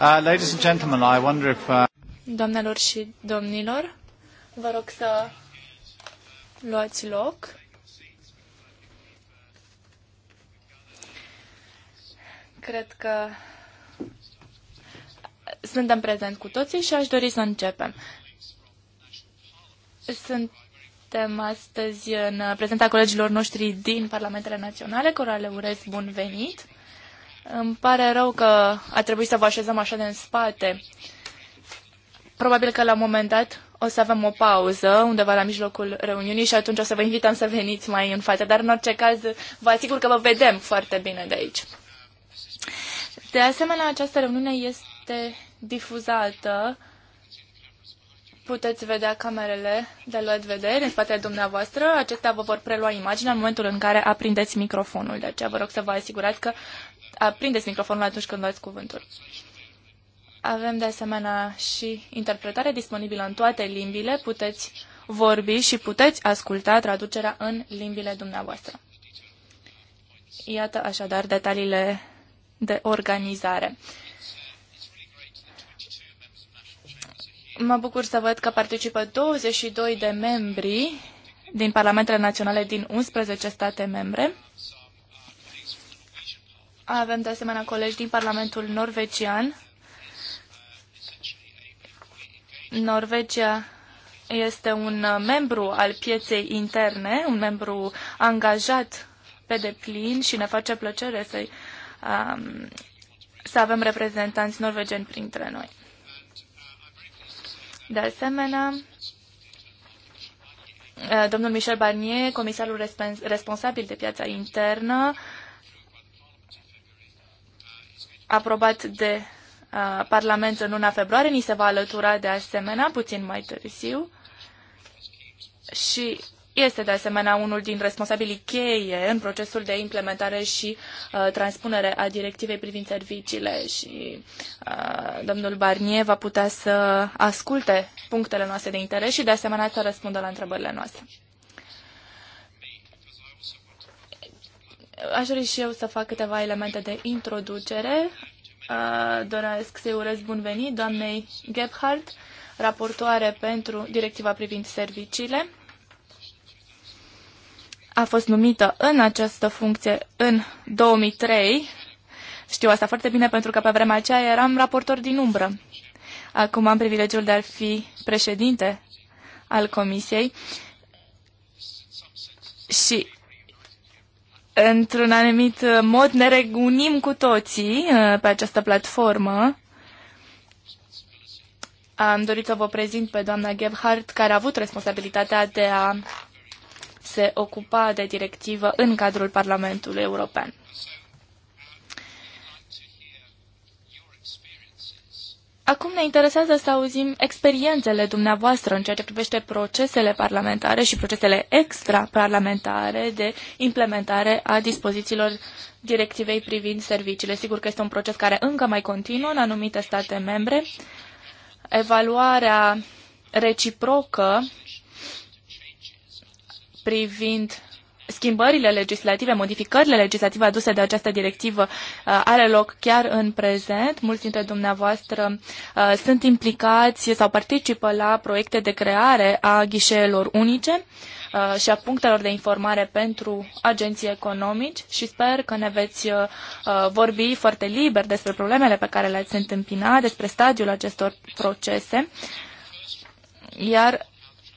Uh, ladies and gentlemen, I wonder if, uh... Doamnelor și domnilor, vă rog să luați loc. Cred că suntem prezent cu toții și aș dori să începem. Suntem astăzi în prezenta colegilor noștri din Parlamentele Naționale, cărora le urez bun venit. Îmi pare rău că a trebuit să vă așezăm așa de în spate. Probabil că la un moment dat o să avem o pauză undeva la mijlocul reuniunii și atunci o să vă invităm să veniți mai în față, dar în orice caz vă asigur că vă vedem foarte bine de aici. De asemenea, această reuniune este difuzată. Puteți vedea camerele de luat vedere în spatele dumneavoastră. Acestea vă vor prelua imaginea în momentul în care aprindeți microfonul. De aceea vă rog să vă asigurați că Prindeți microfonul atunci când luați cuvântul. Avem de asemenea și interpretare disponibilă în toate limbile. Puteți vorbi și puteți asculta traducerea în limbile dumneavoastră. Iată așadar detaliile de organizare. Mă bucur să văd că participă 22 de membri din Parlamentele Naționale din 11 state membre. Avem de asemenea colegi din Parlamentul norvegian. Norvegia este un membru al pieței interne, un membru angajat pe deplin și ne face plăcere să um, să avem reprezentanți norvegeni printre noi. De asemenea, domnul Michel Barnier, comisarul responsabil de piața internă, aprobat de uh, Parlament în luna februarie, ni se va alătura de asemenea, puțin mai târziu, și este de asemenea unul din responsabilii cheie în procesul de implementare și uh, transpunere a directivei privind serviciile și uh, domnul Barnier va putea să asculte punctele noastre de interes și de asemenea să răspundă la întrebările noastre. Aș dori și eu să fac câteva elemente de introducere. Doresc să-i urez bun venit doamnei Gebhardt, raportoare pentru directiva privind serviciile. A fost numită în această funcție în 2003. Știu asta foarte bine pentru că pe vremea aceea eram raportor din umbră. Acum am privilegiul de a fi președinte al comisiei și într-un anumit uh, mod ne reunim cu toții uh, pe această platformă. Am dorit să vă prezint pe doamna Gebhardt, care a avut responsabilitatea de a se ocupa de directivă în cadrul Parlamentului European. Acum ne interesează să auzim experiențele dumneavoastră în ceea ce privește procesele parlamentare și procesele extraparlamentare de implementare a dispozițiilor directivei privind serviciile. Sigur că este un proces care încă mai continuă în anumite state membre. Evaluarea reciprocă privind schimbările legislative, modificările legislative aduse de această directivă uh, are loc chiar în prezent. Mulți dintre dumneavoastră uh, sunt implicați sau participă la proiecte de creare a ghișeelor unice uh, și a punctelor de informare pentru agenții economici și sper că ne veți vorbi foarte liber despre problemele pe care le-ați întâmpinat, despre stadiul acestor procese. Iar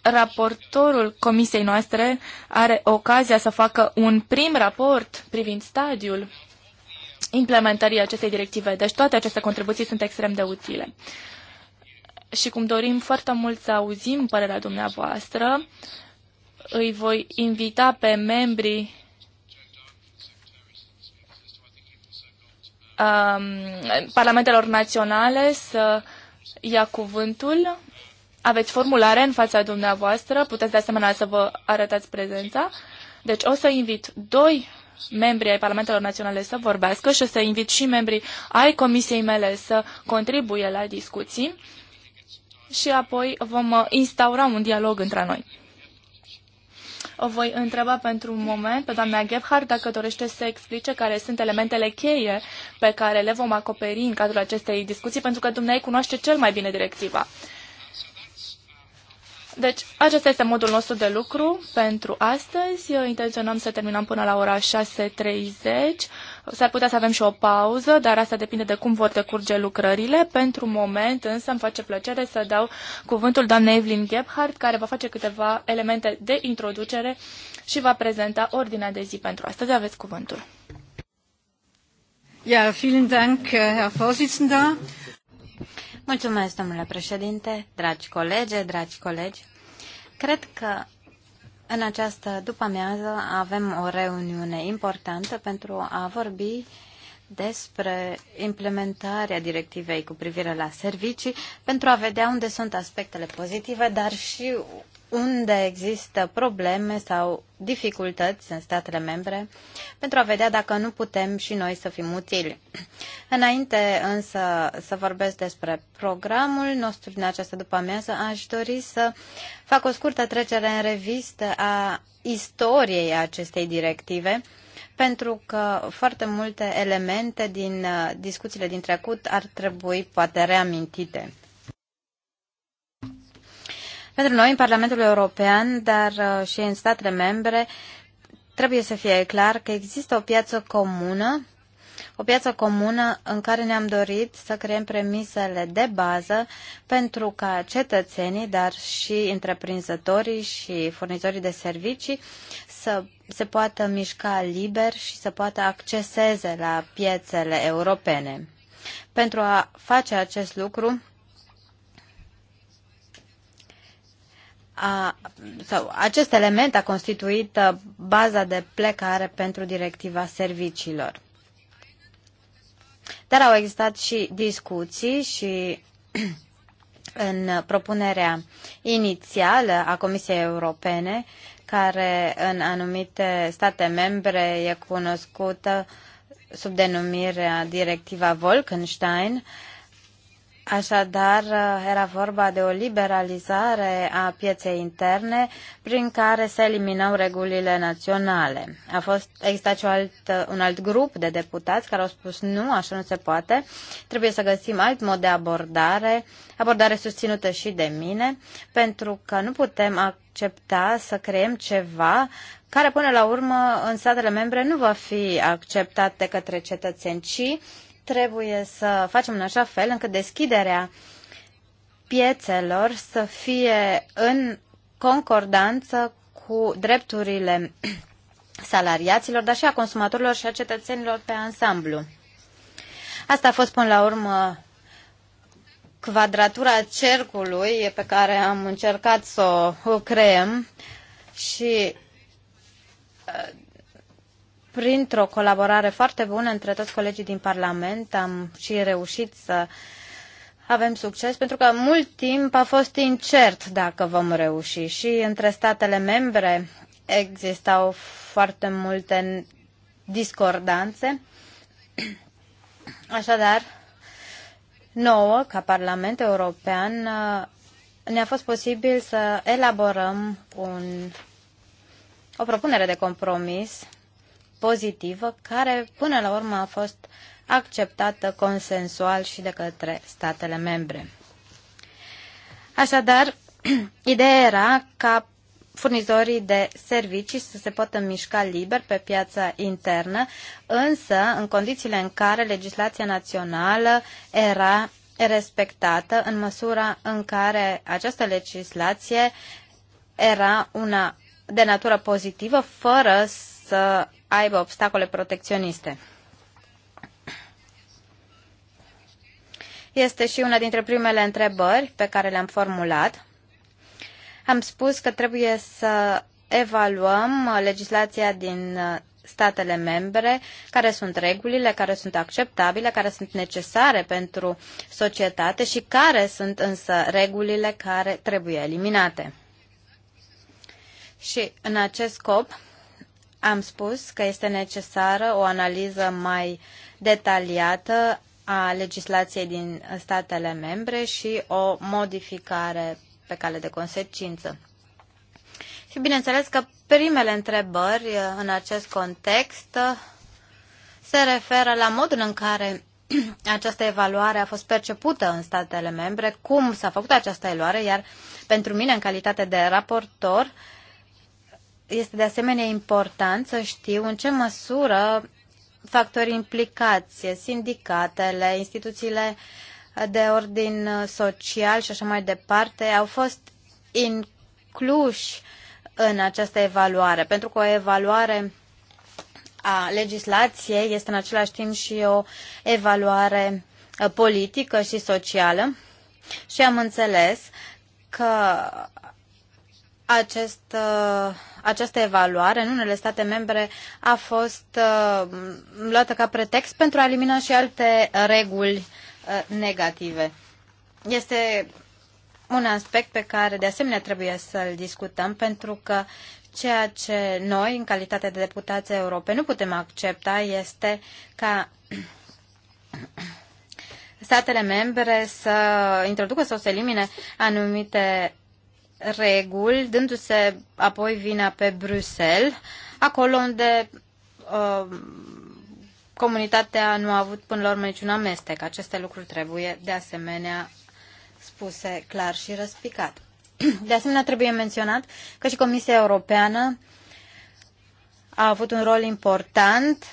raportorul comisiei noastre are ocazia să facă un prim raport privind stadiul implementării acestei directive. Deci toate aceste contribuții sunt extrem de utile. Și cum dorim foarte mult să auzim părerea dumneavoastră, îi voi invita pe membrii um, parlamentelor naționale să ia cuvântul aveți formulare în fața dumneavoastră, puteți de asemenea să vă arătați prezența. Deci o să invit doi membri ai Parlamentelor Naționale să vorbească și o să invit și membrii ai comisiei mele să contribuie la discuții și apoi vom uh, instaura un dialog între noi. O voi întreba pentru un moment pe doamna Gebhardt dacă dorește să explice care sunt elementele cheie pe care le vom acoperi în cadrul acestei discuții, pentru că dumneai cunoaște cel mai bine directiva. Deci, acesta este modul nostru de lucru pentru astăzi. Eu intenționăm să terminăm până la ora 6.30. S-ar putea să avem și o pauză, dar asta depinde de cum vor decurge lucrările. Pentru moment, însă, îmi face plăcere să dau cuvântul doamnei Evelyn Gebhardt, care va face câteva elemente de introducere și va prezenta ordinea de zi pentru astăzi. Aveți cuvântul. Ja, vielen Dank, äh, Herr Vorsitzender. Mulțumesc, domnule președinte, dragi colege, dragi colegi. Cred că în această după-amiază avem o reuniune importantă pentru a vorbi despre implementarea directivei cu privire la servicii pentru a vedea unde sunt aspectele pozitive, dar și unde există probleme sau dificultăți în statele membre pentru a vedea dacă nu putem și noi să fim utili. Înainte însă să vorbesc despre programul nostru din această după amiază, aș dori să fac o scurtă trecere în revistă a istoriei acestei directive pentru că foarte multe elemente din uh, discuțiile din trecut ar trebui poate reamintite. Pentru noi, în Parlamentul European, dar uh, și în statele membre, trebuie să fie clar că există o piață comună, o piață comună în care ne-am dorit să creăm premisele de bază pentru ca cetățenii, dar și întreprinzătorii și furnizorii de servicii să se poată mișca liber și să poată acceseze la piețele europene. Pentru a face acest lucru, a, sau acest element a constituit uh, baza de plecare pentru directiva serviciilor. Dar au existat și discuții și în propunerea inițială a Comisiei Europene care în anumite state membre e cunoscută sub denumirea Directiva Wolkenstein, Așadar, uh, era vorba de o liberalizare a pieței interne prin care se eliminau regulile naționale. A fost, existat și alt, uh, un alt grup de deputați care au spus nu, așa nu se poate, trebuie să găsim alt mod de abordare, abordare susținută și de mine, pentru că nu putem accepta să creăm ceva care până la urmă în statele membre nu va fi acceptat de către cetățeni, ci trebuie să facem în așa fel încât deschiderea piețelor să fie în concordanță cu drepturile salariaților, dar și a consumatorilor și a cetățenilor pe ansamblu. Asta a fost până la urmă quadratura cercului pe care am încercat să o creăm și printr-o colaborare foarte bună între toți colegii din Parlament am și reușit să avem succes, pentru că mult timp a fost incert dacă vom reuși și între statele membre existau foarte multe discordanțe. Așadar, nouă, ca Parlament European, ne-a fost posibil să elaborăm un, o propunere de compromis pozitivă care până la urmă a fost acceptată consensual și de către statele membre. Așadar, ideea era ca furnizorii de servicii să se poată mișca liber pe piața internă, însă în condițiile în care legislația națională era respectată în măsura în care această legislație era una de natură pozitivă, fără să aibă obstacole protecționiste. Este și una dintre primele întrebări pe care le-am formulat. Am spus că trebuie să evaluăm legislația din statele membre, care sunt regulile, care sunt acceptabile, care sunt necesare pentru societate și care sunt însă regulile care trebuie eliminate. Și în acest scop am spus că este necesară o analiză mai detaliată a legislației din statele membre și o modificare pe cale de consecință. Și bineînțeles că primele întrebări în acest context se referă la modul în care această evaluare a fost percepută în statele membre, cum s-a făcut această evaluare, iar pentru mine, în calitate de raportor, uh, este de asemenea important să știu în ce măsură factorii implicați, sindicatele, instituțiile de ordin social și așa mai departe, au fost incluși în această evaluare, pentru că o evaluare a legislației este în același timp și o evaluare uh, politică și socială și am înțeles că acest, uh, această evaluare în unele state membre a fost uh, luată ca pretext pentru a elimina și alte reguli uh, negative. Este un aspect pe care de asemenea trebuie să-l discutăm pentru că ceea ce noi, în calitate de deputați europeni, nu putem accepta este ca statele membre să introducă sau să elimine anumite reguli, dându-se apoi vina pe Bruxelles, acolo unde uh, comunitatea nu a avut până la urmă niciun amestec. Aceste lucruri trebuie de asemenea spuse clar și răspicat. De asemenea, trebuie menționat că și Comisia Europeană a avut un rol important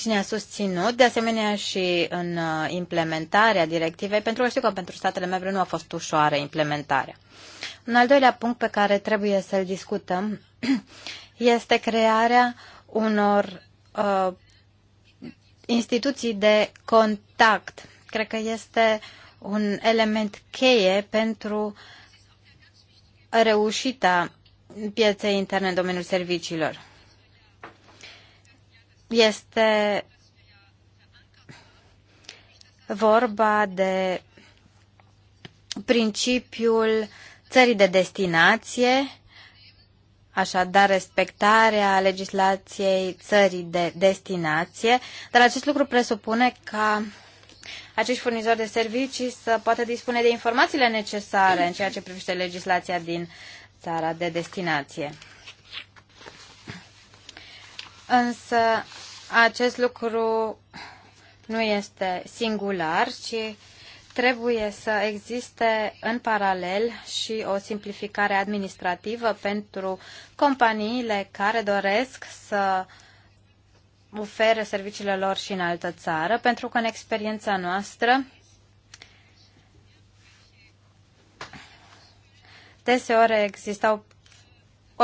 și ne-a susținut, de asemenea și în uh, implementarea directivei, pentru că știu că pentru statele membre nu a fost ușoară implementarea. Un al doilea punct pe care trebuie să-l discutăm este crearea unor uh, instituții de contact. Cred că este un element cheie pentru reușita pieței interne în domeniul serviciilor. Este vorba de principiul țării de destinație, așadar respectarea legislației țării de destinație, dar acest lucru presupune ca acești furnizori de servicii să poată dispune de informațiile necesare în ceea ce privește legislația din țara de destinație. Însă acest lucru nu este singular, ci trebuie să existe în paralel și o simplificare administrativă pentru companiile care doresc să ofere serviciile lor și în altă țară, pentru că în experiența noastră deseori existau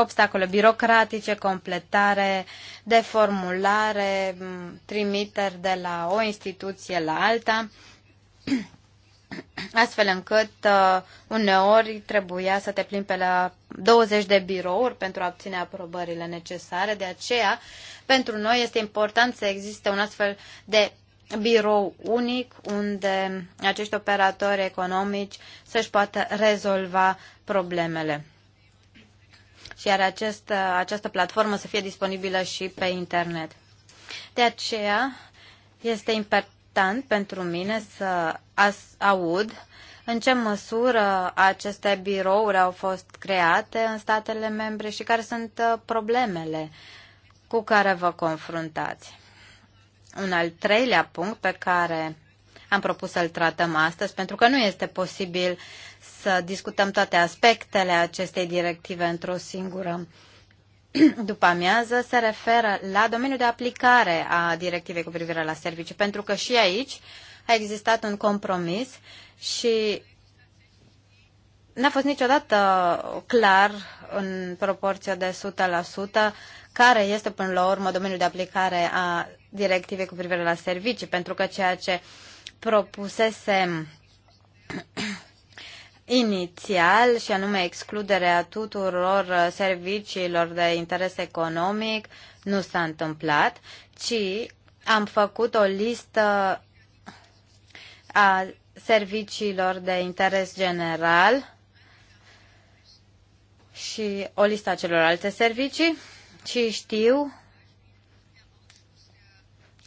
obstacole birocratice, completare de formulare, trimiteri de la o instituție la alta, astfel încât uh, uneori trebuia să te plimbi pe la 20 de birouri pentru a obține aprobările necesare. De aceea, pentru noi este important să existe un astfel de birou unic unde acești operatori economici să-și poată rezolva problemele și iar acest, uh, această platformă să fie disponibilă și pe internet. De aceea este important pentru mine să aud în ce măsură aceste birouri au fost create în statele membre și care sunt uh, problemele cu care vă confruntați. Un al treilea punct pe care am propus să-l tratăm astăzi, pentru că nu este posibil să discutăm toate aspectele acestei directive într-o singură după amiază se referă la domeniul de aplicare a directivei cu privire la servicii, pentru că și aici a existat un compromis și n-a fost niciodată clar în proporție de 100% care este până la urmă domeniul de aplicare a directivei cu privire la servicii, pentru că ceea ce propusese inițial, și anume excluderea tuturor uh, serviciilor de interes economic, nu s-a întâmplat, ci am făcut o listă a serviciilor de interes general și o listă a celorlalte servicii și știu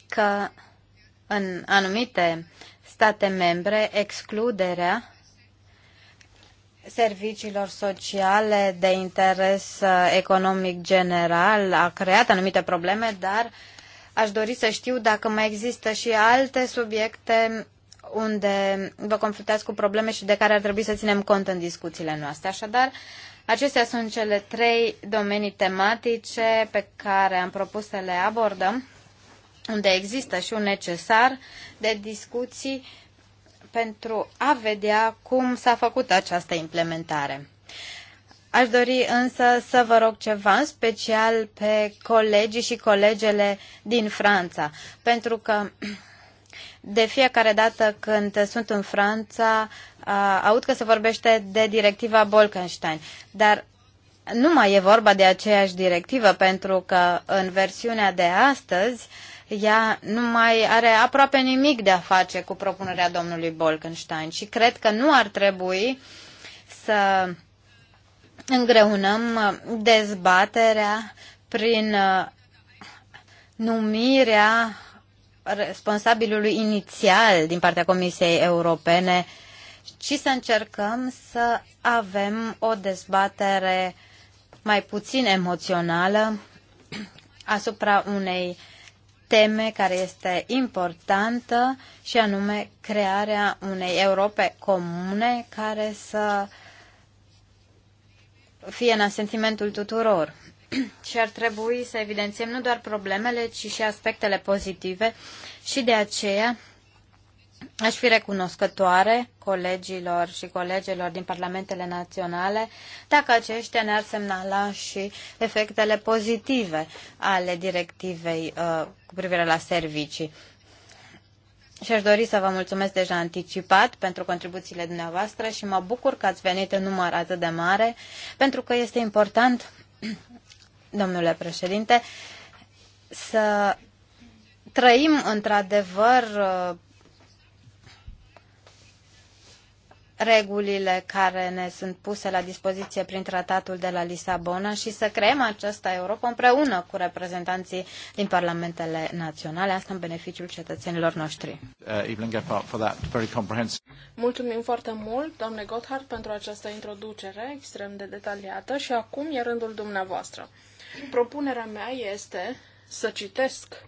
că în anumite state membre excluderea serviciilor sociale de interes uh, economic general a creat anumite probleme, dar aș dori să știu dacă mai există și alte subiecte unde vă confruntați cu probleme și de care ar trebui să ținem cont în discuțiile noastre. Așadar, acestea sunt cele trei domenii tematice pe care am propus să le abordăm, unde există și un necesar de discuții pentru a vedea cum s-a făcut această implementare. Aș dori însă să vă rog ceva, în special pe colegii și colegele din Franța, pentru că de fiecare dată când sunt în Franța, aud că se vorbește de directiva Bolkenstein, dar nu mai e vorba de aceeași directivă, pentru că în versiunea de astăzi uh, ea nu mai are aproape nimic de a face cu propunerea domnului Bolkenstein și cred că nu ar trebui să îngreunăm dezbaterea prin uh, numirea responsabilului inițial din partea Comisiei Europene, ci să încercăm să avem o dezbatere mai puțin emoțională asupra unei teme care este importantă și anume crearea unei Europe comune care să fie în asentimentul tuturor. și ar trebui să evidențiem nu doar problemele, ci și aspectele pozitive și de aceea Aș fi recunoscătoare colegilor și colegelor din parlamentele naționale dacă aceștia ne-ar semnala și efectele pozitive ale directivei uh, cu privire la servicii. Și aș dori să vă mulțumesc deja anticipat pentru contribuțiile dumneavoastră și mă bucur că ați venit în număr atât de mare, pentru că este important, domnule președinte, să trăim într-adevăr uh, regulile care ne sunt puse la dispoziție prin tratatul de la Lisabona și să creăm această Europa împreună cu reprezentanții din parlamentele naționale, asta în beneficiul cetățenilor noștri. Uh, Mulțumim foarte mult, doamne Gotthard, pentru această introducere extrem de detaliată și acum e rândul dumneavoastră. Propunerea mea este să citesc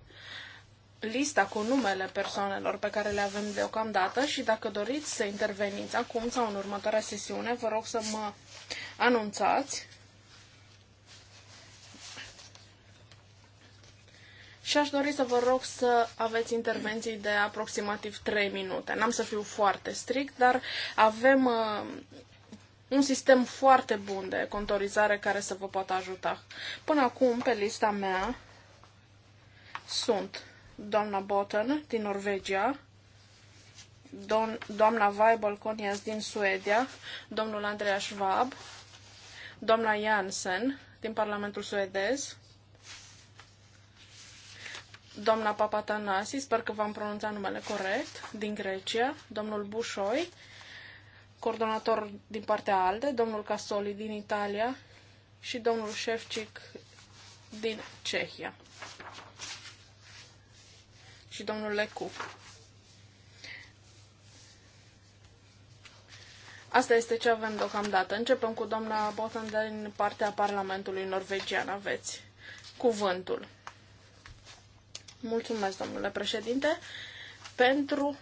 lista cu numele persoanelor pe care le avem deocamdată și dacă doriți să interveniți acum sau în următoarea sesiune, vă rog să mă anunțați. Și aș dori să vă rog să aveți intervenții de aproximativ 3 minute. N-am să fiu foarte strict, dar avem uh, un sistem foarte bun de contorizare care să vă poată ajuta. Până acum, pe lista mea, sunt doamna Botten din Norvegia, don, doamna Weibel Konias din Suedia, domnul Andreas Schwab, doamna Janssen din Parlamentul suedez, doamna Papatanasi, sper că v-am pronunțat numele corect, din Grecia, domnul Bușoi, coordonator din partea ALDE, domnul Casoli din Italia și domnul Șefcic din Cehia și domnul Lecu. Asta este ce avem deocamdată. Începem cu doamna Botan din partea Parlamentului Norvegian. Aveți cuvântul. Mulțumesc, domnule președinte, pentru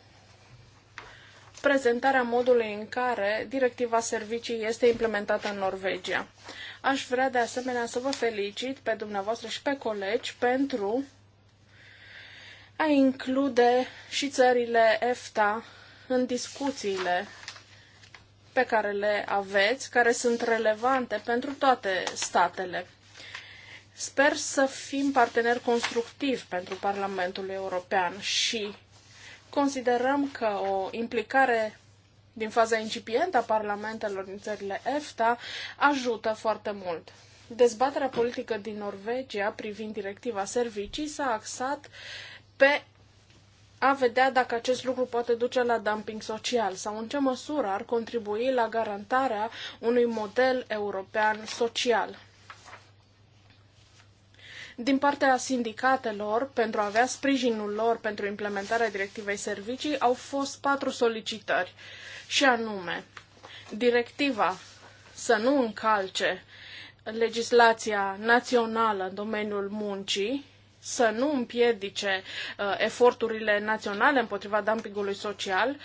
prezentarea modului în care directiva servicii este implementată în Norvegia. Aș vrea de asemenea să vă felicit pe dumneavoastră și pe colegi pentru a include și țările EFTA în discuțiile pe care le aveți, care sunt relevante pentru toate statele. Sper să fim partener constructiv pentru Parlamentul European și considerăm că o implicare din faza incipientă a parlamentelor din țările EFTA ajută foarte mult. Dezbaterea politică din Norvegia privind directiva servicii s-a axat pe a vedea dacă acest lucru poate duce la dumping social sau în ce măsură ar contribui la garantarea unui model european social. Din partea sindicatelor, pentru a avea sprijinul lor pentru implementarea directivei servicii, au fost patru solicitări, și anume directiva să nu încalce legislația națională în domeniul muncii, să nu împiedice uh, eforturile naționale împotriva dumpingului social,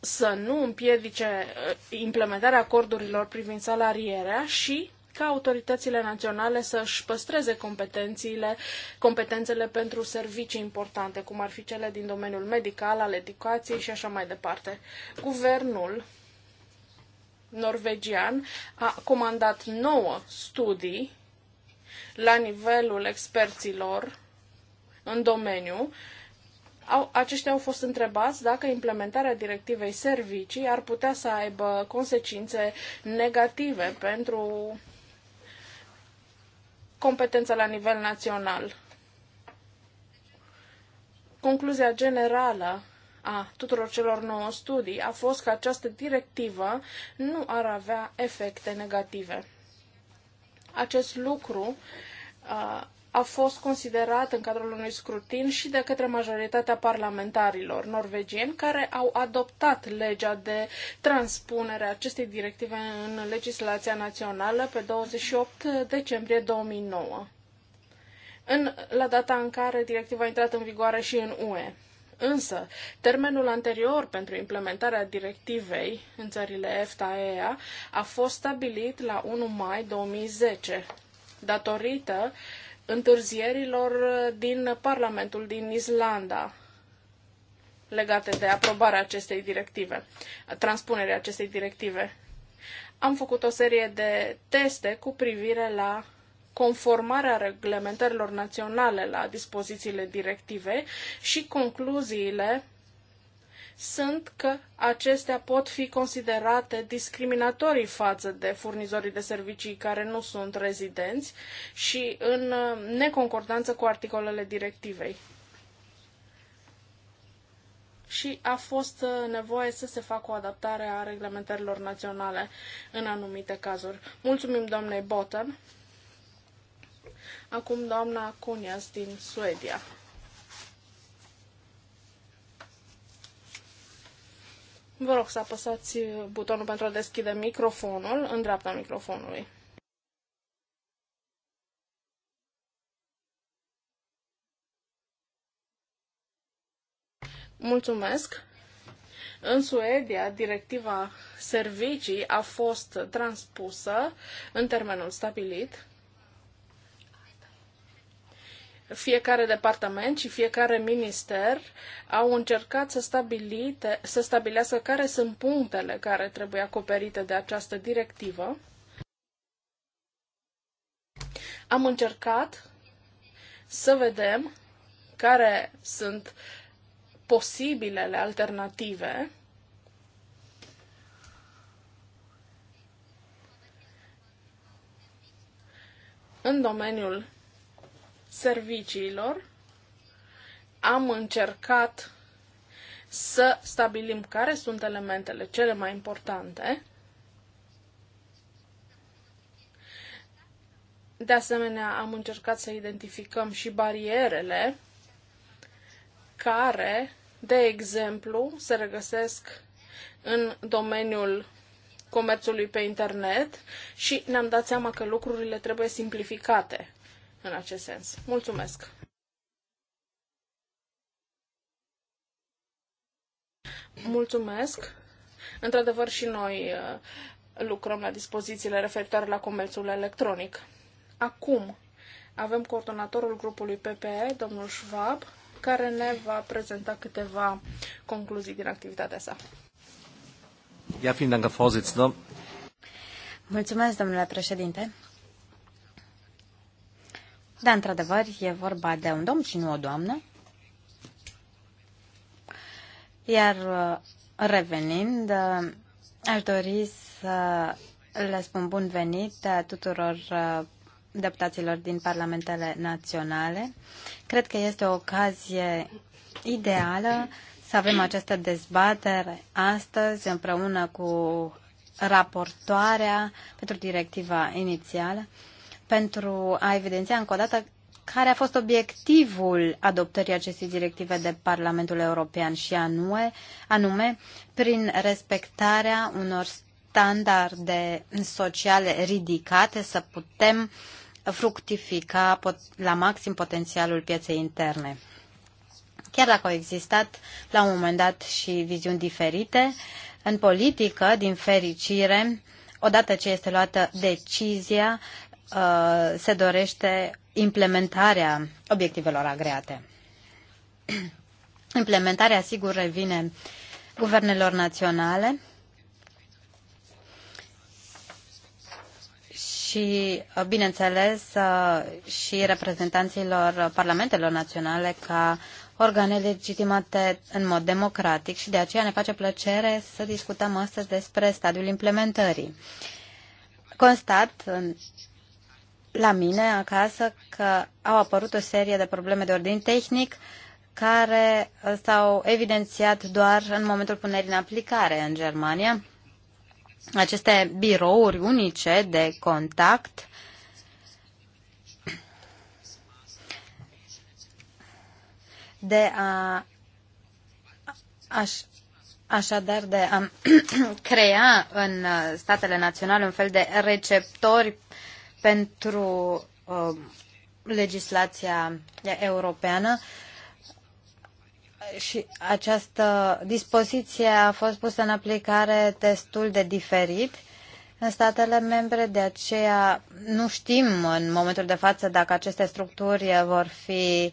să nu împiedice uh, implementarea acordurilor privind salarierea și ca autoritățile naționale să-și păstreze competențiile, competențele pentru servicii importante, cum ar fi cele din domeniul medical, al educației și așa mai departe. Guvernul norvegian a comandat nouă studii la nivelul experților în domeniu, au, aceștia au fost întrebați dacă implementarea directivei servicii ar putea să aibă consecințe negative pentru competența la nivel național. Concluzia generală a tuturor celor nouă studii a fost că această directivă nu ar avea efecte negative. Acest lucru uh, a fost considerat în cadrul unui scrutin și de către majoritatea parlamentarilor norvegieni care au adoptat legea de transpunere a acestei directive în legislația națională pe 28 decembrie 2009, în, la data în care directiva a intrat în vigoare și în UE. Însă, termenul anterior pentru implementarea directivei în țările EFTA-EA a fost stabilit la 1 mai 2010, datorită întârzierilor din Parlamentul din Islanda legate de aprobarea acestei directive, transpunerea acestei directive. Am făcut o serie de teste cu privire la conformarea reglementărilor naționale la dispozițiile directive și concluziile sunt că acestea pot fi considerate discriminatorii față de furnizorii de servicii care nu sunt rezidenți și în uh, neconcordanță cu articolele directivei. Și a fost uh, nevoie să se facă o adaptare a reglementărilor naționale în anumite cazuri. Mulțumim doamnei Botan. Acum doamna Cunias din Suedia. Vă rog să apăsați butonul pentru a deschide microfonul în dreapta microfonului. Mulțumesc! În Suedia, directiva servicii a fost transpusă în termenul stabilit fiecare departament și fiecare minister au încercat să, stabilite, să stabilească care sunt punctele care trebuie acoperite de această directivă. Am încercat să vedem care sunt posibilele alternative în domeniul serviciilor. Am încercat să stabilim care sunt elementele cele mai importante. De asemenea, am încercat să identificăm și barierele care, de exemplu, se regăsesc în domeniul comerțului pe internet și ne-am dat seama că lucrurile trebuie simplificate în acest sens. Mulțumesc! Mulțumesc! Într-adevăr și noi uh, lucrăm la dispozițiile referitoare la comerțul electronic. Acum avem coordonatorul grupului PPE, domnul Schwab, care ne va prezenta câteva concluzii din activitatea sa. Ja, vielen Dank, Herr Vorsitzender. Mulțumesc, domnule președinte. Da, într-adevăr, e vorba de un domn și nu o doamnă. Iar uh, revenind, uh, aș dori să le spun bun venit uh, tuturor deputaților din parlamentele naționale. Cred că este o ocazie ideală să avem această dezbatere astăzi împreună cu raportoarea pentru directiva inițială pentru a evidenția încă o dată care a fost obiectivul adoptării acestei directive de Parlamentul European și anume, anume prin respectarea unor standarde sociale ridicate să putem fructifica la maxim potențialul pieței interne. Chiar dacă au existat la un moment dat și viziuni diferite, în politică, din fericire, odată ce este luată decizia, Uh, se dorește implementarea obiectivelor agreate. implementarea, sigur, revine guvernelor naționale și, uh, bineînțeles, uh, și reprezentanților parlamentelor naționale ca organe legitimate în mod democratic și de aceea ne face plăcere să discutăm astăzi despre stadiul implementării. Constat în la mine acasă că au apărut o serie de probleme de ordin tehnic care s-au evidențiat doar în momentul punerii în aplicare în Germania. Aceste birouri unice de contact de a aș, așadar de a crea în statele naționale un fel de receptori uh, pentru uh, legislația europeană și această dispoziție a fost pusă în aplicare destul de diferit în statele membre, de aceea nu știm în momentul de față dacă aceste structuri vor fi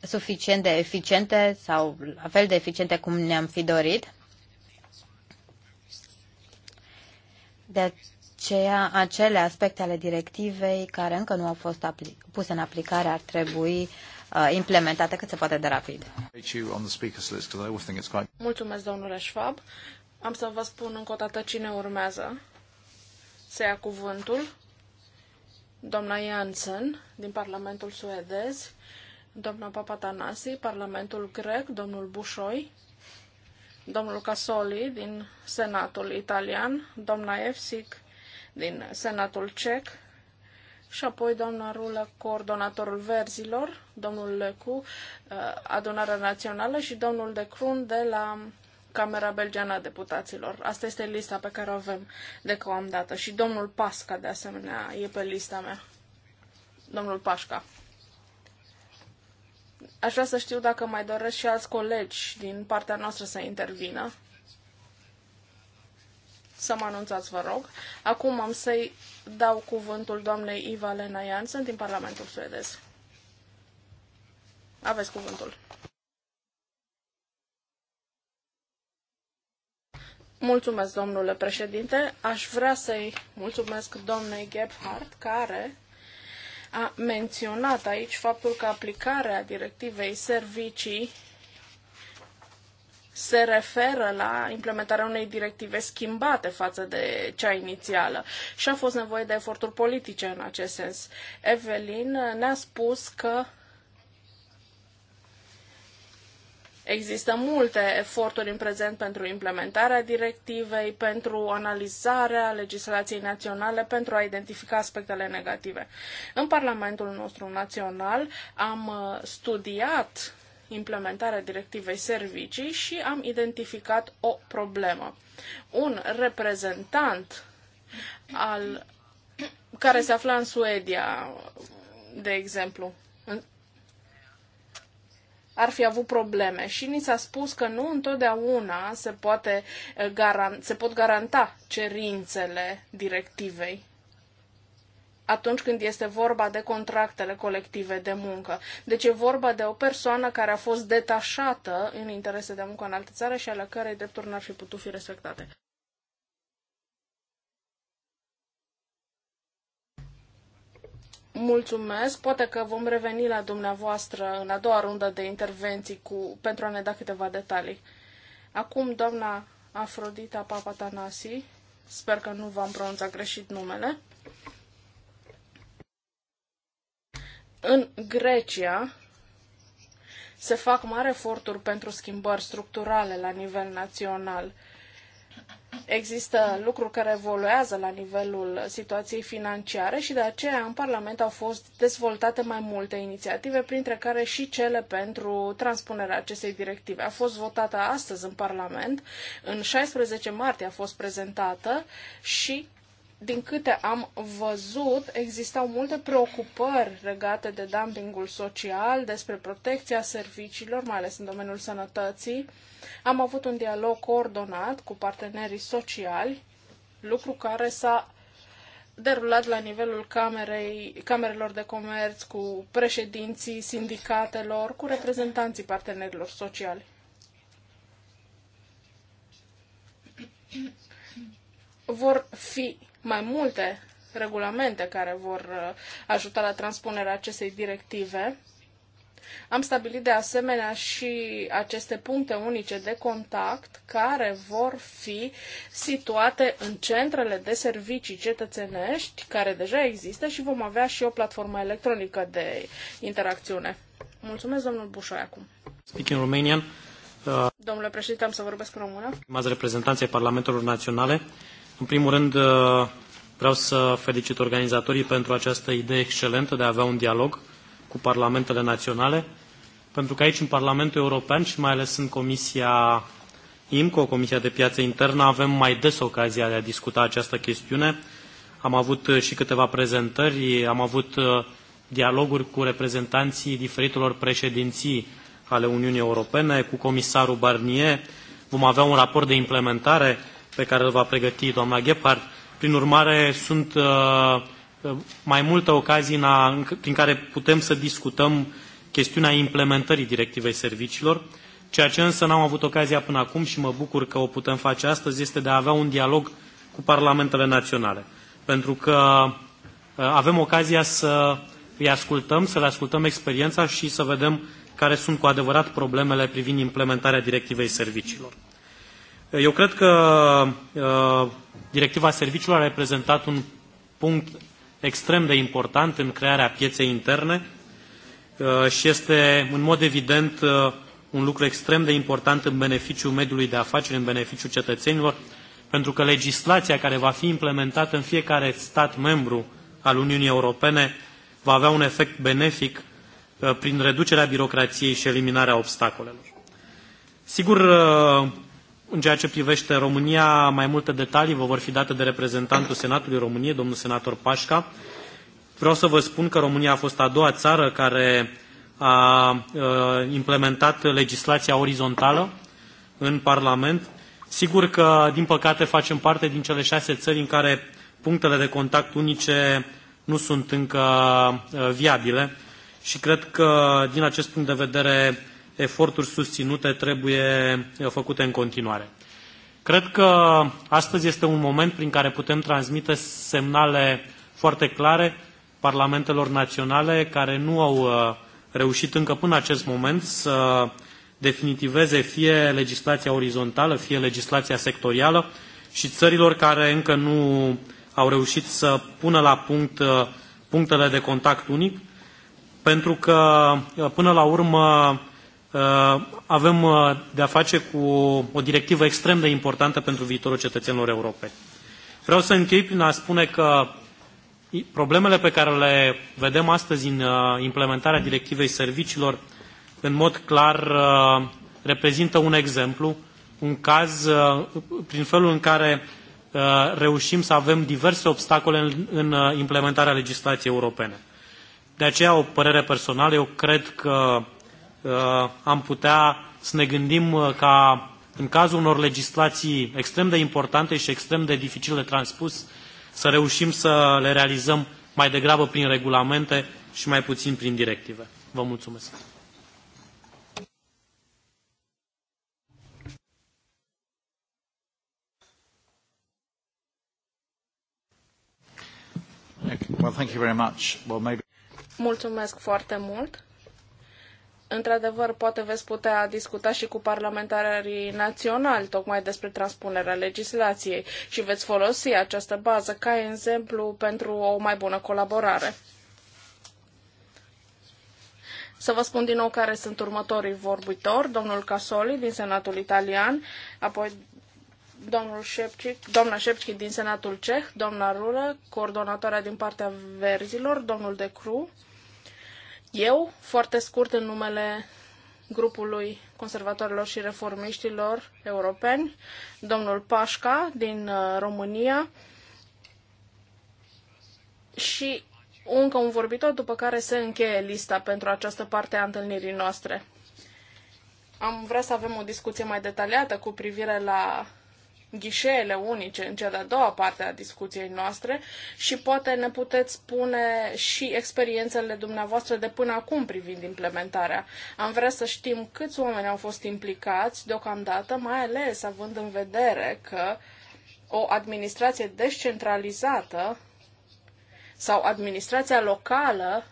suficient de eficiente sau la fel de eficiente cum ne-am fi dorit. De aceea, acele aspecte ale directivei care încă nu au fost puse în aplicare ar trebui uh, implementate cât se poate de rapid. Mulțumesc, domnule Schwab. Am să vă spun încă o dată cine urmează să ia cuvântul. Doamna Janssen, din Parlamentul suedez, doamna Papatanasi, Parlamentul grec, domnul Bușoi, domnul Casoli din Senatul italian, doamna Efsic din Senatul Cec și apoi doamna Rulă, coordonatorul verzilor, domnul Lecu, uh, adunarea națională și domnul de Crun de la Camera Belgiană a Deputaților. Asta este lista pe care o avem deocamdată. Și domnul Pasca, de asemenea, e pe lista mea. Domnul Pașca. Aș vrea să știu dacă mai doresc și alți colegi din partea noastră să intervină să mă anunțați, vă rog. Acum am să-i dau cuvântul doamnei Iva Lena Jansen din Parlamentul suedez. Aveți cuvântul. Mulțumesc, domnule președinte. Aș vrea să-i mulțumesc doamnei Gebhardt, care a menționat aici faptul că aplicarea directivei servicii se referă la implementarea unei directive schimbate față de cea inițială și a fost nevoie de eforturi politice în acest sens. Evelyn ne-a spus că Există multe eforturi în prezent pentru implementarea directivei, pentru analizarea legislației naționale, pentru a identifica aspectele negative. În Parlamentul nostru național am uh, studiat implementarea directivei servicii și am identificat o problemă. Un reprezentant al care se afla în Suedia, de exemplu, ar fi avut probleme și ni s-a spus că nu întotdeauna se, poate eh, garan- se pot garanta cerințele directivei atunci când este vorba de contractele colective de muncă. Deci e vorba de o persoană care a fost detașată în interese de muncă în altă țară și ale cărei drepturi n-ar fi putut fi respectate. Mulțumesc. Poate că vom reveni la dumneavoastră în a doua rundă de intervenții cu, pentru a ne da câteva detalii. Acum, doamna Afrodita Papatanasi, sper că nu v-am pronunțat greșit numele, În Grecia se fac mari eforturi pentru schimbări structurale la nivel național. Există lucruri care evoluează la nivelul situației financiare și de aceea în Parlament au fost dezvoltate mai multe inițiative, printre care și cele pentru transpunerea acestei directive. A fost votată astăzi în Parlament, în 16 martie a fost prezentată și din câte am văzut, existau multe preocupări legate de dumpingul social, despre protecția serviciilor, mai ales în domeniul sănătății. Am avut un dialog coordonat cu partenerii sociali, lucru care s-a derulat la nivelul camerei, camerelor de comerț, cu președinții sindicatelor, cu reprezentanții partenerilor sociali. Vor fi mai multe regulamente care vor uh, ajuta la transpunerea acestei directive. Am stabilit de asemenea și aceste puncte unice de contact care vor fi situate în centrele de servicii cetățenești care deja există și vom avea și o platformă electronică de interacțiune. Mulțumesc, domnul Bușoi, acum. Speaking Romanian. Uh, Domnule președinte, am să vorbesc în română. Mați reprezentanții Parlamentelor Naționale. În primul rând, uh, vreau să felicit organizatorii pentru această idee excelentă de a avea un dialog cu parlamentele naționale, pentru că aici, în Parlamentul European și mai ales în Comisia IMCO, Comisia de Piață Internă, avem mai des ocazia de a discuta această chestiune. Am avut uh, și câteva prezentări, am avut uh, dialoguri cu reprezentanții diferitelor președinții ale Uniunii Europene, cu comisarul Barnier, vom avea un raport de implementare pe care îl va pregăti doamna Gephardt. Prin urmare, sunt uh, mai multe ocazii în prin care putem să discutăm chestiunea implementării directivei serviciilor. Ceea ce însă n-am avut ocazia până acum și mă bucur că o putem face astăzi este de a avea un dialog cu parlamentele naționale. Pentru că uh, avem ocazia să îi ascultăm, să le ascultăm experiența și să vedem care sunt cu adevărat problemele privind implementarea directivei serviciilor. Eu cred că uh, directiva serviciilor a reprezentat un punct extrem de important în crearea pieței interne uh, și este, în mod evident, uh, un lucru extrem de important în beneficiul mediului de afaceri, în beneficiul cetățenilor, pentru că legislația care va fi implementată în fiecare stat membru al Uniunii Europene va avea un efect benefic prin reducerea birocrației și eliminarea obstacolelor. Sigur, în ceea ce privește România, mai multe detalii vă vor fi date de reprezentantul Senatului României, domnul senator Pașca. Vreau să vă spun că România a fost a doua țară care a ă, implementat legislația orizontală în Parlament. Sigur că, din păcate, facem parte din cele șase țări în care punctele de contact unice nu sunt încă ă, viabile și cred că, din acest punct de vedere, eforturi susținute trebuie făcute în continuare. Cred că astăzi este un moment prin care putem transmite semnale foarte clare parlamentelor naționale care nu au reușit încă până acest moment să definitiveze fie legislația orizontală, fie legislația sectorială și țărilor care încă nu au reușit să pună la punct punctele de contact unic, pentru că până la urmă Uh, avem uh, de-a face cu o directivă extrem de importantă pentru viitorul cetățenilor europeni. Vreau să închei prin a spune că problemele pe care le vedem astăzi în uh, implementarea directivei serviciilor, în mod clar, reprezintă un exemplu, un caz prin felul în care reușim să avem diverse obstacole în implementarea legislației europene. De aceea, o părere personală, eu cred că Uh, am putea să ne gândim uh, ca în cazul unor legislații extrem de importante și extrem de dificil de transpus, să reușim să le realizăm mai degrabă prin regulamente și mai puțin prin directive. Vă mulțumesc! Mulțumesc foarte mult într-adevăr, poate veți putea discuta și cu parlamentarii naționali tocmai despre transpunerea legislației și veți folosi această bază ca exemplu pentru o mai bună colaborare. Să vă spun din nou care sunt următorii vorbitori. Domnul Casoli din Senatul Italian, apoi domnul Șepcic, doamna Șepcic din Senatul Ceh, doamna Rură, coordonatoarea din partea Verzilor, domnul De Cru, eu, foarte scurt, în numele grupului conservatorilor și reformiștilor europeni, domnul Pașca din uh, România și încă un vorbitor, după care se încheie lista pentru această parte a întâlnirii noastre. Am vrea să avem o discuție mai detaliată cu privire la ghișeele unice în cea de-a doua parte a discuției noastre și poate ne puteți spune și experiențele dumneavoastră de până acum privind implementarea. Am vrea să știm câți oameni au fost implicați deocamdată, mai ales având în vedere că o administrație descentralizată sau administrația locală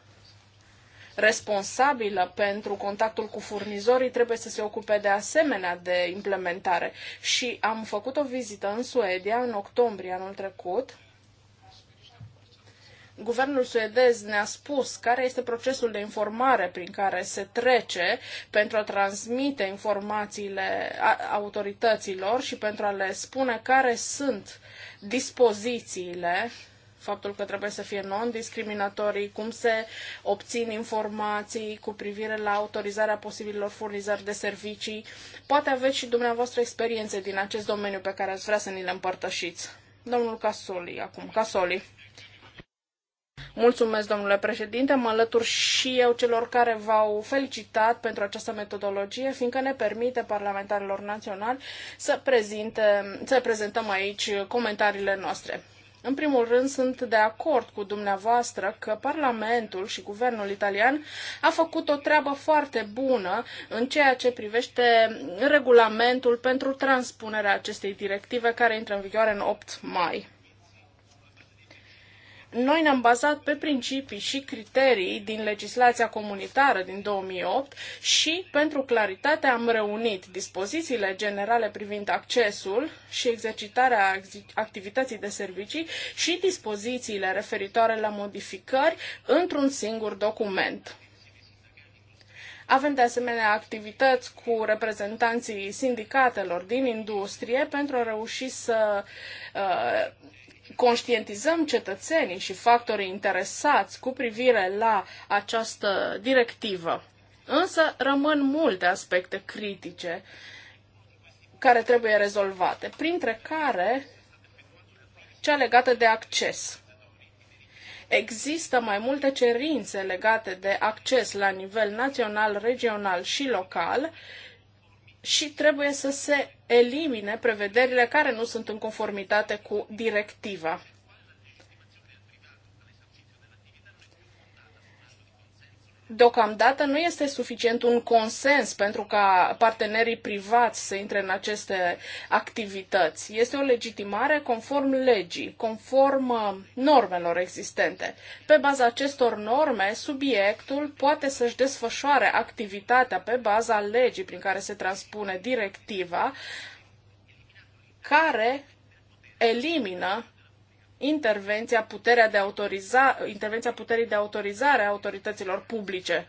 responsabilă pentru contactul cu furnizorii trebuie să se ocupe de asemenea de implementare. Și am făcut o vizită în Suedia în octombrie anul trecut. Guvernul suedez ne-a spus care este procesul de informare prin care se trece pentru a transmite informațiile autorităților și pentru a le spune care sunt dispozițiile faptul că trebuie să fie non-discriminatorii, cum se obțin informații cu privire la autorizarea posibililor furnizări de servicii. Poate aveți și dumneavoastră experiențe din acest domeniu pe care ați vrea să ni le împărtășiți. Domnul Casoli, acum. Casoli. Mulțumesc, domnule președinte. Mă alătur și eu celor care v-au felicitat pentru această metodologie, fiindcă ne permite parlamentarilor naționali să, prezinte, să prezentăm aici comentariile noastre. În primul rând, sunt de acord cu dumneavoastră că Parlamentul și guvernul italian a făcut o treabă foarte bună în ceea ce privește regulamentul pentru transpunerea acestei directive care intră în vigoare în 8 mai. Noi ne-am bazat pe principii și criterii din legislația comunitară din 2008 și, pentru claritate, am reunit dispozițiile generale privind accesul și exercitarea activității de servicii și dispozițiile referitoare la modificări într-un singur document. Avem de asemenea activități cu reprezentanții sindicatelor din industrie pentru a reuși să uh, conștientizăm cetățenii și factorii interesați cu privire la această directivă. Însă rămân multe aspecte critice care trebuie rezolvate, printre care cea legată de acces. Există mai multe cerințe legate de acces la nivel național, regional și local și trebuie să se elimine prevederile care nu sunt în conformitate cu directiva. Deocamdată nu este suficient un consens pentru ca partenerii privați să intre în aceste activități. Este o legitimare conform legii, conform uh, normelor existente. Pe baza acestor norme, subiectul poate să-și desfășoare activitatea pe baza legii prin care se transpune directiva, care elimină intervenția, puterea de autoriza, intervenția puterii de autorizare a autorităților publice.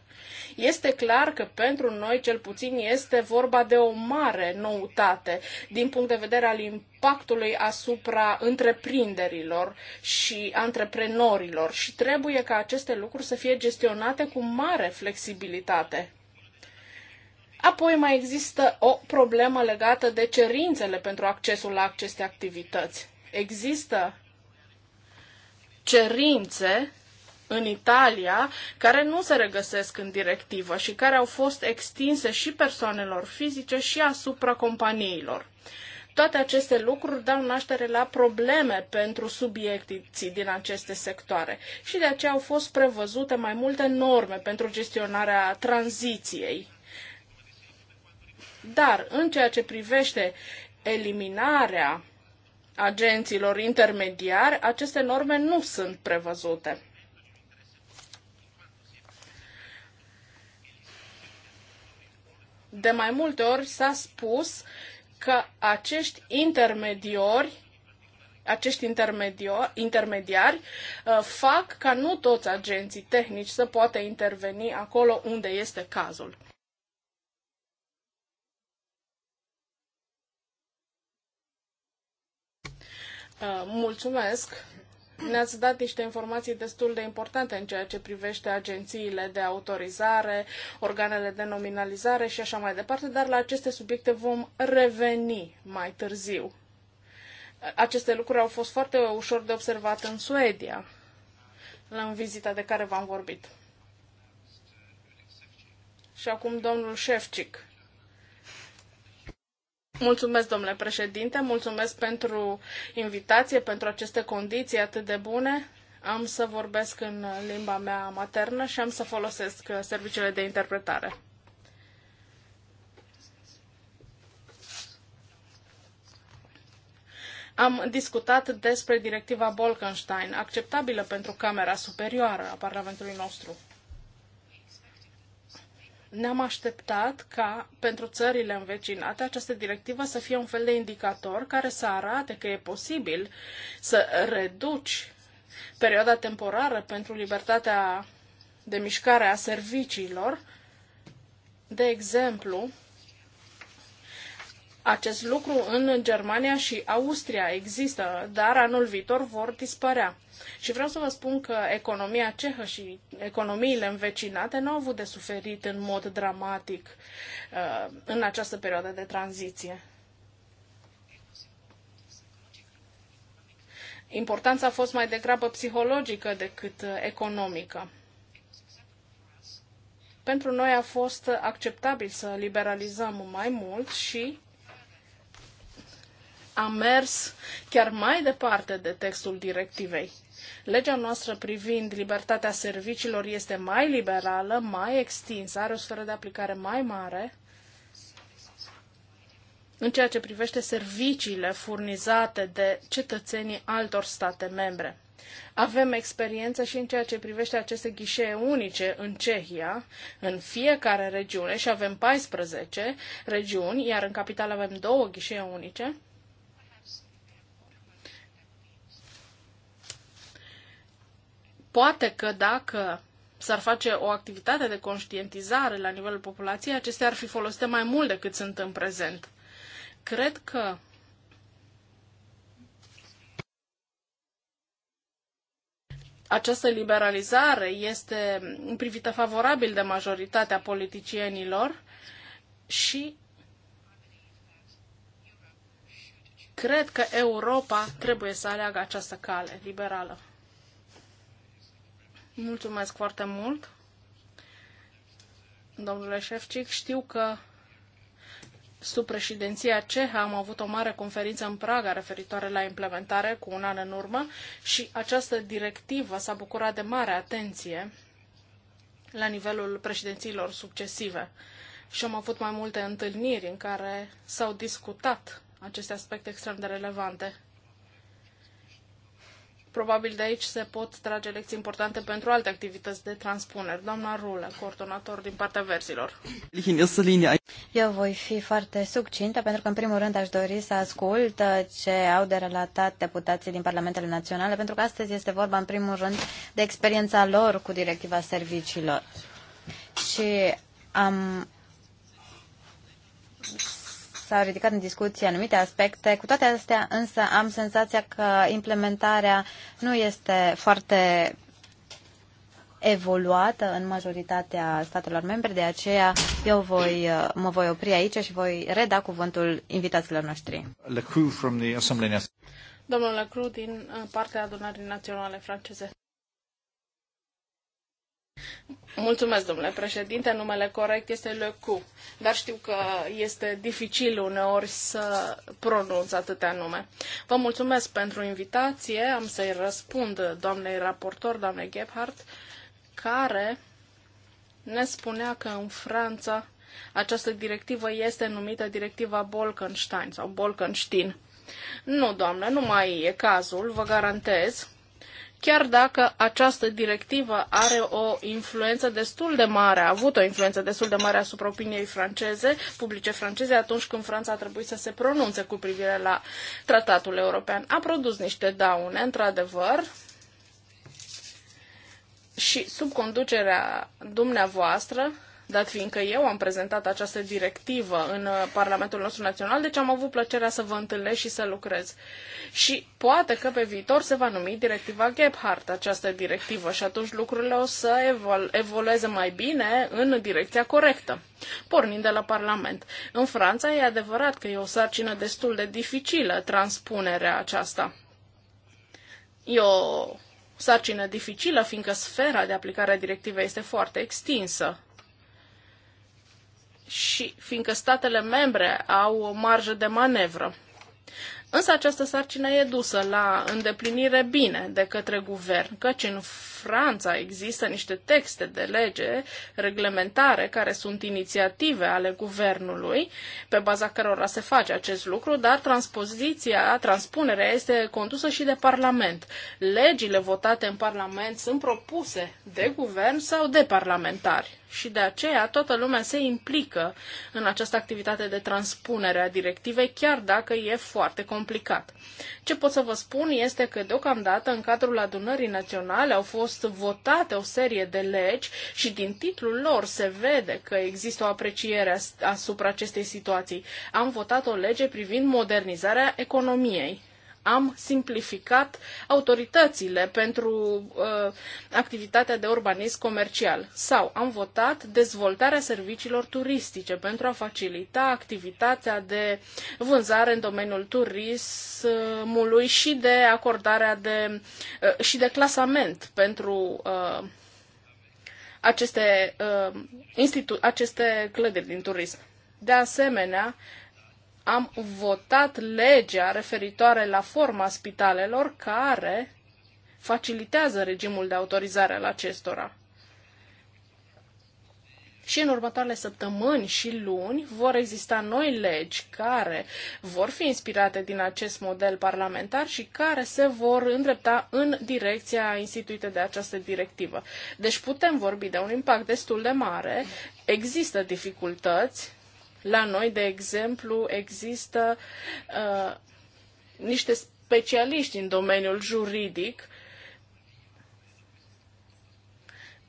Este clar că pentru noi, cel puțin, este vorba de o mare noutate din punct de vedere al impactului asupra întreprinderilor și antreprenorilor și trebuie ca aceste lucruri să fie gestionate cu mare flexibilitate. Apoi mai există o problemă legată de cerințele pentru accesul la aceste activități. Există cerințe în Italia care nu se regăsesc în directivă și care au fost extinse și persoanelor fizice și asupra companiilor. Toate aceste lucruri dau naștere la probleme pentru subiectii din aceste sectoare și de aceea au fost prevăzute mai multe norme pentru gestionarea tranziției. Dar în ceea ce privește eliminarea agenților intermediari, aceste norme nu sunt prevăzute. De mai multe ori s-a spus că acești intermediori acești intermediari uh, fac ca nu toți agenții tehnici să poată interveni acolo unde este cazul. Uh, mulțumesc! Ne-ați dat niște informații destul de importante în ceea ce privește agențiile de autorizare, organele de nominalizare și așa mai departe, dar la aceste subiecte vom reveni mai târziu. Aceste lucruri au fost foarte ușor de observat în Suedia, la în vizita de care v-am vorbit. Și acum domnul Șefcic. Mulțumesc, domnule președinte, mulțumesc pentru invitație, pentru aceste condiții atât de bune. Am să vorbesc în limba mea maternă și am să folosesc uh, serviciile de interpretare. Am discutat despre directiva Bolkenstein, acceptabilă pentru Camera Superioară a Parlamentului nostru. Ne-am așteptat ca pentru țările învecinate această directivă să fie un fel de indicator care să arate că e posibil să reduci perioada temporară pentru libertatea de mișcare a serviciilor. De exemplu, acest lucru în Germania și Austria există, dar anul viitor vor dispărea. Și vreau să vă spun că economia cehă și economiile învecinate nu au avut de suferit în mod dramatic uh, în această perioadă de tranziție. Importanța a fost mai degrabă psihologică decât economică. Pentru noi a fost acceptabil să liberalizăm mai mult și a mers chiar mai departe de textul directivei. Legea noastră privind libertatea serviciilor este mai liberală, mai extinsă, are o sferă de aplicare mai mare în ceea ce privește serviciile furnizate de cetățenii altor state membre. Avem experiență și în ceea ce privește aceste ghișee unice în Cehia, în fiecare regiune, și avem 14 regiuni, iar în capital avem două ghișee unice. Poate că dacă s-ar face o activitate de conștientizare la nivelul populației, acestea ar fi folosite mai mult decât sunt în prezent. Cred că această liberalizare este privită favorabil de majoritatea politicienilor și cred că Europa trebuie să aleagă această cale liberală. Mulțumesc foarte mult, domnule Șefcic. Știu că sub președinția cehă am avut o mare conferință în Praga referitoare la implementare cu un an în urmă și această directivă s-a bucurat de mare atenție la nivelul președințiilor succesive. Și am avut mai multe întâlniri în care s-au discutat aceste aspecte extrem de relevante. Probabil de aici se pot trage lecții importante pentru alte activități de transpuneri. Doamna Rulă, coordonator din partea versilor. Eu voi fi foarte succintă pentru că, în primul rând, aș dori să ascult uh, ce au de relatat deputații din Parlamentele Naționale, pentru că astăzi este vorba, în primul rând, de experiența lor cu directiva serviciilor. Și am s-au ridicat în discuție anumite aspecte. Cu toate astea, însă, am senzația că implementarea nu este foarte evoluată în majoritatea statelor membre, de aceea eu voi, mă voi opri aici și voi reda cuvântul invitaților noștri. Domnul Lacru din uh, partea adunării naționale franceze. Mulțumesc, domnule președinte. Numele corect este Lecu, dar știu că este dificil uneori să pronunț atâtea nume. Vă mulțumesc pentru invitație. Am să-i răspund doamnei raportor, doamnei Gebhardt, care ne spunea că în Franța această directivă este numită directiva Bolkenstein sau Bolkenstein. Nu, doamnă, nu mai e cazul, vă garantez chiar dacă această directivă are o influență destul de mare, a avut o influență destul de mare asupra opiniei franceze, publice franceze, atunci când Franța a trebuit să se pronunțe cu privire la tratatul european. A produs niște daune, într-adevăr, și sub conducerea dumneavoastră, Dat fiindcă eu am prezentat această directivă în uh, Parlamentul nostru național, deci am avut plăcerea să vă întâlnesc și să lucrez. Și poate că pe viitor se va numi directiva Gebhardt această directivă și atunci lucrurile o să evol- evolueze mai bine în direcția corectă, pornind de la Parlament. În Franța e adevărat că e o sarcină destul de dificilă transpunerea aceasta. E o sarcină dificilă, fiindcă sfera de aplicare a directivei este foarte extinsă și fiindcă statele membre au o marjă de manevră. Însă această sarcină e dusă la îndeplinire bine de către guvern, căci în Franța există niște texte de lege reglementare care sunt inițiative ale guvernului, pe baza cărora se face acest lucru, dar transpoziția, transpunerea este condusă și de Parlament. Legile votate în Parlament sunt propuse de guvern sau de parlamentari și de aceea toată lumea se implică în această activitate de transpunere a directivei, chiar dacă e foarte complicat. Ce pot să vă spun este că deocamdată în cadrul adunării naționale au fost votate o serie de legi și din titlul lor se vede că există o apreciere asupra acestei situații. Am votat o lege privind modernizarea economiei am simplificat autoritățile pentru uh, activitatea de urbanism comercial sau am votat dezvoltarea serviciilor turistice pentru a facilita activitatea de vânzare în domeniul turismului și de acordarea de uh, și de clasament pentru uh, aceste, uh, institu- aceste clădiri din turism. De asemenea, am votat legea referitoare la forma spitalelor care facilitează regimul de autorizare al acestora. Și în următoarele săptămâni și luni vor exista noi legi care vor fi inspirate din acest model parlamentar și care se vor îndrepta în direcția instituită de această directivă. Deci putem vorbi de un impact destul de mare, există dificultăți, la noi, de exemplu, există uh, niște specialiști în domeniul juridic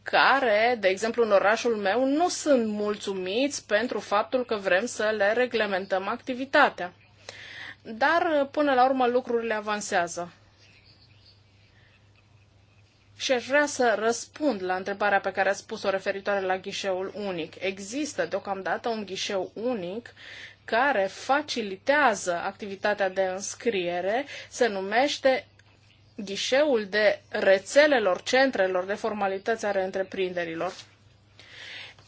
care, de exemplu, în orașul meu, nu sunt mulțumiți pentru faptul că vrem să le reglementăm activitatea. Dar, până la urmă, lucrurile avansează și aș vrea să răspund la întrebarea pe care ați spus-o referitoare la ghișeul unic. Există deocamdată un ghișeu unic care facilitează activitatea de înscriere, se numește ghișeul de rețelelor centrelor de formalități ale întreprinderilor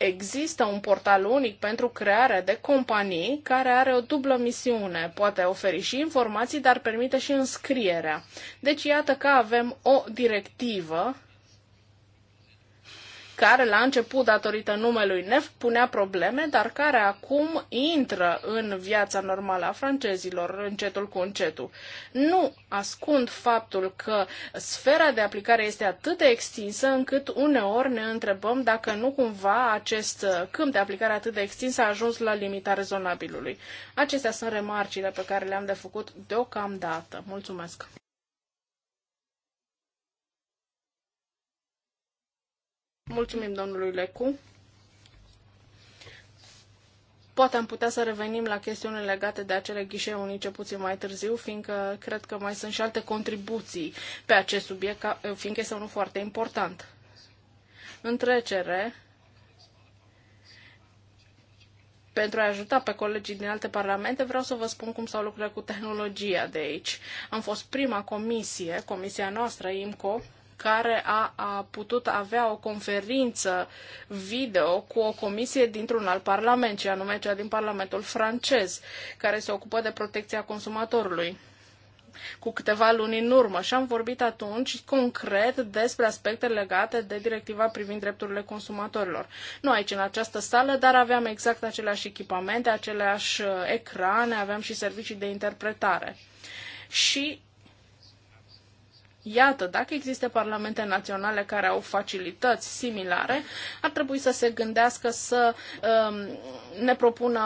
există un portal unic pentru crearea de companii care are o dublă misiune. Poate oferi și informații, dar permite și înscrierea. Deci iată că avem o directivă care la început, datorită numelui NEF, punea probleme, dar care acum intră în viața normală a francezilor, încetul cu încetul. Nu ascund faptul că sfera de aplicare este atât de extinsă încât uneori ne întrebăm dacă nu cumva acest câmp de aplicare atât de extins a ajuns la limita rezonabilului. Acestea sunt remarcile pe care le-am de făcut deocamdată. Mulțumesc! Mulțumim domnului Lecu. Poate am putea să revenim la chestiuni legate de acele ghișe unice puțin mai târziu, fiindcă cred că mai sunt și alte contribuții pe acest subiect, fiindcă este unul foarte important. În trecere, pentru a ajuta pe colegii din alte parlamente, vreau să vă spun cum s-au lucrurile cu tehnologia de aici. Am fost prima comisie, comisia noastră, IMCO, care a, a putut avea o conferință video cu o comisie dintr-un alt parlament, și anume cea din Parlamentul francez, care se ocupă de protecția consumatorului cu câteva luni în urmă și am vorbit atunci concret despre aspecte legate de directiva privind drepturile consumatorilor. Nu aici, în această sală, dar aveam exact aceleași echipamente, aceleași uh, ecrane, aveam și servicii de interpretare. Și Iată, dacă există parlamente naționale care au facilități similare, ar trebui să se gândească să um, ne propună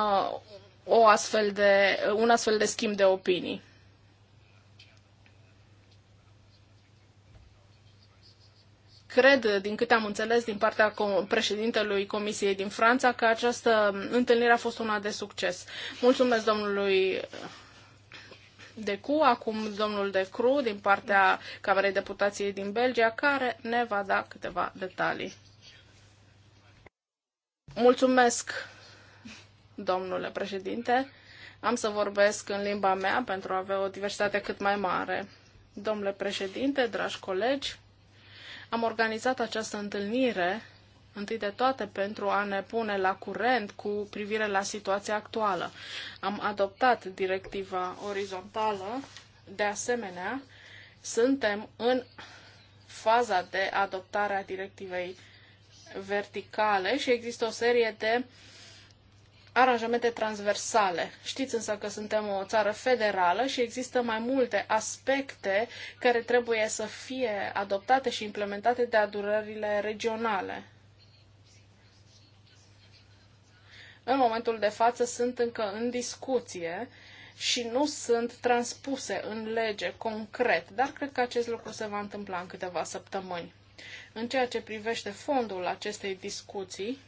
o astfel de, un astfel de schimb de opinii. cred, din câte am înțeles din partea președintelui Comisiei din Franța, că această întâlnire a fost una de succes. Mulțumesc domnului de cu acum domnul de cru din partea Camerei Deputației din Belgia, care ne va da câteva detalii. Mulțumesc, domnule președinte. Am să vorbesc în limba mea pentru a avea o diversitate cât mai mare. Domnule președinte, dragi colegi, am organizat această întâlnire întâi de toate pentru a ne pune la curent cu privire la situația actuală. Am adoptat directiva orizontală, de asemenea, suntem în faza de adoptare a directivei verticale și există o serie de aranjamente transversale. Știți însă că suntem o țară federală și există mai multe aspecte care trebuie să fie adoptate și implementate de adurările regionale. în momentul de față sunt încă în discuție și nu sunt transpuse în lege concret, dar cred că acest lucru se va întâmpla în câteva săptămâni. În ceea ce privește fondul acestei discuții,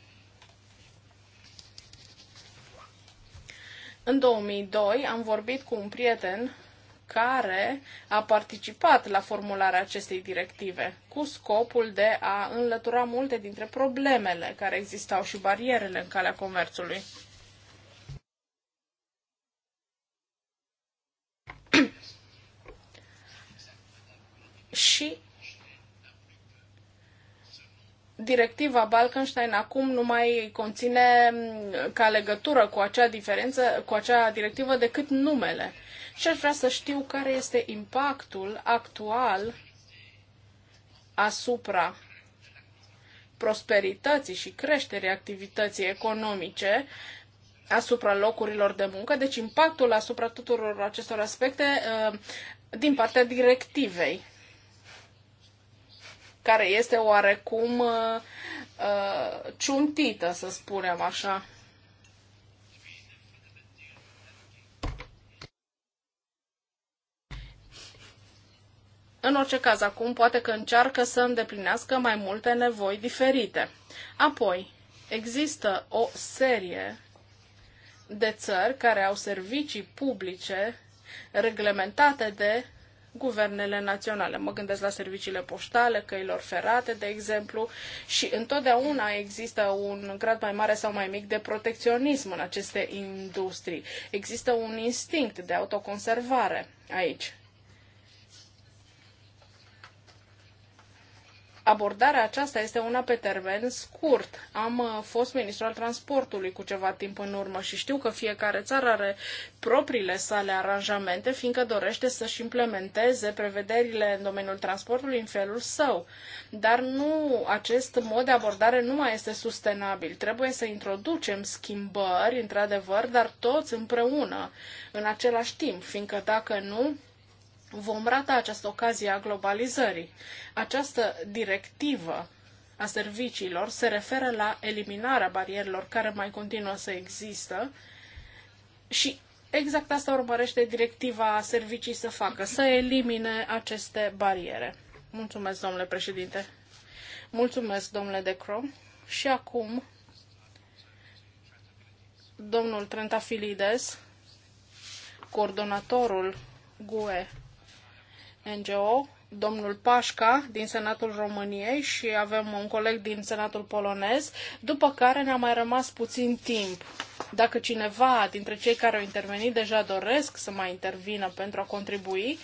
în 2002 am vorbit cu un prieten care a participat la formularea acestei directive, cu scopul de a înlătura multe dintre problemele care existau și barierele în calea comerțului. și directiva Balkenstein acum nu mai conține mm, ca legătură cu acea diferență, cu acea directivă decât numele și aș vrea să știu care este impactul actual asupra prosperității și creșterii activității economice asupra locurilor de muncă, deci impactul asupra tuturor acestor aspecte uh, din partea directivei, care este oarecum uh, uh, ciuntită, să spunem așa. În orice caz, acum poate că încearcă să îndeplinească mai multe nevoi diferite. Apoi, există o serie de țări care au servicii publice reglementate de guvernele naționale. Mă gândesc la serviciile poștale, căilor ferate, de exemplu, și întotdeauna există un grad mai mare sau mai mic de protecționism în aceste industrii. Există un instinct de autoconservare aici. abordarea aceasta este una pe termen scurt. Am uh, fost ministru al transportului cu ceva timp în urmă și știu că fiecare țară are propriile sale aranjamente, fiindcă dorește să-și implementeze prevederile în domeniul transportului în felul său. Dar nu, acest mod de abordare nu mai este sustenabil. Trebuie să introducem schimbări, într-adevăr, dar toți împreună, în același timp, fiindcă dacă nu, vom rata această ocazie a globalizării. Această directivă a serviciilor se referă la eliminarea barierelor care mai continuă să există și exact asta urmărește directiva a servicii să facă, să elimine aceste bariere. Mulțumesc, domnule președinte. Mulțumesc, domnule De Cro. Și acum, domnul Trentafilides, coordonatorul GUE NGO, domnul Pașca din Senatul României și avem un coleg din Senatul polonez, după care ne-a mai rămas puțin timp dacă cineva dintre cei care au intervenit deja doresc să mai intervină pentru a contribui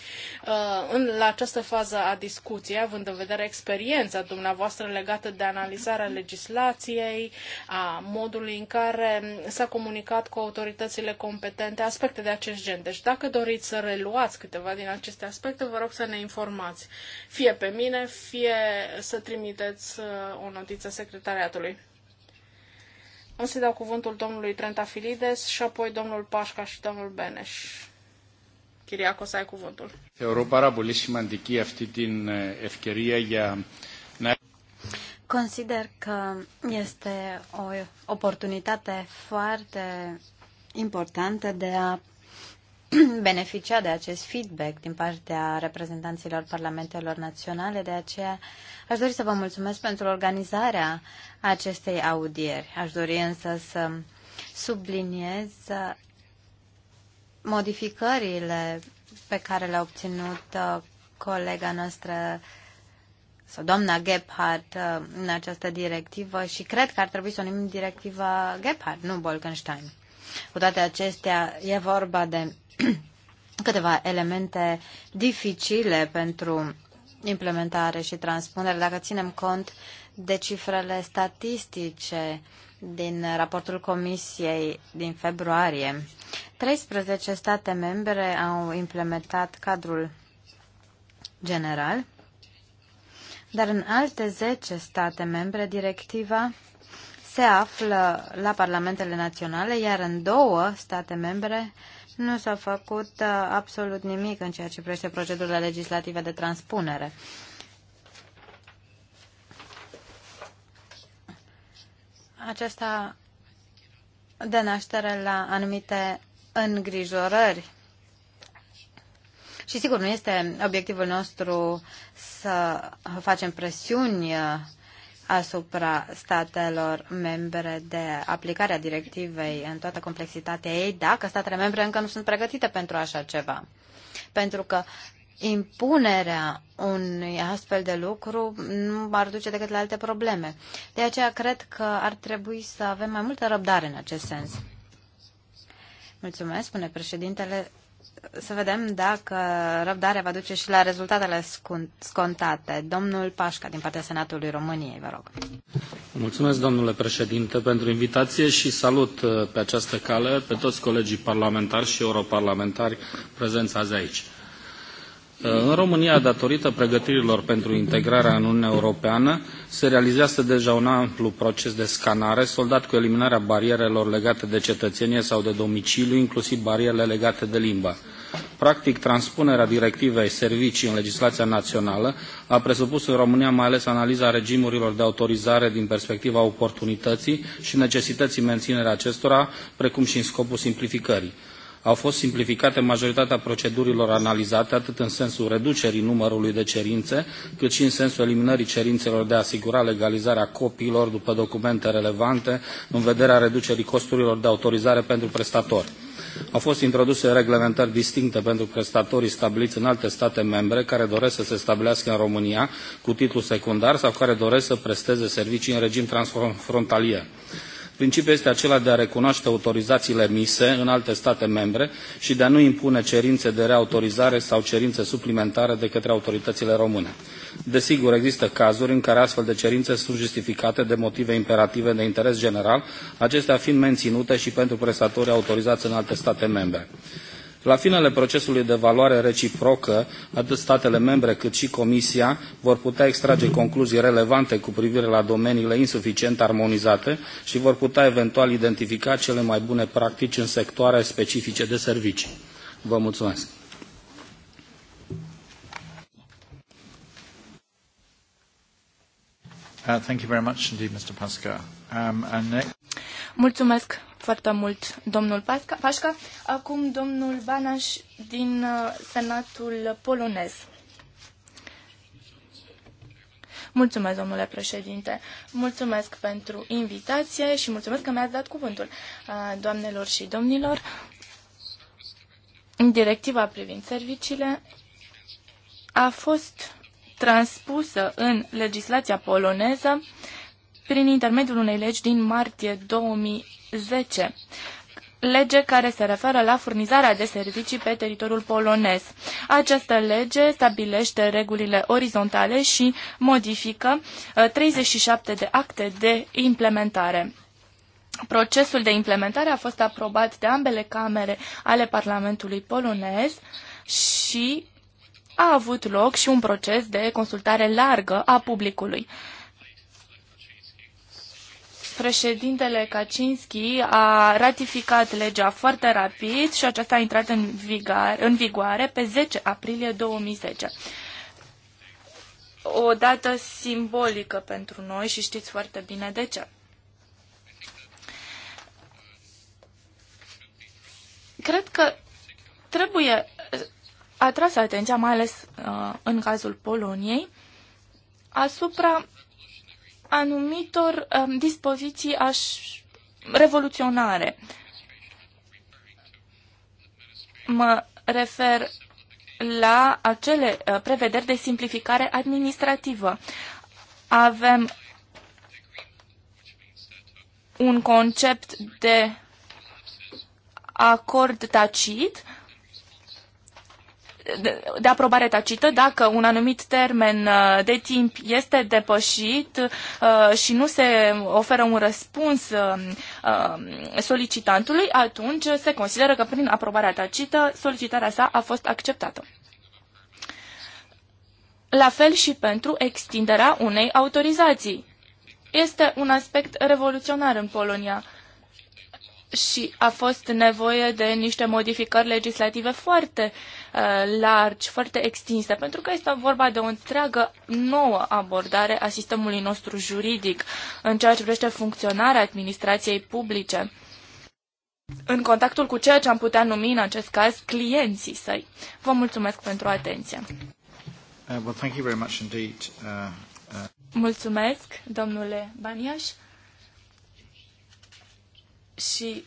uh, în, la această fază a discuției, având în vedere experiența dumneavoastră legată de analizarea legislației, a modului în care s-a comunicat cu autoritățile competente, aspecte de acest gen. Deci dacă doriți să reluați câteva din aceste aspecte, vă rog să ne informați, fie pe mine, fie să trimiteți uh, o notiță secretariatului. O să dau cuvântul domnului Trentafilides și apoi domnul Pașca și domnul Beneș. Κυριάκος, ai cuvântul. Θεωρώ πάρα πολύ σημαντική αυτή την ευκαιρία για να... Consider că este o oportunitate foarte importantă de a beneficia de acest feedback din partea reprezentanților parlamentelor naționale, de aceea aș dori să vă mulțumesc pentru organizarea acestei audieri. Aș dori însă să subliniez modificările pe care le-a obținut uh, colega noastră sau doamna Gebhardt uh, în această directivă și cred că ar trebui să o numim directiva Gebhardt, nu Bolkenstein. Cu toate acestea, e vorba de câteva elemente dificile pentru implementare și transpunere, dacă ținem cont de cifrele statistice din raportul Comisiei din februarie. 13 state membre au implementat cadrul general, dar în alte 10 state membre directiva se află la parlamentele naționale, iar în două state membre nu s-a făcut uh, absolut nimic în ceea ce privește procedurile legislative de transpunere. Aceasta dă naștere la anumite îngrijorări. Și sigur, nu este obiectivul nostru să facem presiuni uh, asupra statelor membre de aplicarea directivei în toată complexitatea ei, dacă statele membre încă nu sunt pregătite pentru așa ceva. Pentru că impunerea unui astfel de lucru nu ar duce decât la alte probleme. De aceea cred că ar trebui să avem mai multă răbdare în acest sens. Mulțumesc, spune președintele să vedem dacă răbdarea va duce și la rezultatele scontate. Domnul Pașca, din partea Senatului României, vă rog. Mulțumesc, domnule președinte, pentru invitație și salut uh, pe această cale pe toți colegii parlamentari și europarlamentari prezenți azi aici. Uh, în România, datorită pregătirilor pentru integrarea în Uniunea Europeană, se realizează deja un amplu proces de scanare, soldat cu eliminarea barierelor legate de cetățenie sau de domiciliu, inclusiv barierele legate de limba. Practic, transpunerea directivei servicii în legislația națională a presupus în România mai ales analiza regimurilor de autorizare din perspectiva oportunității și necesității menținerea acestora, precum și în scopul simplificării au fost simplificate majoritatea procedurilor analizate, atât în sensul reducerii numărului de cerințe, cât și în sensul eliminării cerințelor de a asigura legalizarea copiilor după documente relevante, în vederea reducerii costurilor de autorizare pentru prestatori. Au fost introduse reglementări distincte pentru prestatorii stabiliți în alte state membre care doresc să se stabilească în România cu titlu secundar sau care doresc să presteze servicii în regim transfrontalier. Principiul este acela de a recunoaște autorizațiile emise în alte state membre și de a nu impune cerințe de reautorizare sau cerințe suplimentare de către autoritățile române. Desigur, există cazuri în care astfel de cerințe sunt justificate de motive imperative de interes general, acestea fiind menținute și pentru prestatorii autorizați în alte state membre. La finele procesului de evaluare reciprocă, atât statele membre cât și Comisia vor putea extrage concluzii relevante cu privire la domeniile insuficient armonizate și vor putea eventual identifica cele mai bune practici în sectoare specifice de servicii. Vă mulțumesc! Uh, thank you very much indeed, Mr. Pascal. Um, and next... Mulțumesc foarte mult domnul Pasca, Pașca. Acum domnul Banaș din uh, Senatul polonez. Mulțumesc, domnule președinte. Mulțumesc pentru invitație și mulțumesc că mi-ați dat cuvântul, uh, doamnelor și domnilor. Directiva privind serviciile a fost transpusă în legislația poloneză prin intermediul unei legi din martie 2000 10 lege care se referă la furnizarea de servicii pe teritoriul polonez. Această lege stabilește regulile orizontale și modifică 37 uh, de acte de implementare. Procesul de implementare a fost aprobat de ambele camere ale Parlamentului polonez și a avut loc și un proces de consultare largă a publicului președintele Kaczynski a ratificat legea foarte rapid și aceasta a intrat în, vigar, în vigoare pe 10 aprilie 2010. O dată simbolică pentru noi și știți foarte bine de ce. Cred că trebuie uh, atras atenția, mai ales uh, în cazul Poloniei, asupra anumitor um, dispoziții aș revoluționare. Mă refer la acele uh, prevederi de simplificare administrativă. Avem un concept de acord tacit de aprobare tacită dacă un anumit termen uh, de timp este depășit uh, și nu se oferă un răspuns uh, solicitantului, atunci se consideră că prin aprobarea tacită solicitarea sa a fost acceptată. La fel și pentru extinderea unei autorizații. Este un aspect revoluționar în Polonia și a fost nevoie de niște modificări legislative foarte uh, largi, foarte extinse, pentru că este vorba de o întreagă nouă abordare a sistemului nostru juridic în ceea ce privește funcționarea administrației publice în contactul cu ceea ce am putea numi în acest caz clienții săi. Vă mulțumesc pentru atenție. Uh, well, thank you very much indeed. Uh, uh... Mulțumesc, domnule Baniaș și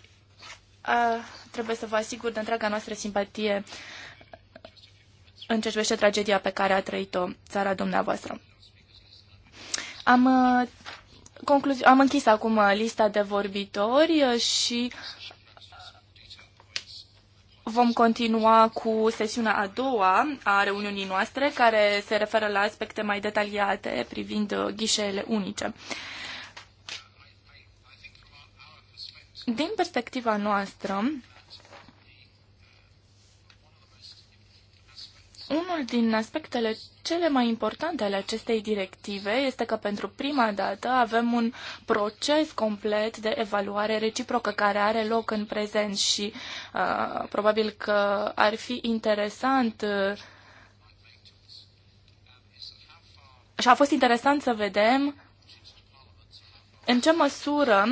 trebuie să vă asigur de întreaga noastră simpatie în ce privește tragedia pe care a trăit-o țara dumneavoastră. Am, concluzi- am închis acum lista de vorbitori și vom continua cu sesiunea a doua a reuniunii noastre, care se referă la aspecte mai detaliate privind ghișeele unice. Din perspectiva noastră, Unul din aspectele cele mai importante ale acestei directive este că pentru prima dată avem un proces complet de evaluare reciprocă care are loc în prezent și uh, probabil că ar fi interesant uh, și a fost interesant să vedem în ce măsură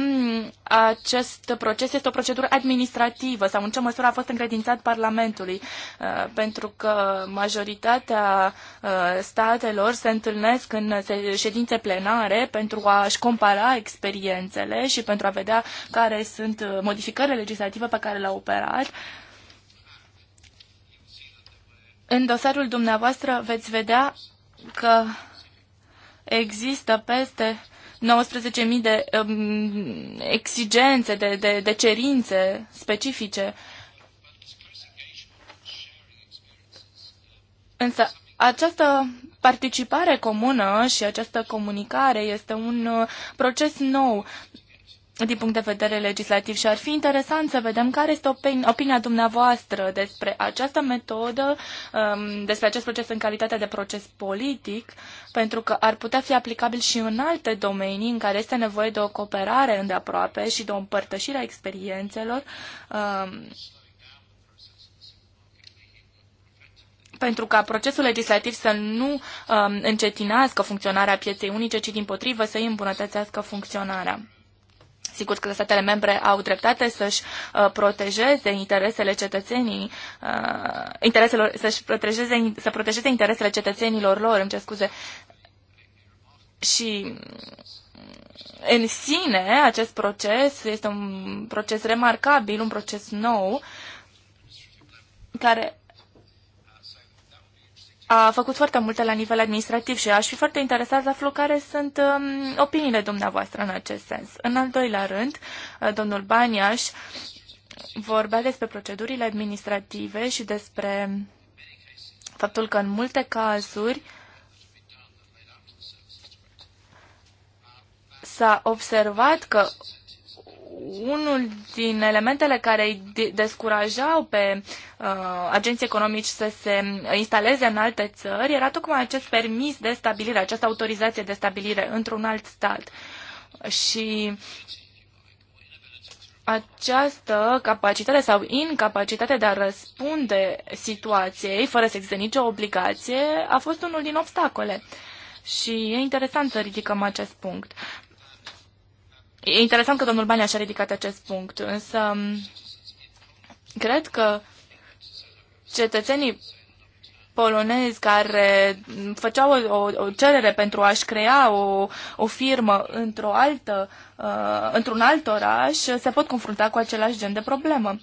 acest proces este o procedură administrativă sau în ce măsură a fost încredințat Parlamentului? Uh, pentru că majoritatea uh, statelor se întâlnesc în ședințe plenare pentru a-și compara experiențele și pentru a vedea care sunt uh, modificările legislative pe care le-au operat. În dosarul dumneavoastră veți vedea că există peste 19.000 de um, exigențe, de, de, de cerințe specifice. Însă această participare comună și această comunicare este un uh, proces nou din punct de vedere legislativ și ar fi interesant să vedem care este opinia, opinia dumneavoastră despre această metodă, um, despre acest proces în calitate de proces politic, pentru că ar putea fi aplicabil și în alte domenii în care este nevoie de o cooperare îndeaproape și de o împărtășire a experiențelor um, pentru ca procesul legislativ să nu um, încetinească funcționarea pieței unice, ci din potrivă să îi îmbunătățească funcționarea. Sigur că statele membre au dreptate să-și uh, protejeze interesele cetățenii, uh, intereselor, să-și protejeze, să protejeze interesele cetățenilor lor, îmi cer scuze. Și mm, în sine, acest proces este un proces remarcabil, un proces nou, care a făcut foarte multe la nivel administrativ și aș fi foarte interesat să aflu care sunt um, opiniile dumneavoastră în acest sens. În al doilea rând, uh, domnul Baniaș vorbea despre procedurile administrative și despre faptul că în multe cazuri s-a observat că unul din elementele care îi descurajau pe uh, agenții economici să se instaleze în alte țări era tocmai acest permis de stabilire, această autorizație de stabilire într-un alt stat. Și această capacitate sau incapacitate de a răspunde situației fără să existe nicio obligație a fost unul din obstacole. Și e interesant să ridicăm acest punct. E interesant că domnul Bania și-a ridicat acest punct, însă cred că cetățenii polonezi care făceau o, o, o cerere pentru a-și crea o, o firmă într-o altă, uh, într-un alt oraș, se pot confrunta cu același gen de problemă. Uh,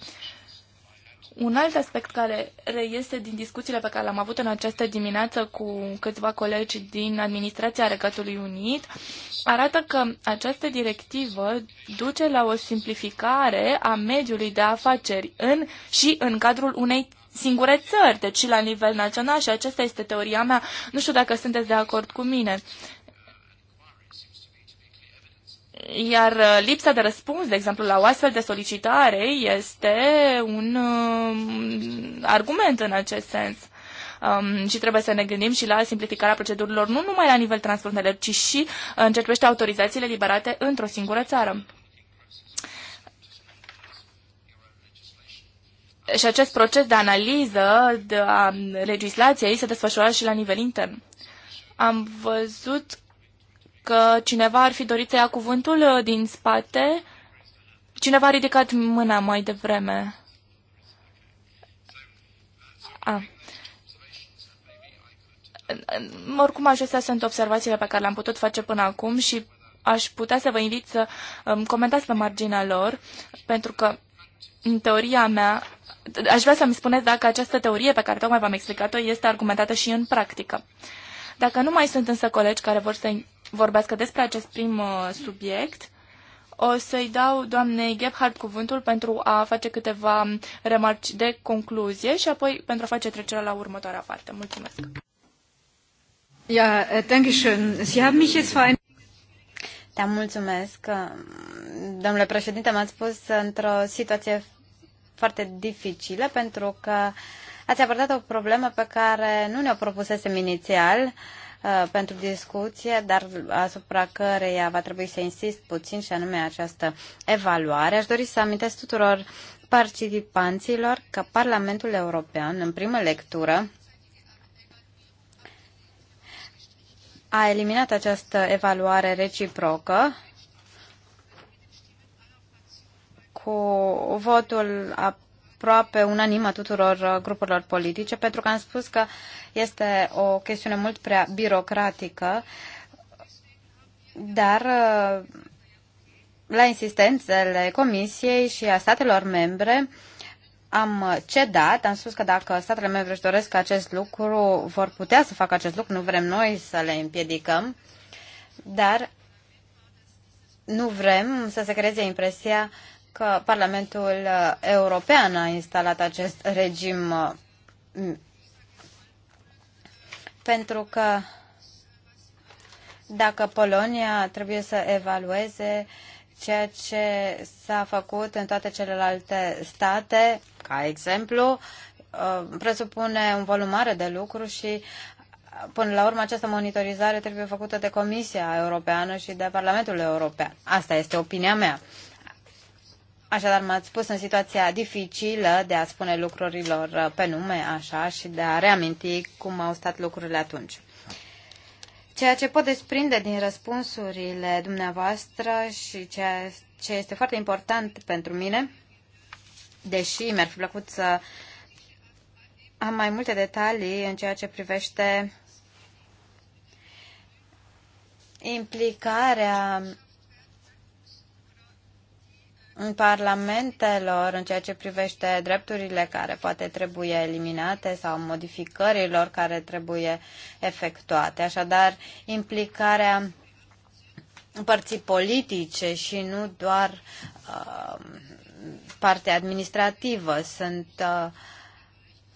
un alt aspect care reiese din discuțiile pe care le-am avut în această dimineață cu câțiva colegi din administrația Regatului Unit arată că această directivă duce la o simplificare a mediului de afaceri în și în cadrul unei singure țări, deci și la nivel național și aceasta este teoria mea. Nu știu dacă sunteți de acord cu mine. Iar uh, lipsa de răspuns, de exemplu, la o astfel de solicitare este un um, argument în acest sens. Um, și trebuie să ne gândim și la simplificarea procedurilor, nu numai la nivel transfrontalier, ci și uh, în ce privește autorizațiile liberate într-o singură țară. Și acest proces de analiză de a legislației se desfășura și la nivel intern. Am văzut că cineva ar fi dorit să ia cuvântul uh, din spate. Cineva a ridicat mâna mai devreme. A. Ah. Oricum, acestea sunt observațiile pe care le-am putut face până acum și aș putea să vă invit să um, comentați pe marginea lor, pentru că, în teoria mea, aș vrea să-mi spuneți dacă această teorie pe care tocmai v-am explicat-o este argumentată și în practică. Dacă nu mai sunt însă colegi care vor să vorbească despre acest prim uh, subiect. O să-i dau doamnei Gebhardt cuvântul pentru a face câteva remarci de concluzie și apoi pentru a face trecerea la următoarea parte. Mulțumesc! Ja, eh, danke schön. Sie haben mich jetzt vor Da, mulțumesc. Domnule președinte, m-ați pus într-o situație foarte dificilă pentru că ați abordat o problemă pe care nu ne-o propusesem inițial. Uh, Uh, pentru discuție, dar asupra căreia va trebui să insist puțin și anume această evaluare. Aș dori să amintesc tuturor participanților că Parlamentul European, în primă lectură, a eliminat această evaluare reciprocă cu votul a aproape unanimă a tuturor uh, grupurilor politice, pentru că am spus că este o chestiune mult prea birocratică, dar uh, la insistențele Comisiei și a statelor membre am cedat, am spus că dacă statele membre își doresc acest lucru, vor putea să facă acest lucru, nu vrem noi să le împiedicăm, dar nu vrem să se creeze impresia că Parlamentul European a instalat acest regim pentru că dacă Polonia trebuie să evalueze ceea ce s-a făcut în toate celelalte state, ca exemplu, presupune un volum mare de lucru și până la urmă această monitorizare trebuie făcută de Comisia Europeană și de Parlamentul European. Asta este opinia mea. Așadar, m-ați pus în situația dificilă de a spune lucrurilor pe nume, așa, și de a reaminti cum au stat lucrurile atunci. Ceea ce pot desprinde din răspunsurile dumneavoastră și ceea ce este foarte important pentru mine, deși mi-ar fi plăcut să am mai multe detalii în ceea ce privește implicarea în parlamentelor în ceea ce privește drepturile care poate trebuie eliminate sau modificărilor care trebuie efectuate. Așadar, implicarea părții politice și nu doar uh, partea administrativă. Sunt uh,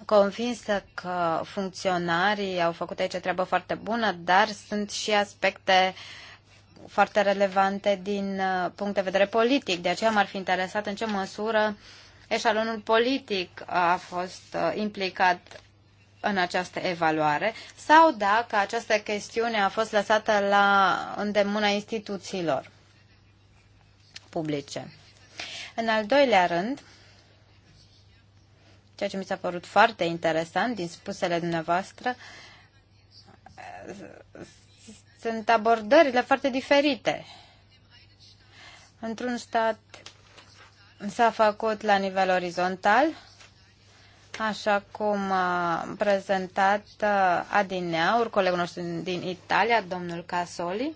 convinsă că funcționarii au făcut aici treabă foarte bună, dar sunt și aspecte uh, foarte relevante din uh, punct de vedere politic. De aceea m-ar fi interesat în ce măsură eșalonul politic a fost uh, implicat în această evaluare sau dacă această chestiune a fost lăsată la îndemâna instituțiilor publice. În al doilea rând, ceea ce mi s-a părut foarte interesant din spusele dumneavoastră, sunt abordările foarte diferite. Într-un stat s-a făcut la nivel orizontal, așa cum a prezentat uh, adineaur colegul nostru din Italia, domnul Casoli.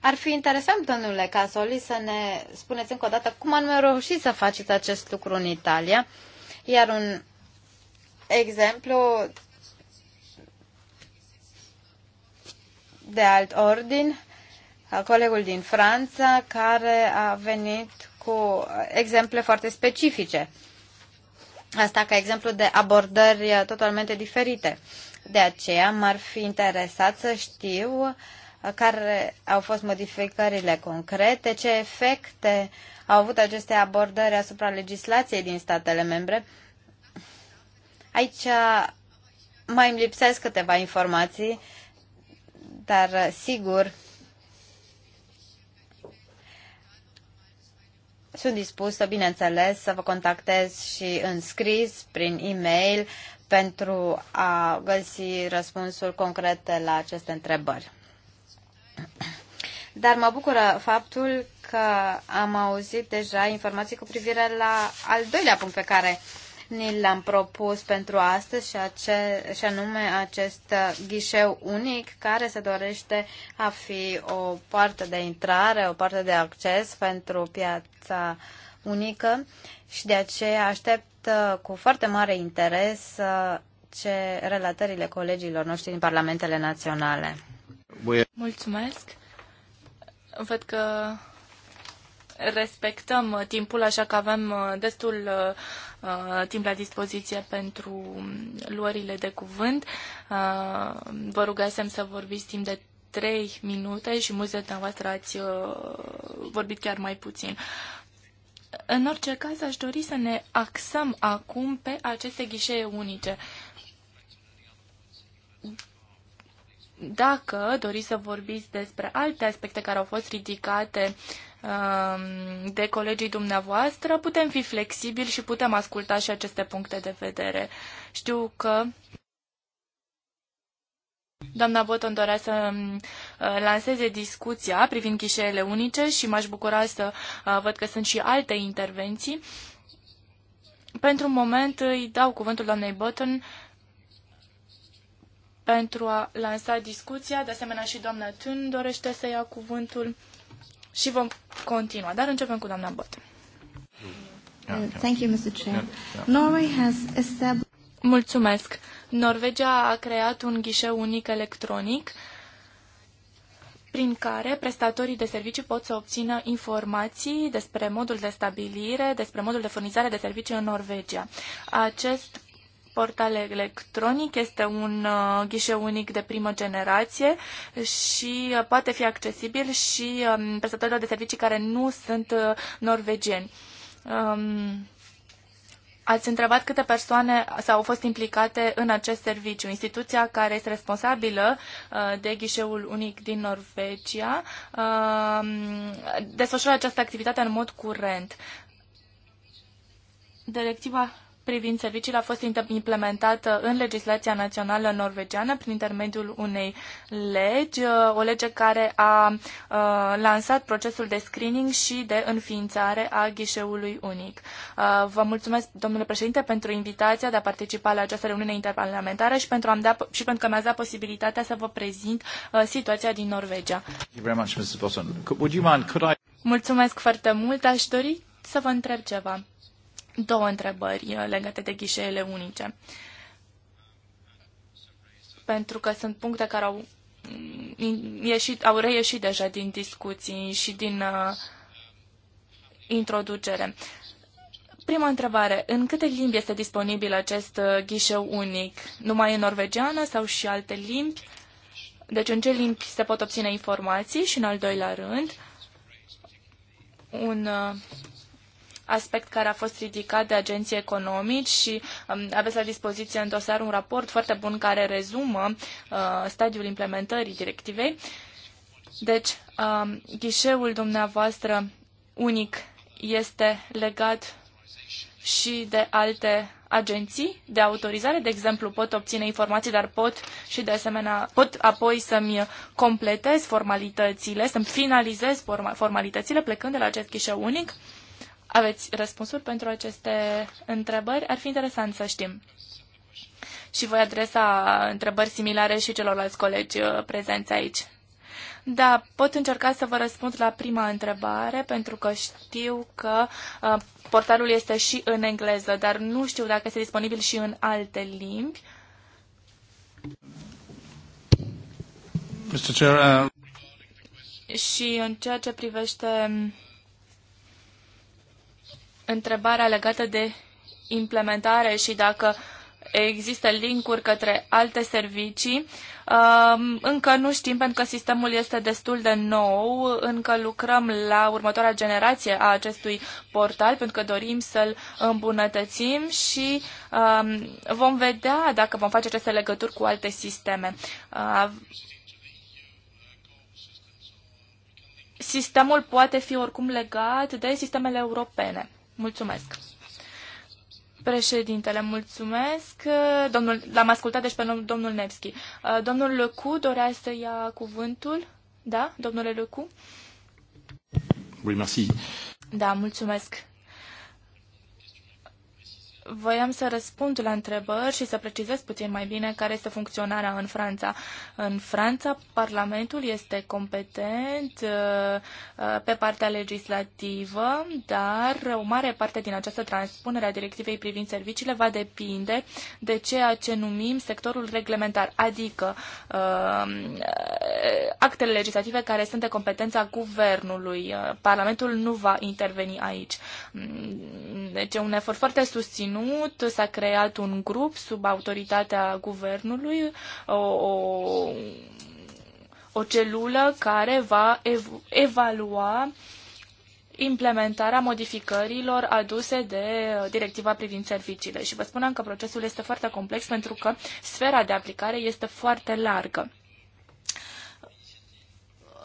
Ar fi interesant, domnule Casoli, să ne spuneți încă o dată cum anume reușit să faceți acest lucru în Italia. Iar un exemplu de alt ordin, colegul din Franța, care a venit cu exemple foarte specifice. Asta ca exemplu de abordări totalmente diferite. De aceea m-ar fi interesat să știu uh, care au fost modificările concrete, ce efecte au avut aceste abordări asupra legislației din statele membre. Aici mai îmi lipsesc câteva informații dar uh, sigur sunt dispusă, bineînțeles, să vă contactez și în scris, prin e-mail, pentru a găsi răspunsuri concrete la aceste întrebări. Dar mă bucură faptul că am auzit deja informații cu privire la al doilea punct pe care ni l-am propus pentru astăzi și, ace- și anume acest uh, ghișeu unic care se dorește a fi o parte de intrare, o parte de acces pentru piața unică și de aceea aștept uh, cu foarte mare interes uh, ce relatările colegilor noștri din parlamentele naționale. Mulțumesc! Văd că respectăm uh, timpul, așa că avem uh, destul uh, uh, timp la dispoziție pentru um, luările de cuvânt. Uh, vă rugasem să vorbiți timp de trei minute și mulți dintre voastre ați uh, vorbit chiar mai puțin. În orice caz, aș dori să ne axăm acum pe aceste ghișee unice. Dacă doriți să vorbiți despre alte aspecte care au fost ridicate uh, Um, de colegii dumneavoastră, putem fi flexibili și putem asculta și aceste puncte de vedere. Știu că doamna Boton dorea să um, uh, lanseze discuția privind ghișeele unice și m-aș bucura să uh, văd că sunt și alte intervenții. Pentru moment îi dau cuvântul doamnei Boton pentru a lansa discuția. De asemenea și doamna Thun dorește să ia cuvântul și vom continua. Dar începem cu doamna Băt. Thank you, Mr. Chair. Norway has established... Mulțumesc. Norvegia a creat un ghișeu unic electronic prin care prestatorii de servicii pot să obțină informații despre modul de stabilire, despre modul de furnizare de servicii în Norvegia. Acest portal electronic, este un uh, ghișeu unic de primă generație și uh, poate fi accesibil și um, prestatorilor de servicii care nu sunt uh, norvegieni. Um, ați întrebat câte persoane s-au fost implicate în acest serviciu. Instituția care este responsabilă de ghișeul unic din Norvegia um, desfășoară această activitate în mod curent. Directiva privind serviciile a fost implementată în legislația națională norvegiană prin intermediul unei legi, uh, o lege care a uh, lansat procesul de screening și de înființare a ghișeului unic. Uh, vă mulțumesc, domnule președinte, pentru invitația de a participa la această reuniune interparlamentară și pentru, am da, și pentru că mi-ați dat posibilitatea să vă prezint situația din Norvegia. Mulțumesc foarte mult. Aș dori să vă întreb ceva două întrebări uh, legate de ghișeele unice. Pentru că sunt puncte care au, mm, ieșit, au reieșit deja din discuții și din uh, introducere. Prima întrebare. În câte limbi este disponibil acest uh, ghișeu unic? Numai în norvegiană sau și alte limbi? Deci în ce limbi se pot obține informații? Și în al doilea rând, un uh, aspect care a fost ridicat de agenții economici și um, aveți la dispoziție în dosar un raport foarte bun care rezumă uh, stadiul implementării directivei. Deci, um, ghișeul dumneavoastră unic este legat și de alte agenții de autorizare, de exemplu, pot obține informații, dar pot și de asemenea, pot apoi să-mi completez formalitățile, să-mi finalizez formalitățile plecând de la acest ghișeu unic aveți răspunsuri pentru aceste întrebări, ar fi interesant să știm. Și voi adresa întrebări similare și celorlalți colegi uh, prezenți aici. Da, pot încerca să vă răspund la prima întrebare, pentru că știu că uh, portalul este și în engleză, dar nu știu dacă este disponibil și în alte limbi. Mr. Chair, uh... Și în ceea ce privește um, întrebarea legată de implementare și dacă există linkuri către alte servicii. Um, încă nu știm pentru că sistemul este destul de nou, încă lucrăm la următoarea generație a acestui portal pentru că dorim să-l îmbunătățim și um, vom vedea dacă vom face aceste legături cu alte sisteme. Uh, sistemul poate fi oricum legat de sistemele europene. Mulțumesc. Președintele, mulțumesc. Domnul, l-am ascultat deci pe domnul Nevski. Uh, domnul Lăcu dorea să ia cuvântul. Da, domnule Lăcu? Oui, merci. Da, mulțumesc voiam să răspund la întrebări și să precizez puțin mai bine care este funcționarea în Franța. În Franța, Parlamentul este competent uh, uh, pe partea legislativă, dar o mare parte din această transpunere a directivei privind serviciile va depinde de ceea ce numim sectorul reglementar, adică uh, actele legislative care sunt de competența guvernului. Parlamentul nu va interveni aici. Mm, deci e un efort foarte susținut susținut, s-a creat un grup sub autoritatea guvernului, o, o, o celulă care va ev- evalua implementarea modificărilor aduse de directiva privind serviciile. Și vă spuneam că procesul este foarte complex pentru că sfera de aplicare este foarte largă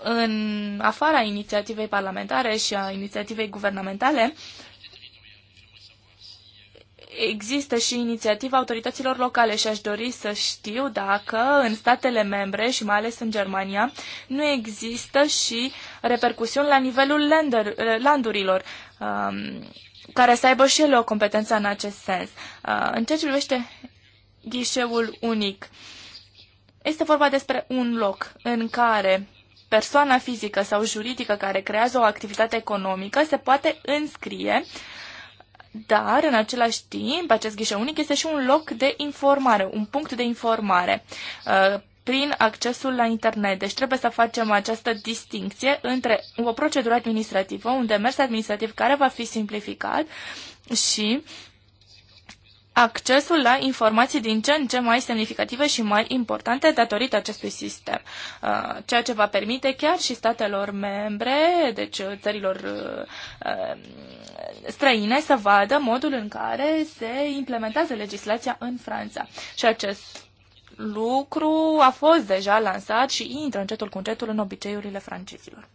în afara inițiativei parlamentare și a inițiativei guvernamentale, există și inițiativa autorităților locale și aș dori să știu dacă în statele membre și mai ales în Germania nu există și repercusiuni la nivelul lander, landurilor um, care să aibă și ele o competență în acest sens. Uh, în ceea ce privește ghișeul unic, este vorba despre un loc în care persoana fizică sau juridică care creează o activitate economică se poate înscrie uh, dar în același timp acest ghișeu unic este și un loc de informare, un punct de informare uh, prin accesul la internet. Deci trebuie să facem această distinție între o procedură administrativă, un demers administrativ care va fi simplificat și uh, accesul la informații din ce în ce mai semnificative și mai importante datorită acestui sistem, uh, ceea ce va permite chiar și statelor membre, deci uh, țărilor uh, străine, să vadă modul în care se implementează legislația în Franța. Și acest lucru a fost deja lansat și intră încetul cu încetul în obiceiurile francezilor.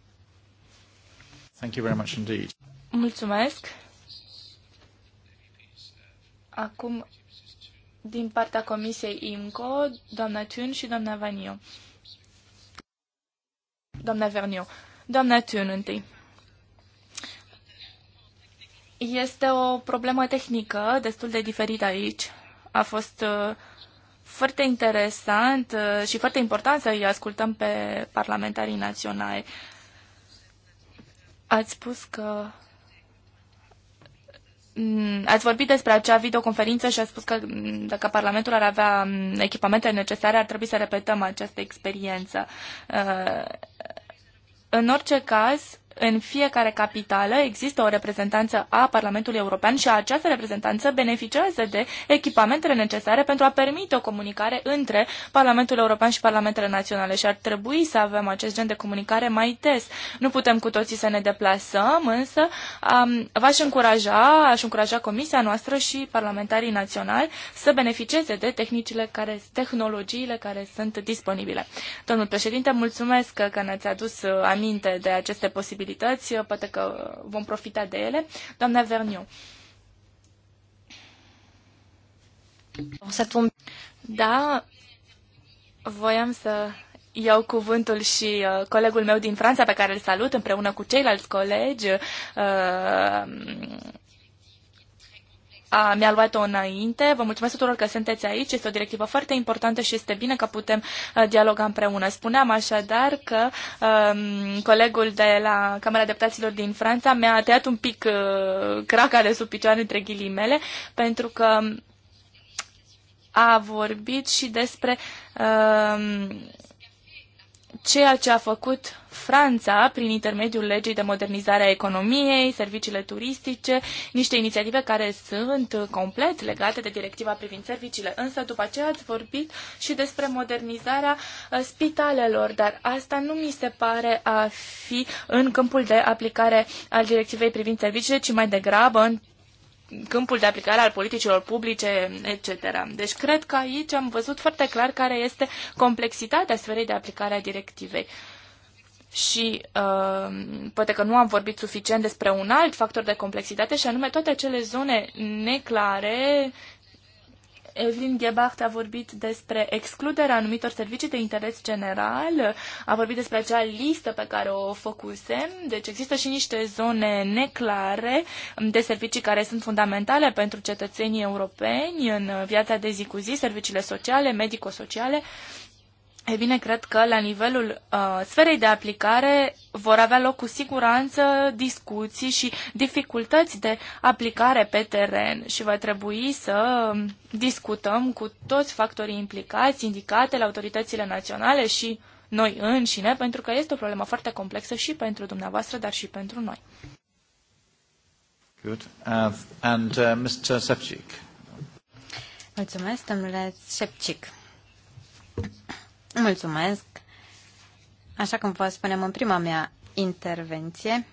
Thank you very much indeed. Mulțumesc. Acum, din partea Comisiei IMCO, doamna Thun și doamna Vaniu. Doamna Verniu. Doamna Thun întâi. Este o problemă tehnică destul de diferită aici. A fost uh, foarte interesant uh, și foarte important să îi ascultăm pe parlamentarii naționali. Ați spus că Mm, ați vorbit despre acea videoconferință și ați spus că mm, dacă Parlamentul ar avea mm, echipamentele necesare, ar trebui să repetăm această experiență. Uh, în orice caz, în fiecare capitală există o reprezentanță a Parlamentului European și această reprezentanță beneficiază de echipamentele necesare pentru a permite o comunicare între Parlamentul European și Parlamentele Naționale și ar trebui să avem acest gen de comunicare mai des. Nu putem cu toții să ne deplasăm, însă um, v-aș încuraja, aș încuraja Comisia noastră și parlamentarii naționali să beneficieze de tehnicile care, tehnologiile care sunt disponibile. Domnul președinte, mulțumesc că ne-ați adus uh, aminte de aceste posibilități posibilități, poate că vom profita de ele. Doamna Verniu. Da, voiam să iau cuvântul și uh, colegul meu din Franța, pe care îl salut împreună cu ceilalți colegi. Uh, a, mi-a luat-o înainte. Vă mulțumesc tuturor că sunteți aici. Este o directivă foarte importantă și este bine că putem a, uh, dialoga împreună. Spuneam așadar că a, um, colegul de la Camera Deputaților din Franța mi-a tăiat un pic a, uh, craca de sub picioare între ghilimele pentru că a vorbit și despre uh, ceea ce a făcut Franța prin intermediul legii de modernizare a economiei, serviciile turistice, niște inițiative care sunt complet legate de directiva privind serviciile. Însă după aceea ați vorbit și despre modernizarea uh, spitalelor, dar asta nu mi se pare a fi în câmpul de aplicare al directivei privind serviciile, ci mai degrabă în câmpul de aplicare al politicilor publice, etc. Deci cred că aici am văzut foarte clar care este complexitatea sferei de aplicare a directivei. Și uh, poate că nu am vorbit suficient despre un alt factor de complexitate și anume toate acele zone neclare Evelyn Gebhardt a vorbit despre excluderea anumitor servicii de interes general, a vorbit despre acea listă pe care o făcusem, deci există și niște zone neclare de servicii care sunt fundamentale pentru cetățenii europeni în viața de zi cu zi, serviciile sociale, medico-sociale. Uh, E bine, cred că la nivelul uh, sferei de aplicare vor avea loc cu siguranță discuții și dificultăți de aplicare pe teren și va trebui să um, discutăm cu toți factorii implicați, sindicatele, autoritățile naționale și noi înșine, pentru că este o problemă foarte complexă și pentru dumneavoastră, dar și pentru noi. Good. Uh, and uh, Mr. Mulțumesc, domnule Sepcic. Mulțumesc. Așa cum vă spunem în prima mea intervenție,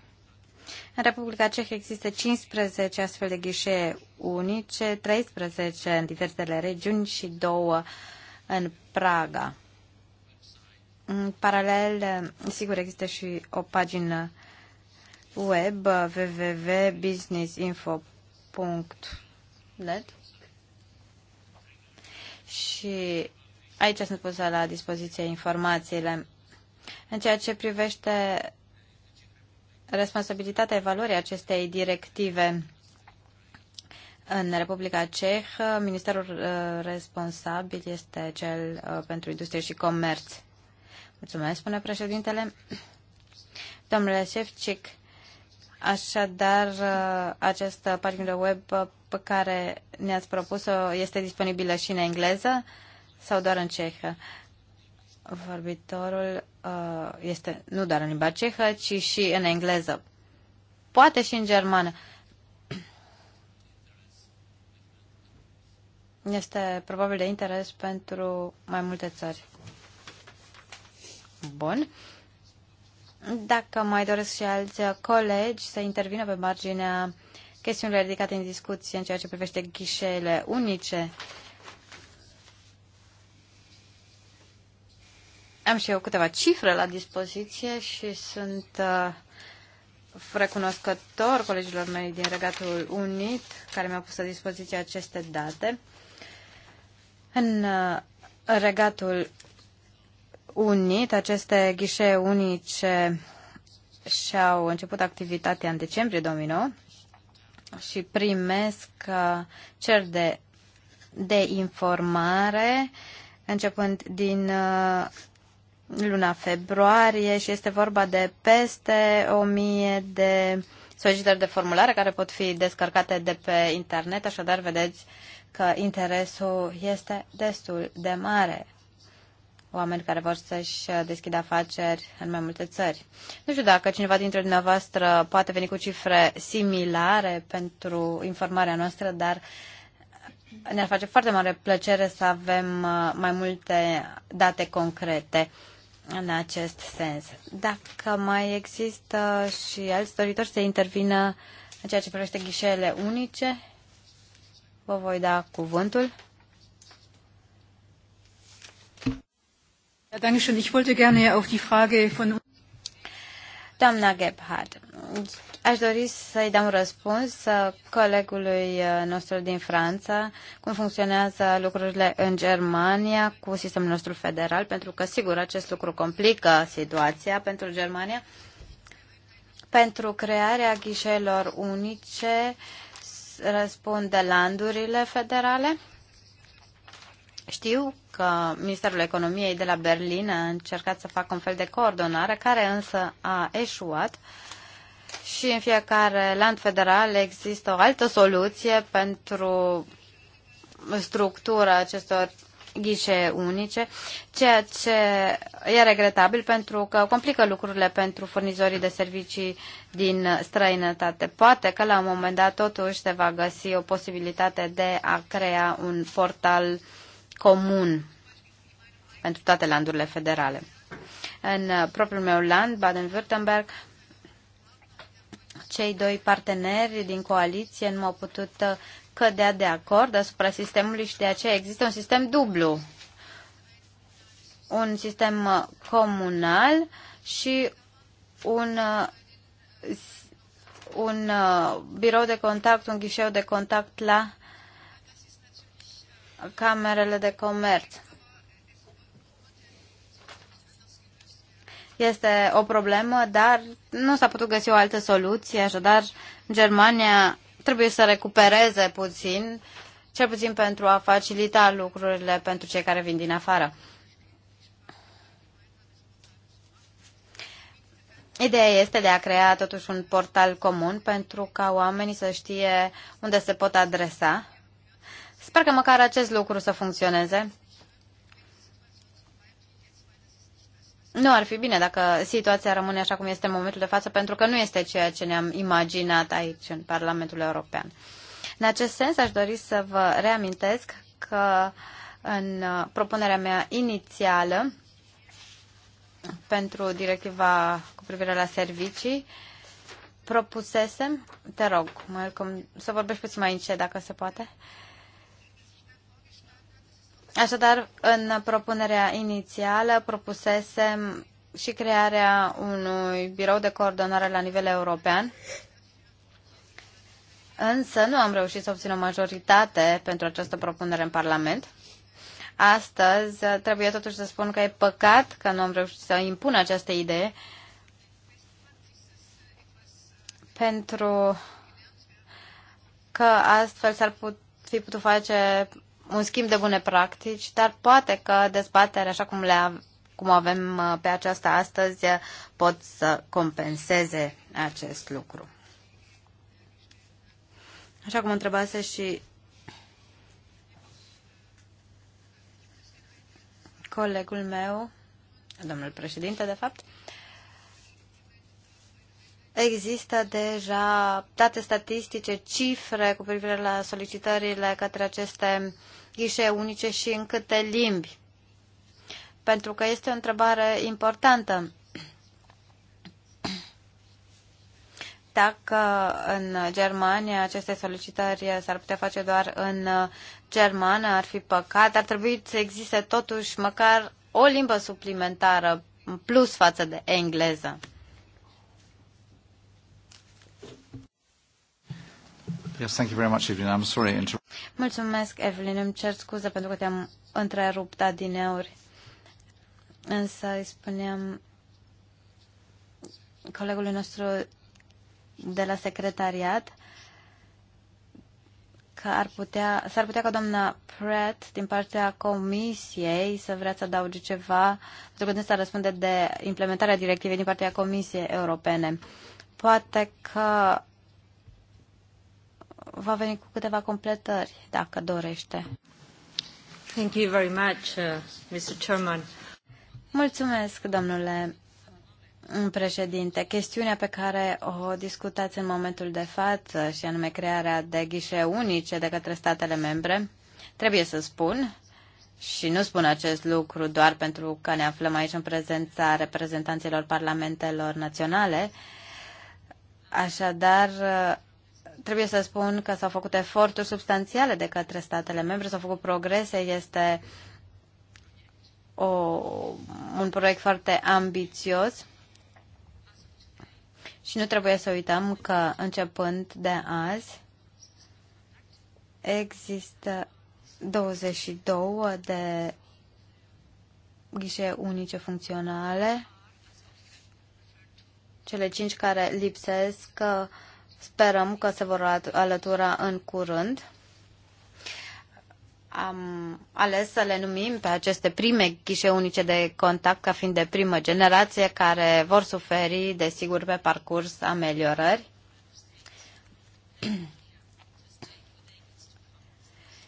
în Republica Cehă există 15 astfel de ghișee unice, 13 în diversele regiuni și 2 în Praga. În paralel, sigur, există și o pagină web www.businessinfo.net și Aici sunt pusă la dispoziție informațiile. În ceea ce privește responsabilitatea evaluării acestei directive în Republica Cehă, ministerul uh, responsabil este cel uh, pentru industrie și comerț. Mulțumesc, spune președintele. Domnule Șefcic, așadar, uh, această pagină web pe care ne-ați propus-o este disponibilă și în engleză sau doar în cehă? Vorbitorul uh, este nu doar în limba cehă, ci și în engleză. Poate și în germană. Este probabil de interes pentru mai multe țări. Bun. Dacă mai doresc și alți colegi să intervină pe marginea chestiunilor ridicate în discuție în ceea ce privește ghișeele unice, Am și eu câteva cifre la dispoziție și sunt uh, recunoscător colegilor mei din Regatul Unit care mi-au pus la dispoziție aceste date. În uh, Regatul Unit, aceste ghișee unice și-au început activitatea în decembrie 2009 și primesc uh, cer de, de informare începând din uh, luna februarie și este vorba de peste 1000 de solicitări de formulare care pot fi descărcate de pe internet, așadar vedeți că interesul este destul de mare. Oameni care vor să-și deschidă afaceri în mai multe țări. Nu știu dacă cineva dintre dumneavoastră poate veni cu cifre similare pentru informarea noastră, dar ne-ar face foarte mare plăcere să avem uh, mai multe date concrete în acest sens. Dacă mai există și alți doritori să intervină în ceea ce privește ghișele unice, vă voi da cuvântul. Doamna Gebhardt, Aș dori să-i dau un răspuns colegului uh, nostru din Franța, cum funcționează lucrurile în Germania cu sistemul nostru federal, pentru că, sigur, acest lucru complică situația pentru Germania. Pentru crearea ghișeilor unice răspund de landurile federale. Știu că Ministerul Economiei de la Berlin a încercat să facă un fel de coordonare, care însă a eșuat. Uh, și în fiecare land federal există o altă soluție pentru structura acestor ghișe unice, ceea ce e regretabil pentru că complică lucrurile pentru furnizorii de servicii din străinătate. Poate că la un moment dat totuși se va găsi o posibilitate de a crea un portal comun pentru toate landurile federale. În propriul meu land, Baden-Württemberg, cei doi parteneri din coaliție nu au putut uh, cădea de acord asupra sistemului și de aceea există un sistem dublu. Un sistem uh, comunal și un, uh, un birou de contact, un ghișeu de contact la camerele de comerț. Este o problemă, dar nu s-a putut găsi o altă soluție, așadar Germania trebuie să recupereze puțin, cel puțin pentru a facilita lucrurile pentru cei care vin din afară. Ideea este de a crea totuși un portal comun pentru ca oamenii să știe unde se pot adresa. Sper că măcar acest lucru să funcționeze. Nu ar fi bine dacă situația rămâne așa cum este în momentul de față, pentru că nu este ceea ce ne-am imaginat aici, în Parlamentul European. În acest sens, aș dori să vă reamintesc că în uh, propunerea mea inițială pentru directiva cu privire la servicii, propusesem, te rog, Malcolm, să vorbești puțin mai încet, dacă se poate, uh, Așadar, în propunerea inițială propusesem și crearea unui birou de coordonare la nivel european, însă nu am reușit să obțin o majoritate pentru această propunere în Parlament. Astăzi trebuie totuși să spun că e păcat că nu am reușit să impun această idee pentru că astfel s-ar put, fi putut face un schimb de bune practici, dar poate că dezbaterea așa cum, le cum avem uh, pe aceasta astăzi uh, pot să compenseze acest lucru. Așa cum întrebase și colegul meu, domnul președinte, de fapt, Există deja date statistice, cifre cu privire la solicitările către aceste ghișee unice și în câte limbi? Pentru că este o întrebare importantă. Dacă în Germania aceste solicitări s-ar putea face doar în germană, ar fi păcat. Ar trebui să existe totuși măcar o limbă suplimentară în plus față de engleză. Yes, thank you very much, Evelyn. I'm sorry. Mulțumesc, Evelyn. Îmi cer scuze pentru că te-am întrerupt adineori. Însă îi spuneam colegului nostru de la secretariat că ar putea, s-ar putea ca doamna Pratt din partea comisiei să vrea să adauge ceva, pentru că să răspunde de implementarea directivei din partea Comisiei Europene. Poate că va veni cu câteva completări, dacă dorește. Thank you very much, uh, Mr. Chairman. Mulțumesc, domnule președinte. Chestiunea pe care o discutați în momentul de față, și anume crearea de ghișe unice de către statele membre, trebuie să spun, și nu spun acest lucru doar pentru că ne aflăm aici în prezența reprezentanților parlamentelor naționale, Așadar, trebuie să spun că s-au făcut eforturi substanțiale de către statele membre, s-au făcut progrese, este o, un proiect foarte ambițios și nu trebuie să uităm că începând de azi există 22 de ghișe unice funcționale, cele 5 care lipsesc Sperăm că se vor alătura în curând. Am ales să le numim pe aceste prime ghișe unice de contact ca fiind de primă generație care vor suferi, desigur, pe parcurs ameliorări.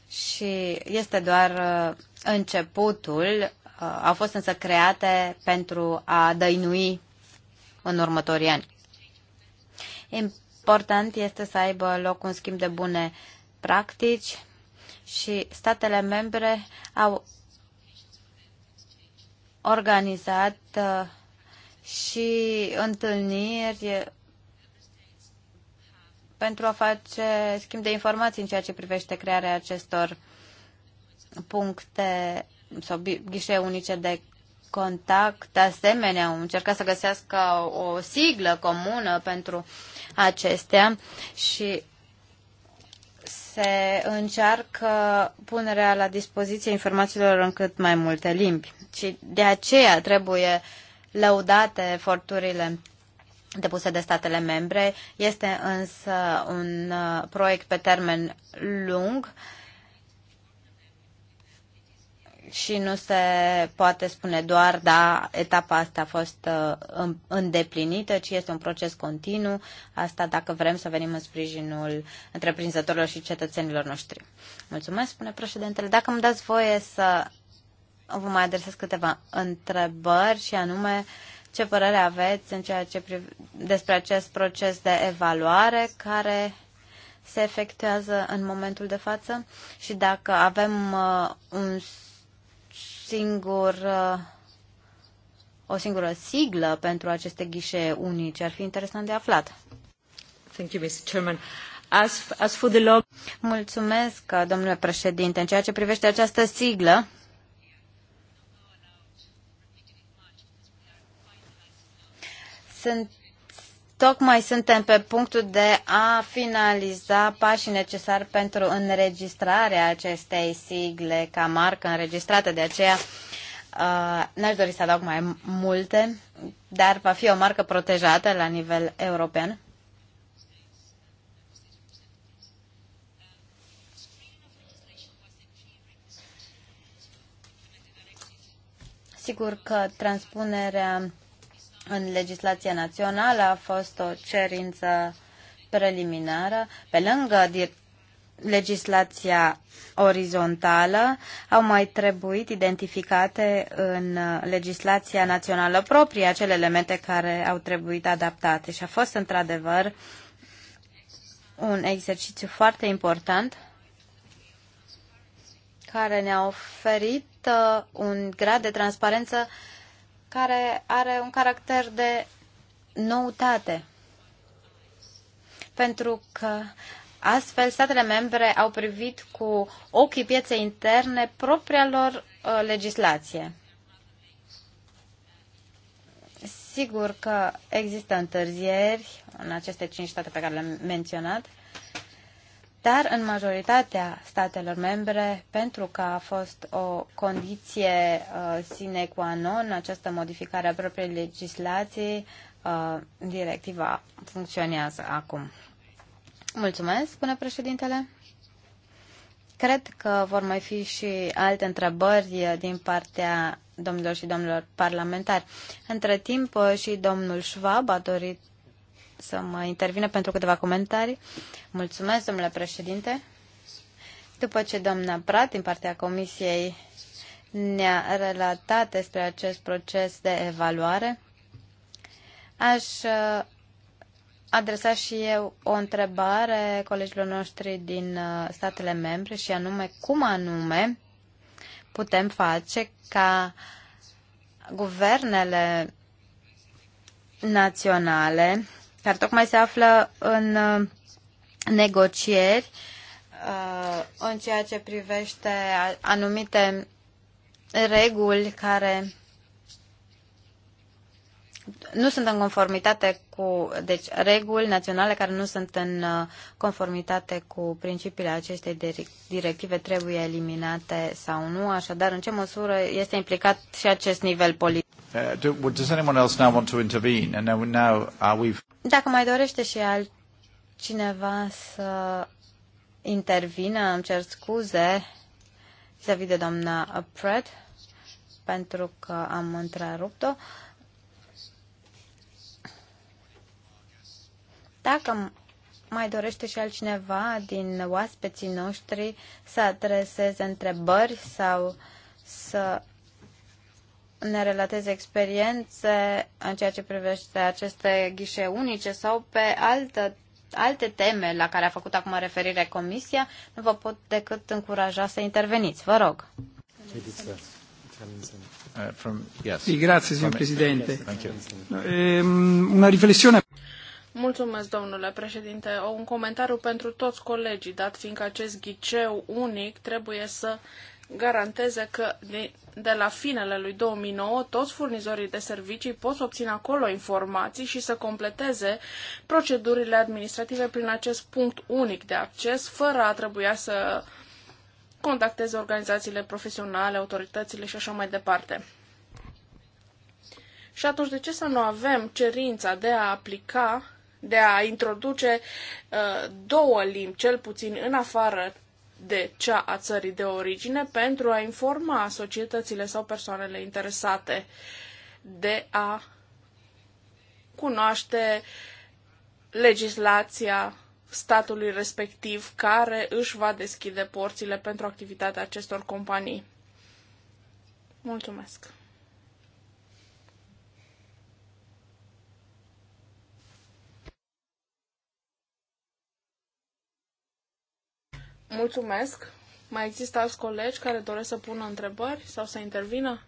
și este doar uh, începutul. Uh, au fost însă create pentru a dăinui în următorii ani. Important este să aibă loc un schimb de bune practici și statele membre au organizat uh, și întâlniri pentru a face schimb de informații în ceea ce privește crearea acestor puncte sau ghișe unice de contact. De asemenea, au încercat să găsească o siglă comună pentru acestea și se încearcă punerea la dispoziție informațiilor în cât mai multe limbi. Și de aceea trebuie lăudate eforturile depuse de statele membre. Este însă un uh, proiect pe termen lung și nu se poate spune doar, da, etapa asta a fost uh, îndeplinită, ci este un proces continuu, asta dacă vrem să venim în sprijinul întreprinzătorilor și cetățenilor noștri. Mulțumesc, spune președintele. Dacă îmi dați voie să vă mai adresez câteva întrebări și anume ce părere aveți în ceea ce priv- despre acest proces de evaluare care se efectuează în momentul de față și dacă avem uh, un singur, uh, o singură siglă pentru aceste ghișe unice. Ar fi interesant de aflat. Thank you, Mr. Chairman. As, as for the law... Mulțumesc, uh, domnule președinte. În ceea ce privește această siglă, sunt Tocmai suntem pe punctul de a finaliza pașii necesari pentru înregistrarea acestei sigle ca marcă înregistrată, de aceea uh, n-aș dori să adaug mai multe, dar va fi o marcă protejată la nivel european. Sigur că transpunerea în legislația națională a fost o cerință preliminară. Pe lângă legislația orizontală au mai trebuit identificate în legislația națională proprie acele elemente care au trebuit adaptate și a fost într-adevăr un exercițiu foarte important care ne-a oferit uh, un grad de transparență care are un caracter de noutate. Pentru că astfel statele membre au privit cu ochii pieței interne propria lor uh, legislație. Sigur că există întârzieri în aceste cinci state pe care le-am menționat, dar în majoritatea statelor membre, pentru că a fost o condiție uh, sine qua non această modificare a propriei legislații, uh, directiva funcționează acum. Mulțumesc, spune președintele. Cred că vor mai fi și alte întrebări din partea domnilor și domnilor parlamentari. Între timp uh, și domnul Schwab a dorit să mă intervine pentru câteva comentarii. Mulțumesc, domnule președinte. După ce doamna Prat, din partea Comisiei, ne-a relatat despre acest proces de evaluare, aș uh, adresa și eu o întrebare colegilor noștri din uh, statele membre și anume cum anume putem face ca guvernele naționale care tocmai se află în uh, negocieri uh, în ceea ce privește anumite reguli care nu sunt în conformitate cu, deci reguli naționale care nu sunt în uh, conformitate cu principiile acestei directive trebuie eliminate sau nu, așadar în ce măsură este implicat și acest nivel politic. Uh, does anyone else now want to intervene? And now, now Dacă mai dorește și alt cineva să intervină, îmi cer scuze să a de doamna Pred, pentru că am întrerupt-o. Dacă mai dorește și altcineva din oaspeții noștri să adreseze întrebări sau să ne relateze experiențe în ceea ce privește aceste ghișe unice sau pe altă, alte teme la care a făcut acum referire Comisia, nu vă pot decât încuraja să interveniți. Vă rog. Uh, grazie, ehm, Una riflessione. Mulțumesc, domnule președinte. Un comentariu pentru toți colegii, dat fiindcă acest ghiceu unic trebuie să garanteze că de la finele lui 2009 toți furnizorii de servicii pot obține acolo informații și să completeze procedurile administrative prin acest punct unic de acces, fără a trebuia să contacteze organizațiile profesionale, autoritățile și așa mai departe. Și atunci, de ce să nu avem cerința de a aplica, de a introduce uh, două limbi, cel puțin în afară de cea a țării de origine pentru a informa societățile sau persoanele interesate de a cunoaște legislația statului respectiv care își va deschide porțile pentru activitatea acestor companii. Mulțumesc! Mulțumesc. Mai există alți colegi care doresc să pună întrebări sau să intervină?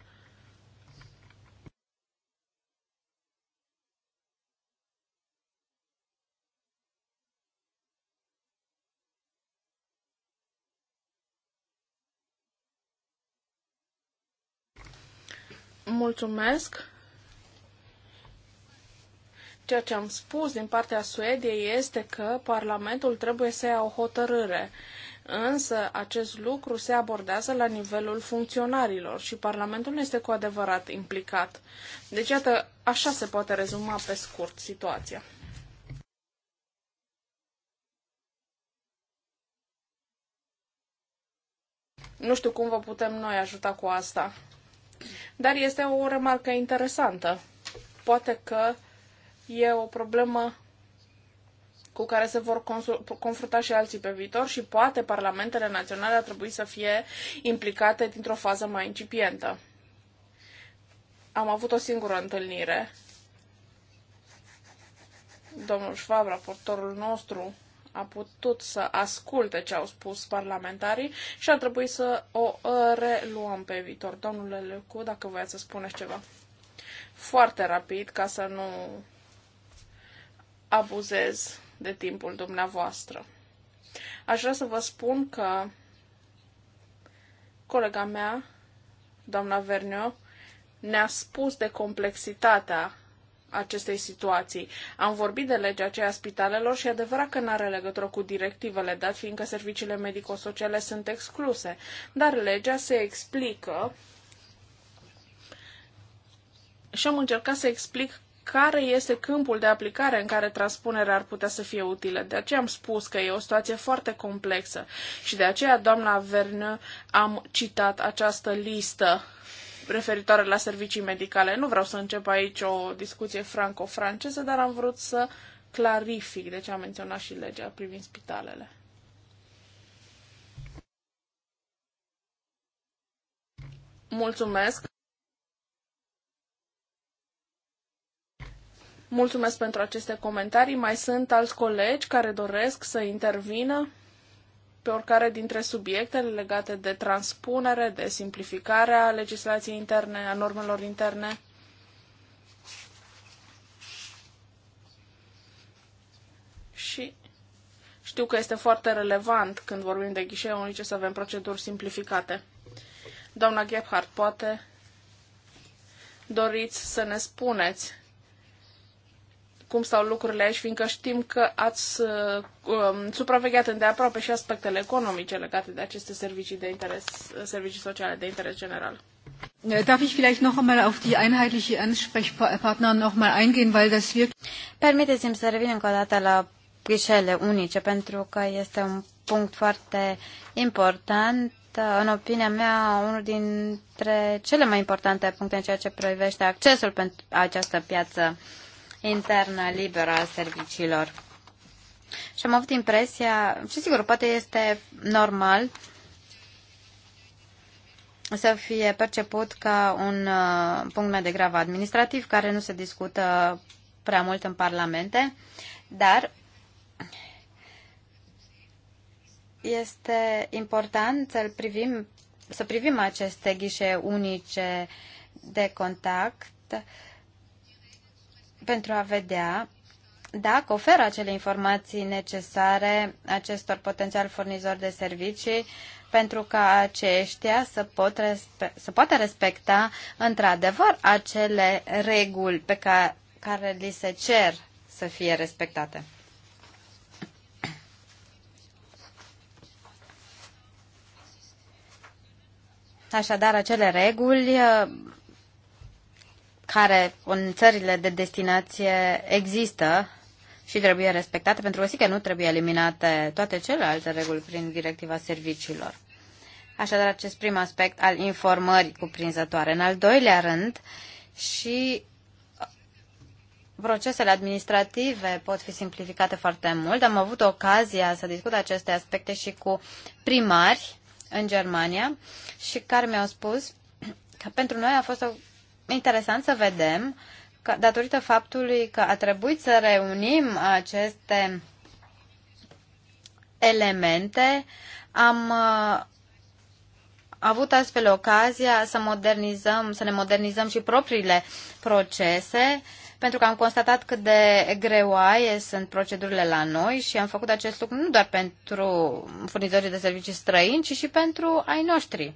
Mulțumesc. Ceea ce am spus din partea Suediei este că Parlamentul trebuie să ia o hotărâre Însă acest lucru se abordează la nivelul funcționarilor și Parlamentul nu este cu adevărat implicat. Deci, iată, așa se poate rezuma pe scurt situația. Nu știu cum vă putem noi ajuta cu asta. Dar este o remarcă interesantă. Poate că e o problemă cu care se vor confrunta și alții pe viitor și poate parlamentele naționale ar trebui să fie implicate dintr-o fază mai incipientă. Am avut o singură întâlnire. Domnul Schwab, raportorul nostru, a putut să asculte ce au spus parlamentarii și ar trebui să o uh, reluăm pe viitor. Domnule Lecu, dacă voiați să spuneți ceva. Foarte rapid, ca să nu abuzez de timpul dumneavoastră. Aș vrea să vă spun că colega mea, doamna Vernio, ne-a spus de complexitatea acestei situații. Am vorbit de legea aceea spitalelor și adevărat că nu are legătură cu directivele, dat fiindcă serviciile medico-sociale sunt excluse. Dar legea se explică și am încercat să explic care este câmpul de aplicare în care transpunerea ar putea să fie utilă. De aceea am spus că e o situație foarte complexă și de aceea, doamna Vernă, am citat această listă referitoare la servicii medicale. Nu vreau să încep aici o discuție franco-franceză, dar am vrut să clarific de ce am menționat și legea privind spitalele. Mulțumesc! Mulțumesc pentru aceste comentarii. Mai sunt alți colegi care doresc să intervină pe oricare dintre subiectele legate de transpunere, de simplificarea legislației interne, a normelor interne. Și știu că este foarte relevant când vorbim de ghișee unice să avem proceduri simplificate. Doamna Gebhardt, poate doriți să ne spuneți cum stau lucrurile aici, fiindcă știm că ați uh, um, supravegheat îndeaproape și aspectele economice legate de aceste servicii de interes, servicii sociale de interes general. Äh, darf ich vielleicht noch einmal auf die einheitliche Ansprechpartner noch mal eingehen, weil das wir Permiteți-mi să revin încă o dată la ghișele unice, pentru că este un punct foarte important în opinia mea, unul dintre cele mai importante puncte în ceea ce privește accesul pentru această piață internă liberă a serviciilor. Și am avut impresia, și sigur, poate este normal să fie perceput ca un uh, punct mai degrav administrativ, care nu se discută prea mult în parlamente, dar este important să privim, să privim aceste ghișe unice de contact pentru a vedea dacă oferă acele informații necesare acestor potențial furnizori de servicii pentru ca aceștia să, pot respe- să poată respecta într-adevăr acele reguli pe care, care li se cer să fie respectate. Așadar, acele reguli care în țările de destinație există și trebuie respectate, pentru că că nu trebuie eliminate toate celelalte reguli prin directiva serviciilor. Așadar, acest prim aspect al informării cuprinzătoare. În al doilea rând, și procesele administrative pot fi simplificate foarte mult. Am avut ocazia să discut aceste aspecte și cu primari în Germania și care mi-au spus că pentru noi a fost o interesant să vedem că, datorită faptului că a trebuit să reunim aceste elemente, am uh, avut astfel ocazia să modernizăm, să ne modernizăm și propriile procese, pentru că am constatat cât de greoaie sunt procedurile la noi și am făcut acest lucru nu doar pentru furnizorii de servicii străini, ci și pentru ai noștri.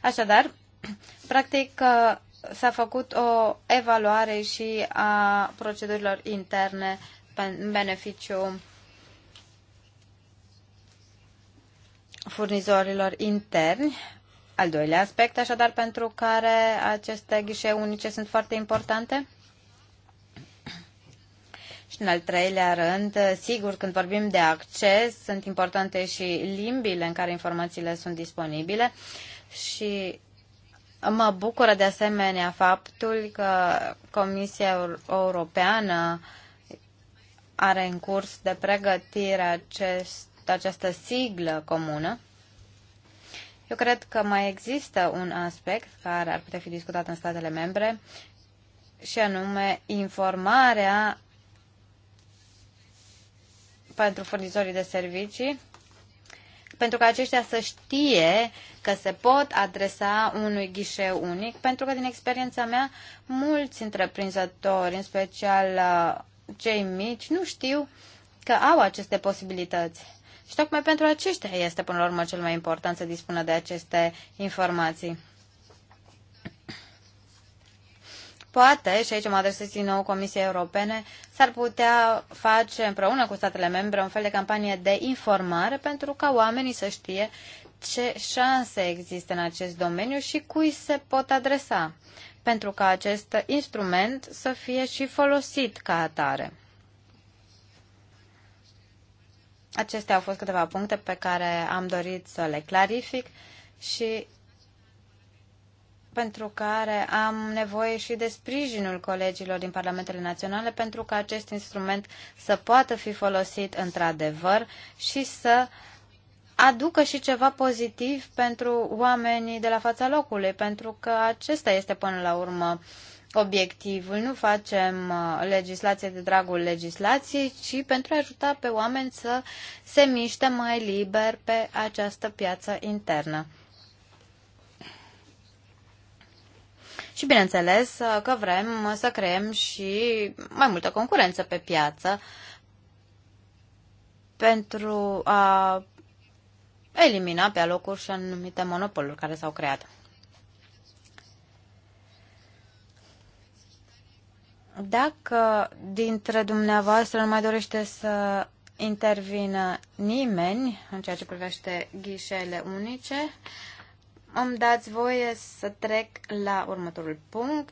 Așadar, practic, uh, s-a făcut o evaluare și a procedurilor interne în beneficiu furnizorilor interni. Al doilea aspect, așadar, pentru care aceste ghișe unice sunt foarte importante. Și în al treilea rând, sigur, când vorbim de acces, sunt importante și limbile în care informațiile sunt disponibile și Mă bucură de asemenea faptul că Comisia Europeană are în curs de pregătire acest, această siglă comună. Eu cred că mai există un aspect care ar putea fi discutat în statele membre și anume informarea pentru furnizorii de servicii pentru că aceștia să știe că se pot adresa unui ghișeu unic, pentru că din experiența mea mulți întreprinzători, în special uh, cei mici, nu știu că au aceste posibilități. Și tocmai pentru aceștia este, până la urmă, cel mai important să dispună de aceste informații. poate, și aici mă adresez din nou Comisiei Europene, s-ar putea face împreună cu statele membre un fel de campanie de informare pentru ca oamenii să știe ce șanse există în acest domeniu și cui se pot adresa, pentru ca acest instrument să fie și folosit ca atare. Acestea au fost câteva puncte pe care am dorit să le clarific și pentru care am nevoie și de sprijinul colegilor din Parlamentele Naționale pentru ca acest instrument să poată fi folosit într-adevăr și să aducă și ceva pozitiv pentru oamenii de la fața locului, pentru că acesta este până la urmă obiectivul. Nu facem uh, legislație de dragul legislației, ci pentru a ajuta pe oameni să se miște mai liber pe această piață internă. și bineînțeles uh, că vrem să creăm și mai multă concurență pe piață pentru a elimina pe alocuri și anumite monopoluri care s-au creat. Dacă dintre dumneavoastră nu mai dorește să intervină nimeni în ceea ce privește ghișele unice, îmi dați voie să trec la următorul punct.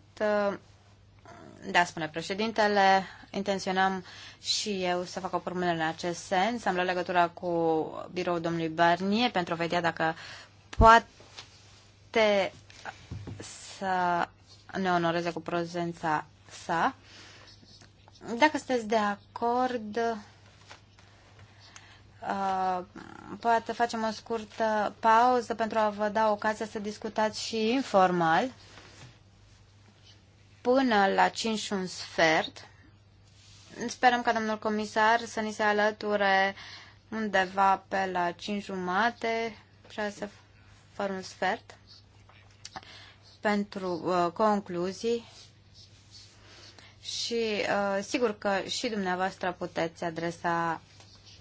Da, spune președintele, intenționam și eu să fac o propunere în acest sens. Am luat legătura cu biroul domnului Barnier pentru a vedea dacă poate să ne onoreze cu prezența sa. Dacă sunteți de acord, Uh, poate facem o scurtă pauză pentru a vă da ocazia să discutați și informal până la 5 și un sfert. Sperăm ca domnul comisar să ni se alăture undeva pe la 5 jumate, 6 fără un sfert, pentru uh, concluzii. Și uh, sigur că și dumneavoastră puteți adresa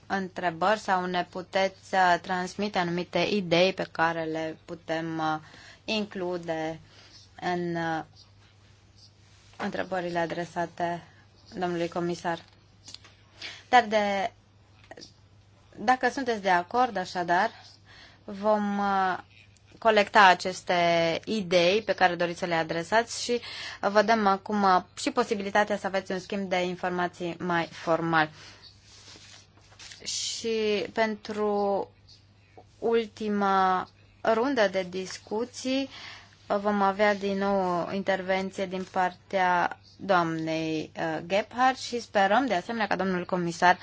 întrebări sau ne puteți uh, transmite anumite idei pe care le putem uh, include în uh, întrebările adresate domnului comisar. Dar de, dacă sunteți de acord, așadar, vom colecta aceste idei pe care doriți să le adresați și vă dăm acum și posibilitatea să aveți un schimb de informații mai formal și pentru ultima rundă de discuții uh, vom avea din nou intervenție din partea doamnei uh, Gebhardt și sperăm de asemenea ca domnul comisar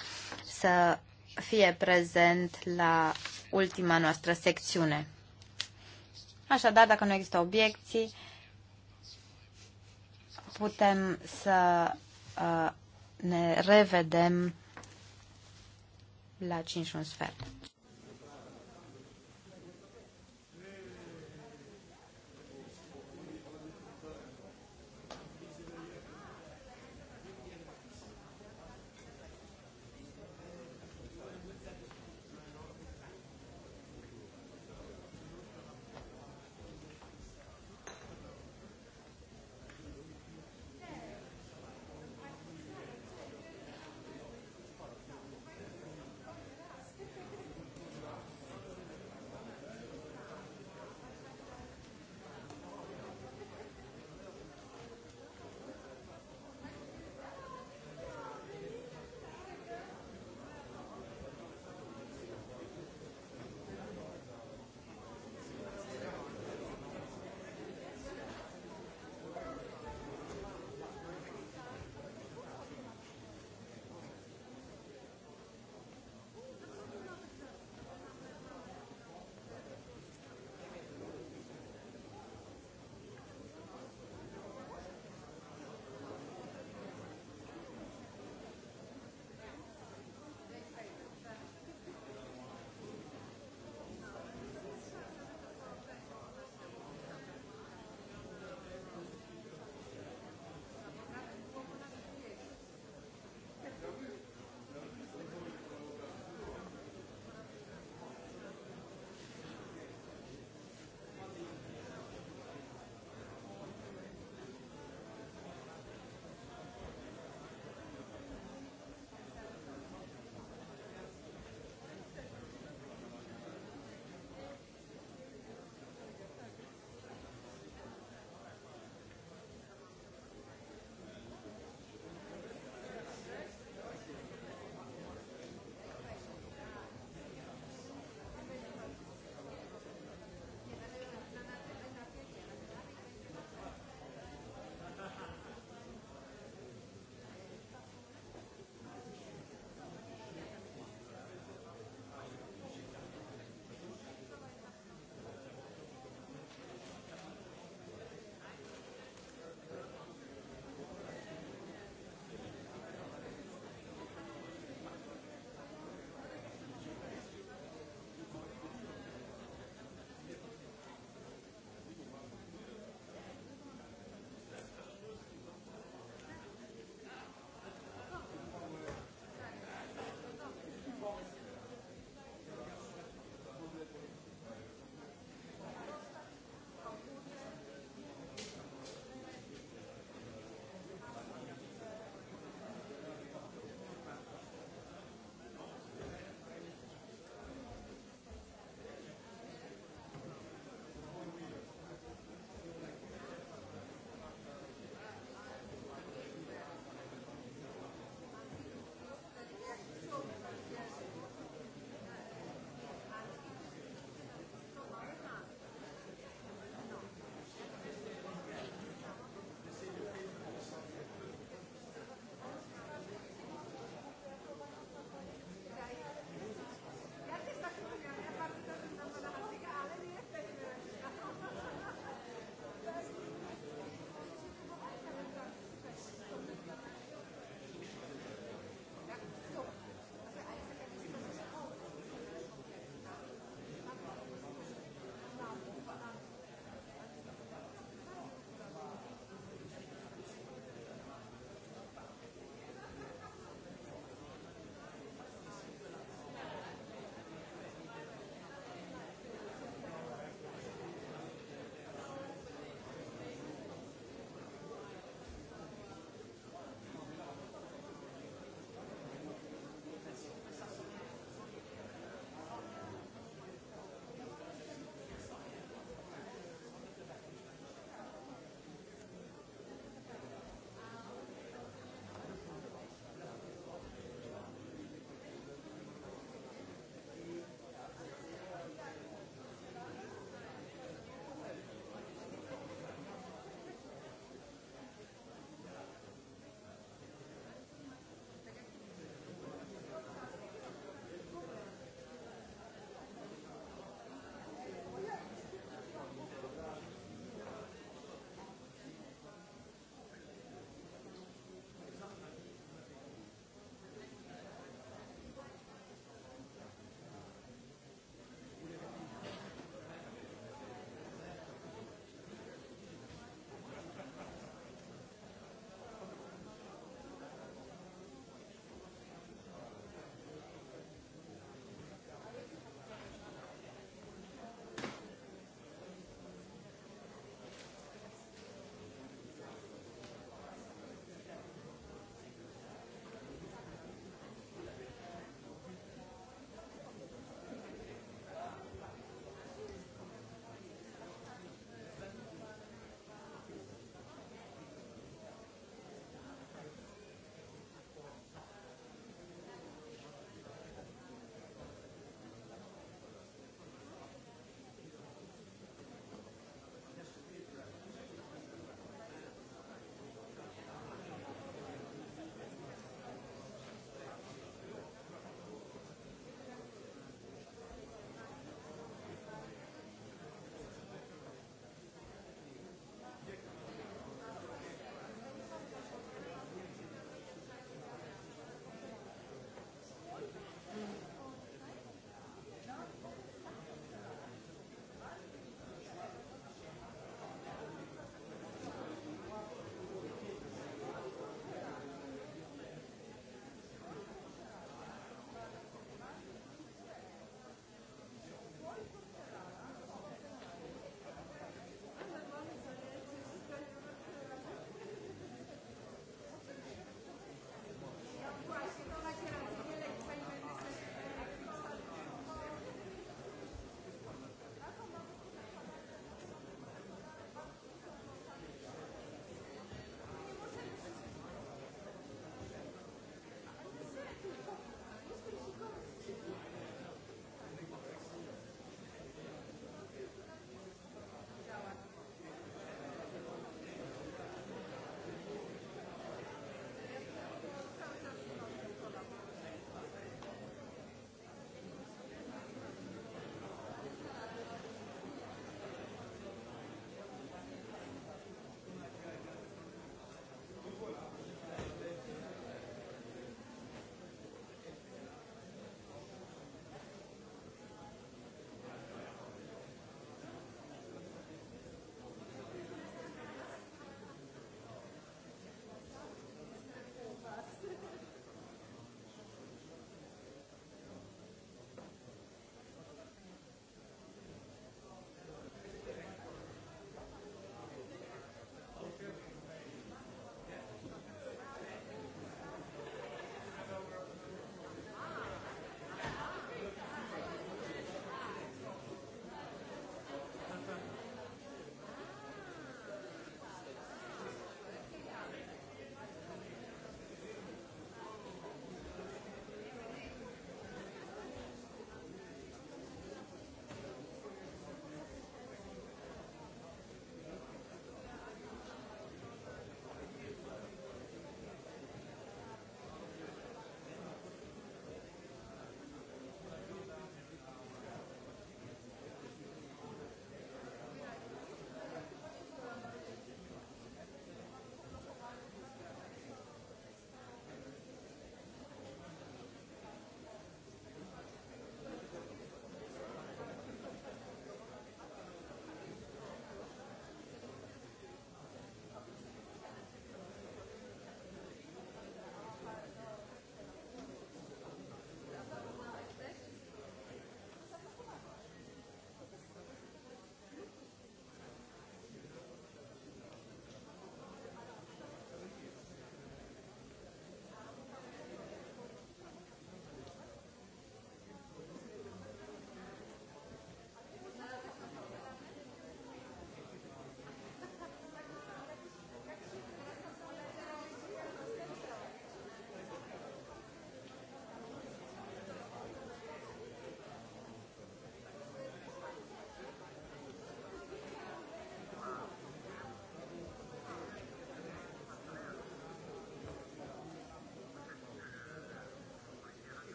să fie prezent la ultima noastră secțiune. Așadar, dacă nu există obiecții, putem să uh, ne revedem la 5 un sfert.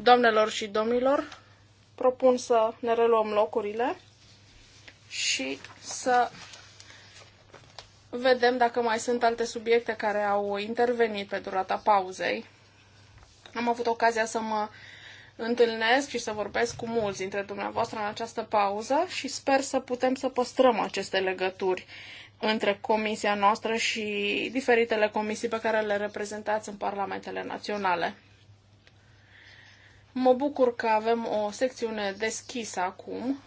Doamnelor și domnilor, propun să ne reluăm locurile și să vedem dacă mai sunt alte subiecte care au intervenit pe durata pauzei. Am avut ocazia să mă întâlnesc și să vorbesc cu mulți dintre dumneavoastră în această pauză și sper să putem să păstrăm aceste legături între comisia noastră și diferitele comisii pe care le reprezentați în parlamentele naționale. Mă bucur că avem o secțiune deschisă acum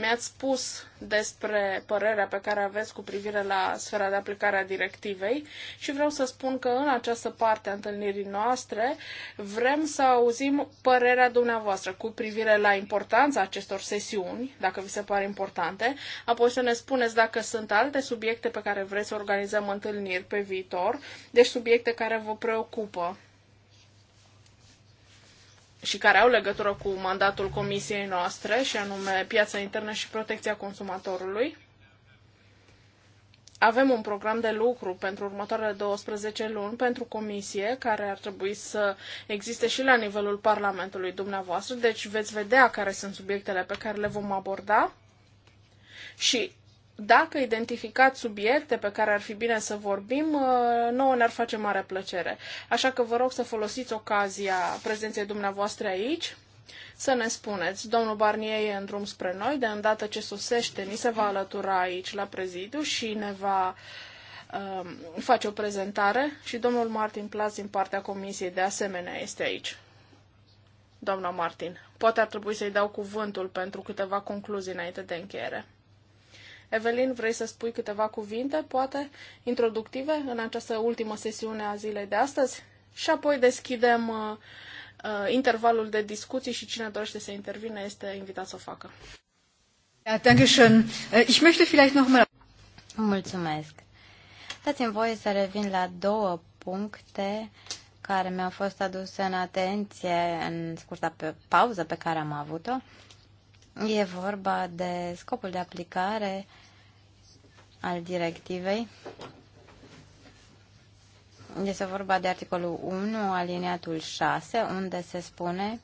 mi-ați spus despre părerea pe care aveți cu privire la sfera de aplicare a directivei și vreau să spun că în această parte a întâlnirii noastre vrem să auzim părerea dumneavoastră cu privire la importanța acestor sesiuni, dacă vi se pare importante, apoi să ne spuneți dacă sunt alte subiecte pe care vreți să organizăm întâlniri pe viitor, deci subiecte care vă preocupă și care au legătură cu mandatul comisiei noastre, și anume piața internă și protecția consumatorului. Avem un program de lucru pentru următoarele 12 luni pentru comisie, care ar trebui să existe și la nivelul Parlamentului dumneavoastră, deci veți vedea care sunt subiectele pe care le vom aborda. Și dacă identificați subiecte pe care ar fi bine să vorbim, uh, nouă ne-ar face mare plăcere. Așa că vă rog să folosiți ocazia prezenței dumneavoastră aici să ne spuneți. Domnul Barnier e în drum spre noi, de îndată ce sosește, ni se va alătura aici la prezidiu și ne va um, face o prezentare și domnul Martin Plas din partea comisiei de asemenea este aici. Doamna Martin, poate ar trebui să-i dau cuvântul pentru câteva concluzii înainte de încheiere. Evelin, vrei să spui câteva cuvinte, poate, introductive în această ultimă sesiune a zilei de astăzi? Și apoi deschidem uh, uh, intervalul de discuții și cine dorește să intervine este invitat să o facă. Ja, danke schön. Äh, ich möchte vielleicht noch mal... Mulțumesc. Dați-mi voie să revin la două puncte care mi-au fost aduse în atenție în scurta pe pauză pe care am avut-o. E vorba de scopul de aplicare al directivei. Este vorba de articolul 1, aliniatul 6, unde se spune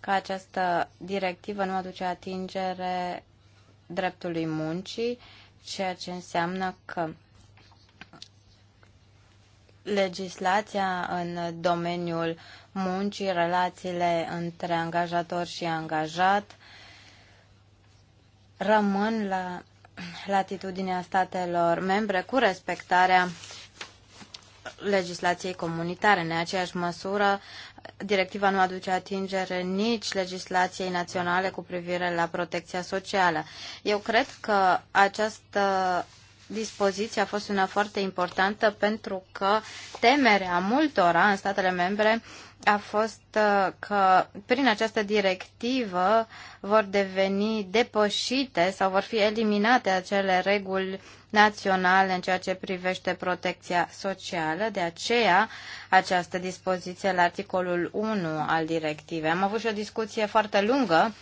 că această directivă nu aduce atingere dreptului muncii, ceea ce înseamnă că legislația în domeniul muncii, relațiile între angajator și angajat rămân la latitudinea statelor membre cu respectarea legislației comunitare. În aceeași măsură, directiva nu aduce atingere nici legislației naționale cu privire la protecția socială. Eu cred că această dispoziție a fost una foarte importantă pentru că temerea multora în statele membre a fost uh, că prin această directivă vor deveni depășite sau vor fi eliminate acele reguli naționale în ceea ce privește protecția socială. De aceea, această dispoziție la articolul 1 al directivei. Am avut și o discuție foarte lungă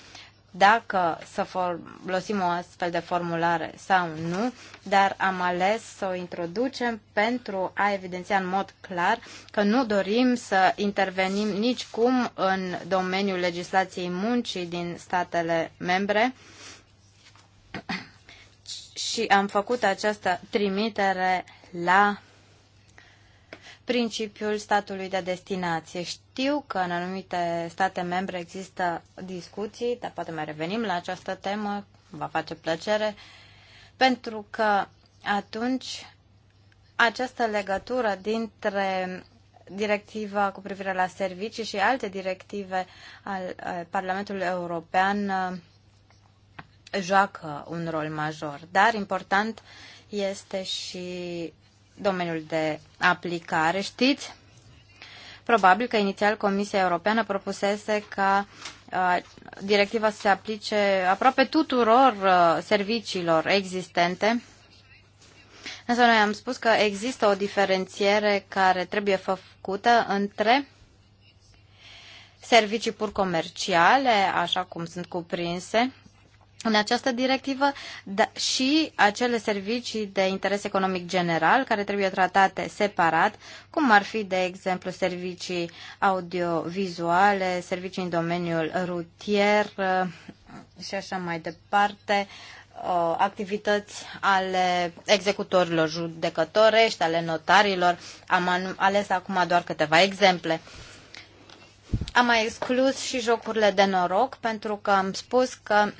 dacă să folosim o astfel de formulare sau nu, dar am ales să o introducem pentru a evidenția în mod clar că nu dorim să intervenim nicicum în domeniul legislației muncii din statele membre și am făcut această trimitere la principiul statului de destinație. Știu că în anumite state membre există discuții, dar poate mai revenim la această temă, va face plăcere, pentru că atunci această legătură dintre directiva cu privire la servicii și alte directive al eh, Parlamentului European eh, joacă un rol major. Dar important este și domeniul de aplicare. Știți, probabil că inițial Comisia Europeană propusese ca directiva să se aplice aproape tuturor serviciilor existente. Însă noi am spus că există o diferențiere care trebuie făcută între servicii pur comerciale, așa cum sunt cuprinse în această directivă da, și acele servicii de interes economic general care trebuie tratate separat, cum ar fi, de exemplu, servicii audiovizuale, servicii în domeniul rutier uh, și așa mai departe, uh, activități ale executorilor judecătorești, ale notarilor. Am ales acum doar câteva exemple. Am mai exclus și jocurile de noroc pentru că am spus că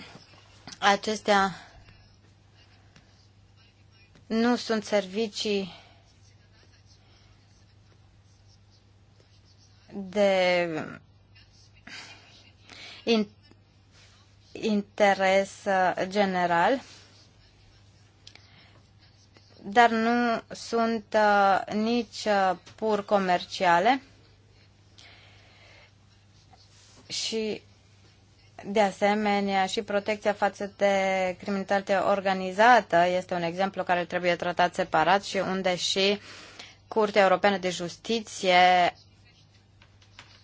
Acestea nu sunt servicii de in, interes uh, general, dar nu sunt uh, nici uh, pur comerciale și de asemenea, și protecția față de criminalitate organizată este un exemplu care trebuie tratat separat și unde și Curtea Europeană de Justiție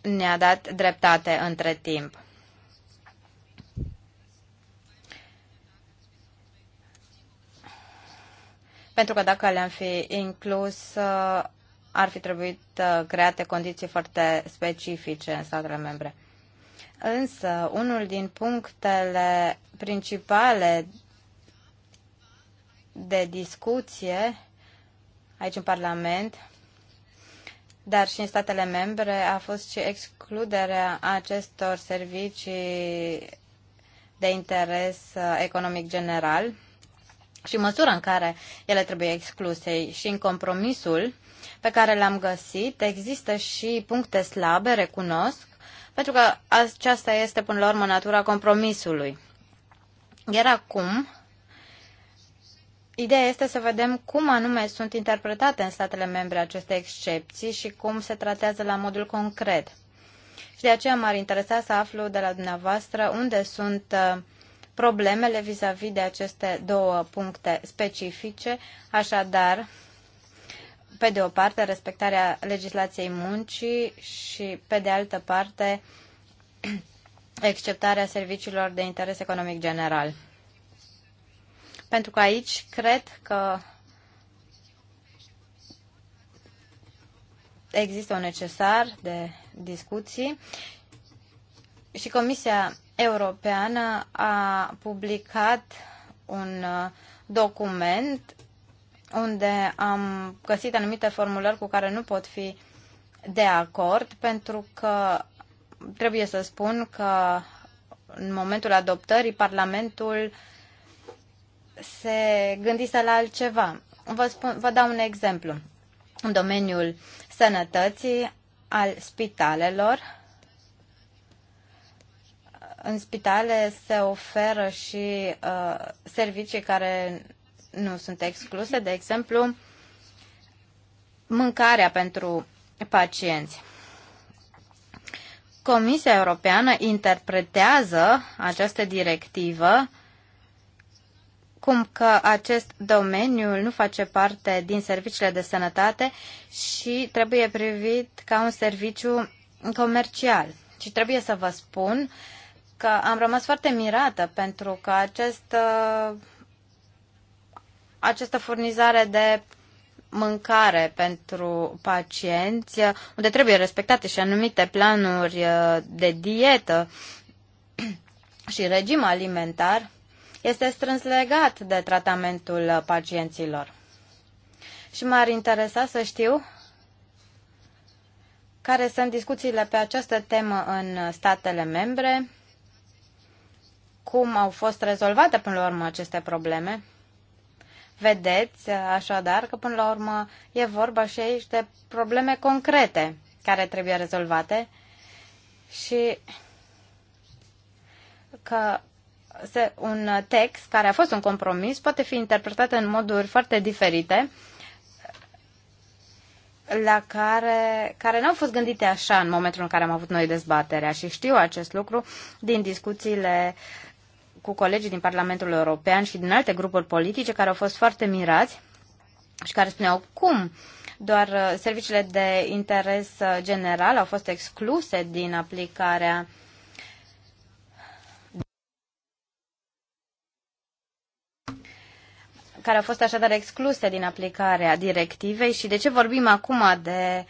ne-a dat dreptate între timp. Pentru că dacă le-am fi inclus, uh, ar fi trebuit uh, create condiții foarte specifice în statele membre. Însă, unul din punctele principale de discuție aici în Parlament, dar și în statele membre, a fost și excluderea acestor servicii de interes uh, economic general și măsura în care ele trebuie excluse și în compromisul pe care l-am găsit există și puncte slabe, recunosc, pentru că aceasta este până la urmă natura compromisului. Iar acum, ideea este să vedem cum anume sunt interpretate în statele membre aceste excepții și cum se tratează la modul concret. Și de aceea m-ar interesa să aflu de la dumneavoastră unde sunt uh, problemele vis-a-vis -vis de aceste două puncte specifice, așadar pe de o parte, respectarea legislației muncii și, pe de altă parte, acceptarea serviciilor de interes economic general. Pentru că aici cred că există un necesar de discuții și Comisia Europeană a publicat un uh, document unde am găsit anumite formulări cu care nu pot fi de acord, pentru că trebuie să spun că în momentul adoptării Parlamentul se gândise la altceva. Vă, spun, vă dau un exemplu. În domeniul sănătății al spitalelor, în spitale se oferă și uh, servicii care nu sunt excluse, de exemplu, mâncarea pentru pacienți. Comisia Europeană interpretează această directivă cum că acest domeniu nu face parte din serviciile de sănătate și trebuie privit ca un serviciu comercial. Și trebuie să vă spun că am rămas foarte mirată pentru că acest uh, această furnizare de mâncare pentru pacienți, unde trebuie respectate și anumite planuri uh, de dietă și regim alimentar, este strâns legat de tratamentul pacienților. Și m-ar interesa să știu care sunt discuțiile pe această temă în statele membre, cum au fost rezolvate până la urmă aceste probleme Vedeți așadar că până la urmă e vorba și aici de probleme concrete care trebuie rezolvate și că se, un text care a fost un compromis poate fi interpretat în moduri foarte diferite la care, care nu au fost gândite așa în momentul în care am avut noi dezbaterea și știu acest lucru din discuțiile cu colegii din Parlamentul European și din alte grupuri politice care au fost foarte mirați și care spuneau cum doar uh, serviciile de interes uh, general au fost excluse din aplicarea care au fost așadar excluse din aplicarea directivei și de ce vorbim acum de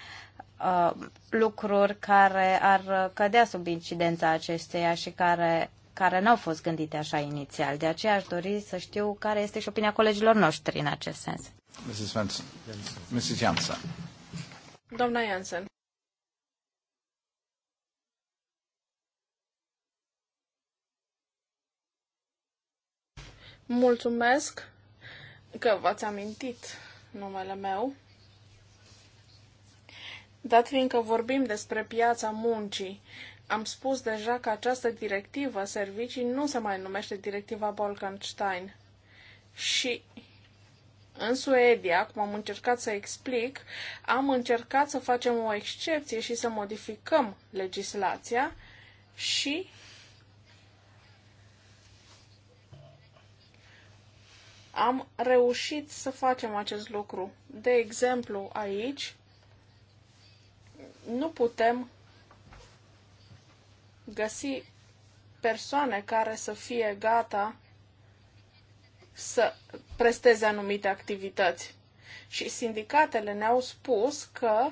uh, lucruri care ar cădea sub incidența acesteia și care care n-au fost gândite așa inițial. De aceea aș dori să știu care este și opinia colegilor noștri în acest sens. Mrs. Svensson. Mrs. Janssen. Doamna Janssen. Mulțumesc că v-ați amintit numele meu. Dat fiindcă vorbim despre piața muncii am spus deja că această directivă servicii nu se mai numește directiva Bolkenstein. Și în Suedia, cum am încercat să explic, am încercat să facem o excepție și să modificăm legislația și am reușit să facem acest lucru. De exemplu, aici nu putem găsi persoane care să fie gata să presteze anumite activități. Și sindicatele ne-au spus că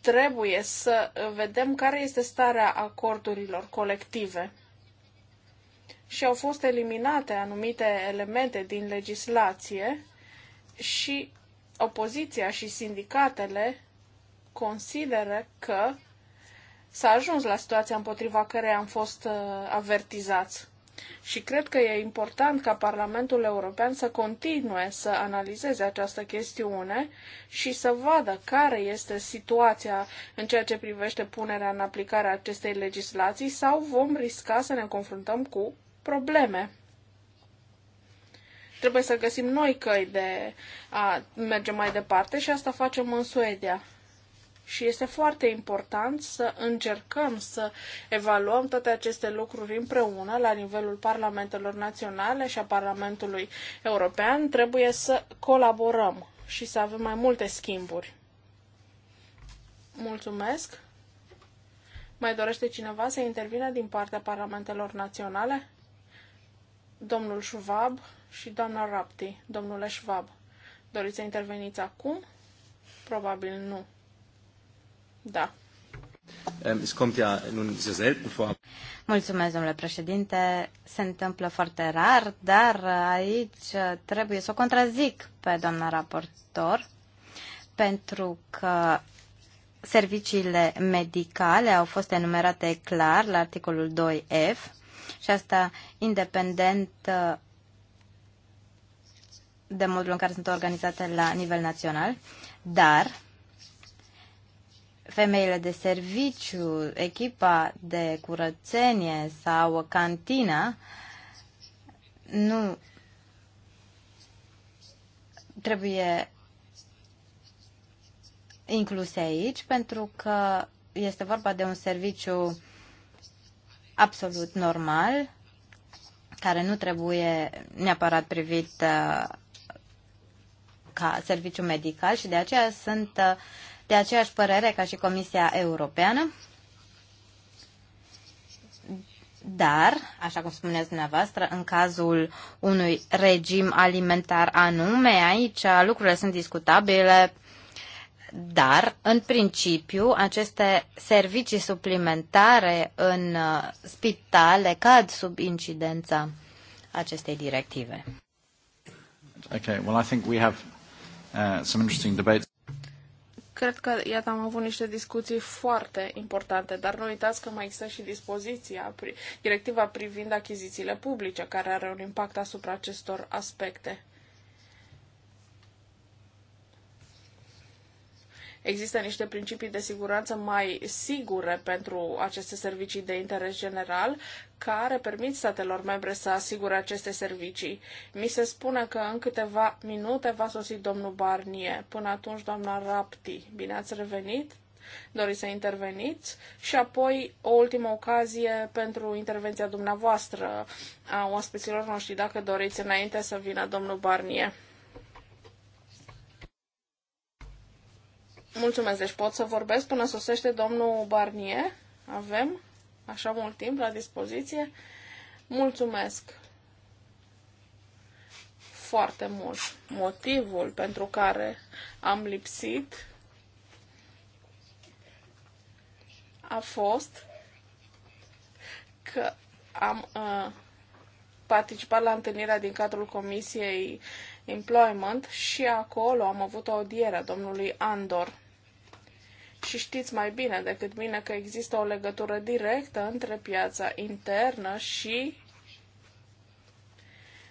trebuie să vedem care este starea acordurilor colective. Și au fost eliminate anumite elemente din legislație și opoziția și sindicatele consideră că s-a ajuns la situația împotriva care am fost uh, avertizați. Și cred că e important ca Parlamentul European să continue să analizeze această chestiune și să vadă care este situația în ceea ce privește punerea în aplicare a acestei legislații sau vom risca să ne confruntăm cu probleme. Trebuie să găsim noi căi de a merge mai departe și asta facem în Suedia. Și este foarte important să încercăm să evaluăm toate aceste lucruri împreună la nivelul parlamentelor naționale și a Parlamentului European. Trebuie să colaborăm și să avem mai multe schimburi. Mulțumesc! Mai dorește cineva să intervină din partea parlamentelor naționale? Domnul Schwab și doamna Rapti. Domnule Schwab, doriți să interveniți acum? Probabil nu. Da. Ähm, Mulțumesc, domnule președinte. Se întâmplă foarte rar, dar aici trebuie să o contrazic pe doamna raportor, pentru că serviciile medicale au fost enumerate clar la articolul 2F și asta independent de modul în care sunt organizate la nivel național, dar femeile de serviciu, echipa de curățenie sau cantina nu trebuie incluse aici pentru că este vorba de un serviciu absolut normal care nu trebuie neapărat privit uh, ca serviciu medical și de aceea sunt uh, de aceeași părere ca și Comisia Europeană, dar, așa cum spuneți dumneavoastră, în cazul unui regim alimentar anume, aici lucrurile sunt discutabile, dar, în principiu, aceste servicii suplimentare în spitale cad sub incidența acestei directive. Okay, well, I think we have uh, some interesting debates. Cred că, iată, am avut niște discuții foarte importante, dar nu uitați că mai există și dispoziția, directiva privind achizițiile publice, care are un impact asupra acestor aspecte. există niște principii de siguranță mai sigure pentru aceste servicii de interes general, care permit statelor membre să asigure aceste servicii. Mi se spune că în câteva minute va sosi domnul Barnier. Până atunci, doamna Rapti, bine ați revenit! doriți să interveniți și apoi o ultimă ocazie pentru intervenția dumneavoastră a oaspeților noștri, dacă doriți, înainte să vină domnul Barnier. Mulțumesc, deci pot să vorbesc până sosește domnul Barnier. Avem așa mult timp la dispoziție. Mulțumesc foarte mult. Motivul pentru care am lipsit a fost că am uh, participat la întâlnirea din cadrul Comisiei Employment și acolo am avut o audiere a domnului Andor și știți mai bine decât mine că există o legătură directă între piața internă și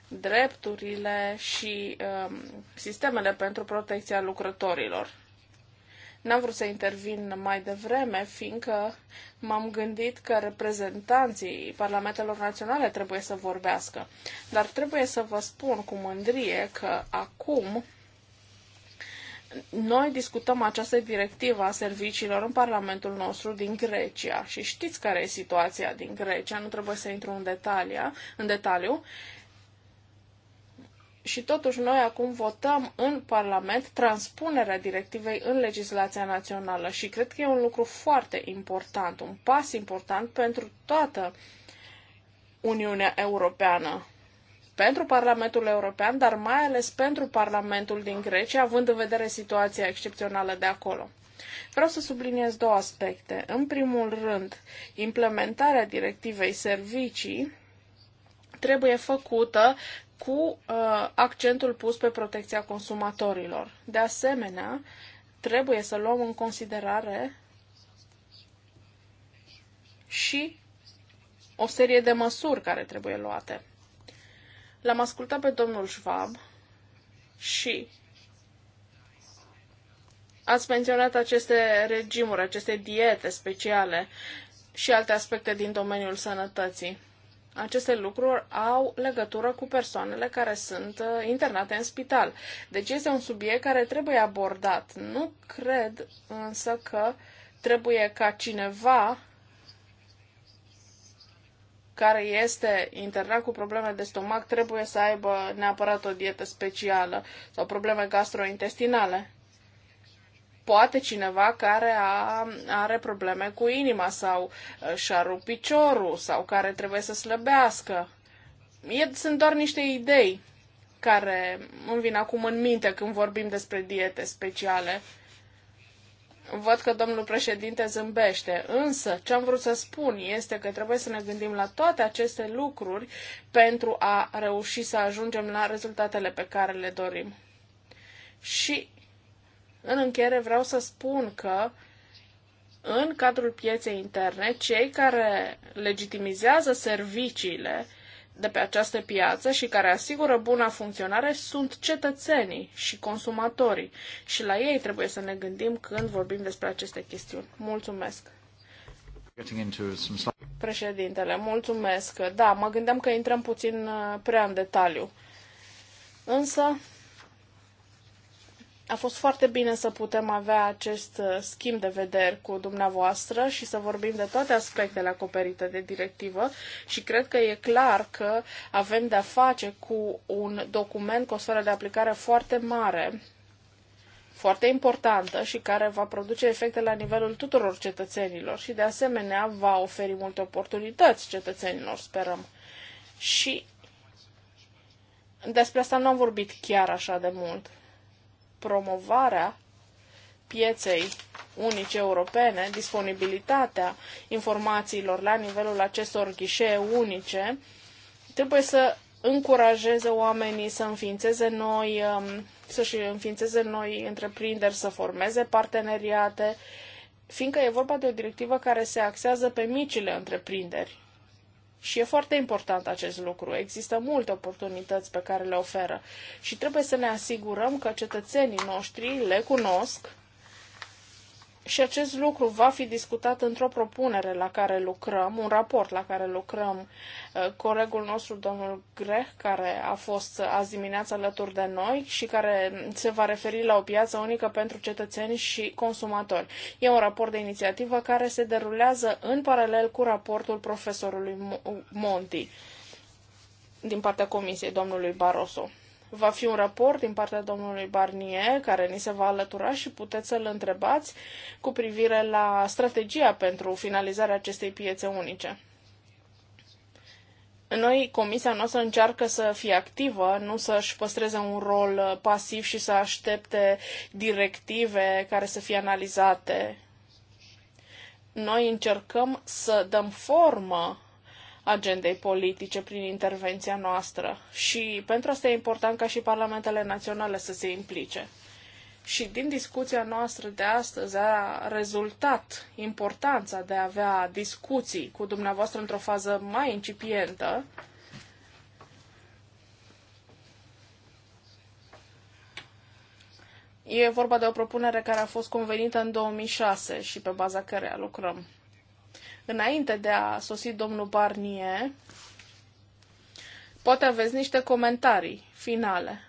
drepturile și um, sistemele pentru protecția lucrătorilor. N-am vrut să intervin mai devreme, fiindcă m-am gândit că reprezentanții Parlamentelor Naționale trebuie să vorbească. Dar trebuie să vă spun cu mândrie că acum noi discutăm această directivă a serviciilor în Parlamentul nostru din Grecia și știți care e situația din Grecia, nu trebuie să intru în, detalia, în detaliu. Și totuși noi acum votăm în Parlament transpunerea directivei în legislația națională și cred că e un lucru foarte important, un pas important pentru toată Uniunea Europeană pentru Parlamentul European, dar mai ales pentru Parlamentul din Grecia, având în vedere situația excepțională de acolo. Vreau să subliniez două aspecte. În primul rând, implementarea directivei servicii trebuie făcută cu uh, accentul pus pe protecția consumatorilor. De asemenea, trebuie să luăm în considerare și o serie de măsuri care trebuie luate. L-am ascultat pe domnul Schwab și ați menționat aceste regimuri, aceste diete speciale și alte aspecte din domeniul sănătății. Aceste lucruri au legătură cu persoanele care sunt uh, internate în spital. Deci este un subiect care trebuie abordat. Nu cred însă că trebuie ca cineva care este internat cu probleme de stomac trebuie să aibă neapărat o dietă specială sau probleme gastrointestinale. Poate cineva care a, are probleme cu inima sau uh, și-a rupt piciorul sau care trebuie să slăbească. E, sunt doar niște idei care îmi vin acum în minte când vorbim despre diete speciale. Văd că domnul președinte zâmbește, însă ce am vrut să spun este că trebuie să ne gândim la toate aceste lucruri pentru a reuși să ajungem la rezultatele pe care le dorim. Și în încheiere vreau să spun că în cadrul pieței interne, cei care legitimizează serviciile de pe această piață și care asigură buna funcționare sunt cetățenii și consumatorii și la ei trebuie să ne gândim când vorbim despre aceste chestiuni. Mulțumesc! Președintele, mulțumesc. Da, mă gândeam că intrăm puțin uh, prea în detaliu. Însă, a fost foarte bine să putem avea acest uh, schimb de vederi cu dumneavoastră și să vorbim de toate aspectele acoperite de directivă și cred că e clar că avem de-a face cu un document cu o sferă de aplicare foarte mare foarte importantă și care va produce efecte la nivelul tuturor cetățenilor și de asemenea va oferi multe oportunități cetățenilor, sperăm. Și despre asta nu am vorbit chiar așa de mult promovarea pieței unice europene, disponibilitatea informațiilor la nivelul acestor ghișee unice, trebuie să încurajeze oamenii să înființeze noi, um, să-și înființeze noi întreprinderi, să formeze parteneriate, fiindcă e vorba de o directivă care se axează pe micile întreprinderi. Și e foarte important acest lucru. Există multe oportunități pe care le oferă și trebuie să ne asigurăm că cetățenii noștri le cunosc și acest lucru va fi discutat într-o propunere la care lucrăm, un raport la care lucrăm. Uh, colegul nostru, domnul Greh, care a fost uh, azi dimineața alături de noi și care se va referi la o piață unică pentru cetățeni și consumatori. E un raport de inițiativă care se derulează în paralel cu raportul profesorului Monti din partea Comisiei, domnului Barroso. Va fi un raport din partea domnului Barnier care ni se va alătura și puteți să-l întrebați cu privire la strategia pentru finalizarea acestei piețe unice. Noi, comisia noastră încearcă să fie activă, nu să-și păstreze un rol uh, pasiv și să aștepte directive care să fie analizate. Noi încercăm să dăm formă agendei politice prin intervenția noastră. Și pentru asta e important ca și parlamentele naționale să se implice. Și din discuția noastră de astăzi a rezultat importanța de a avea discuții cu dumneavoastră într-o fază mai incipientă, E vorba de o propunere care a fost convenită în 2006 și pe baza căreia lucrăm înainte de a sosi domnul Barnier, poate aveți niște comentarii finale.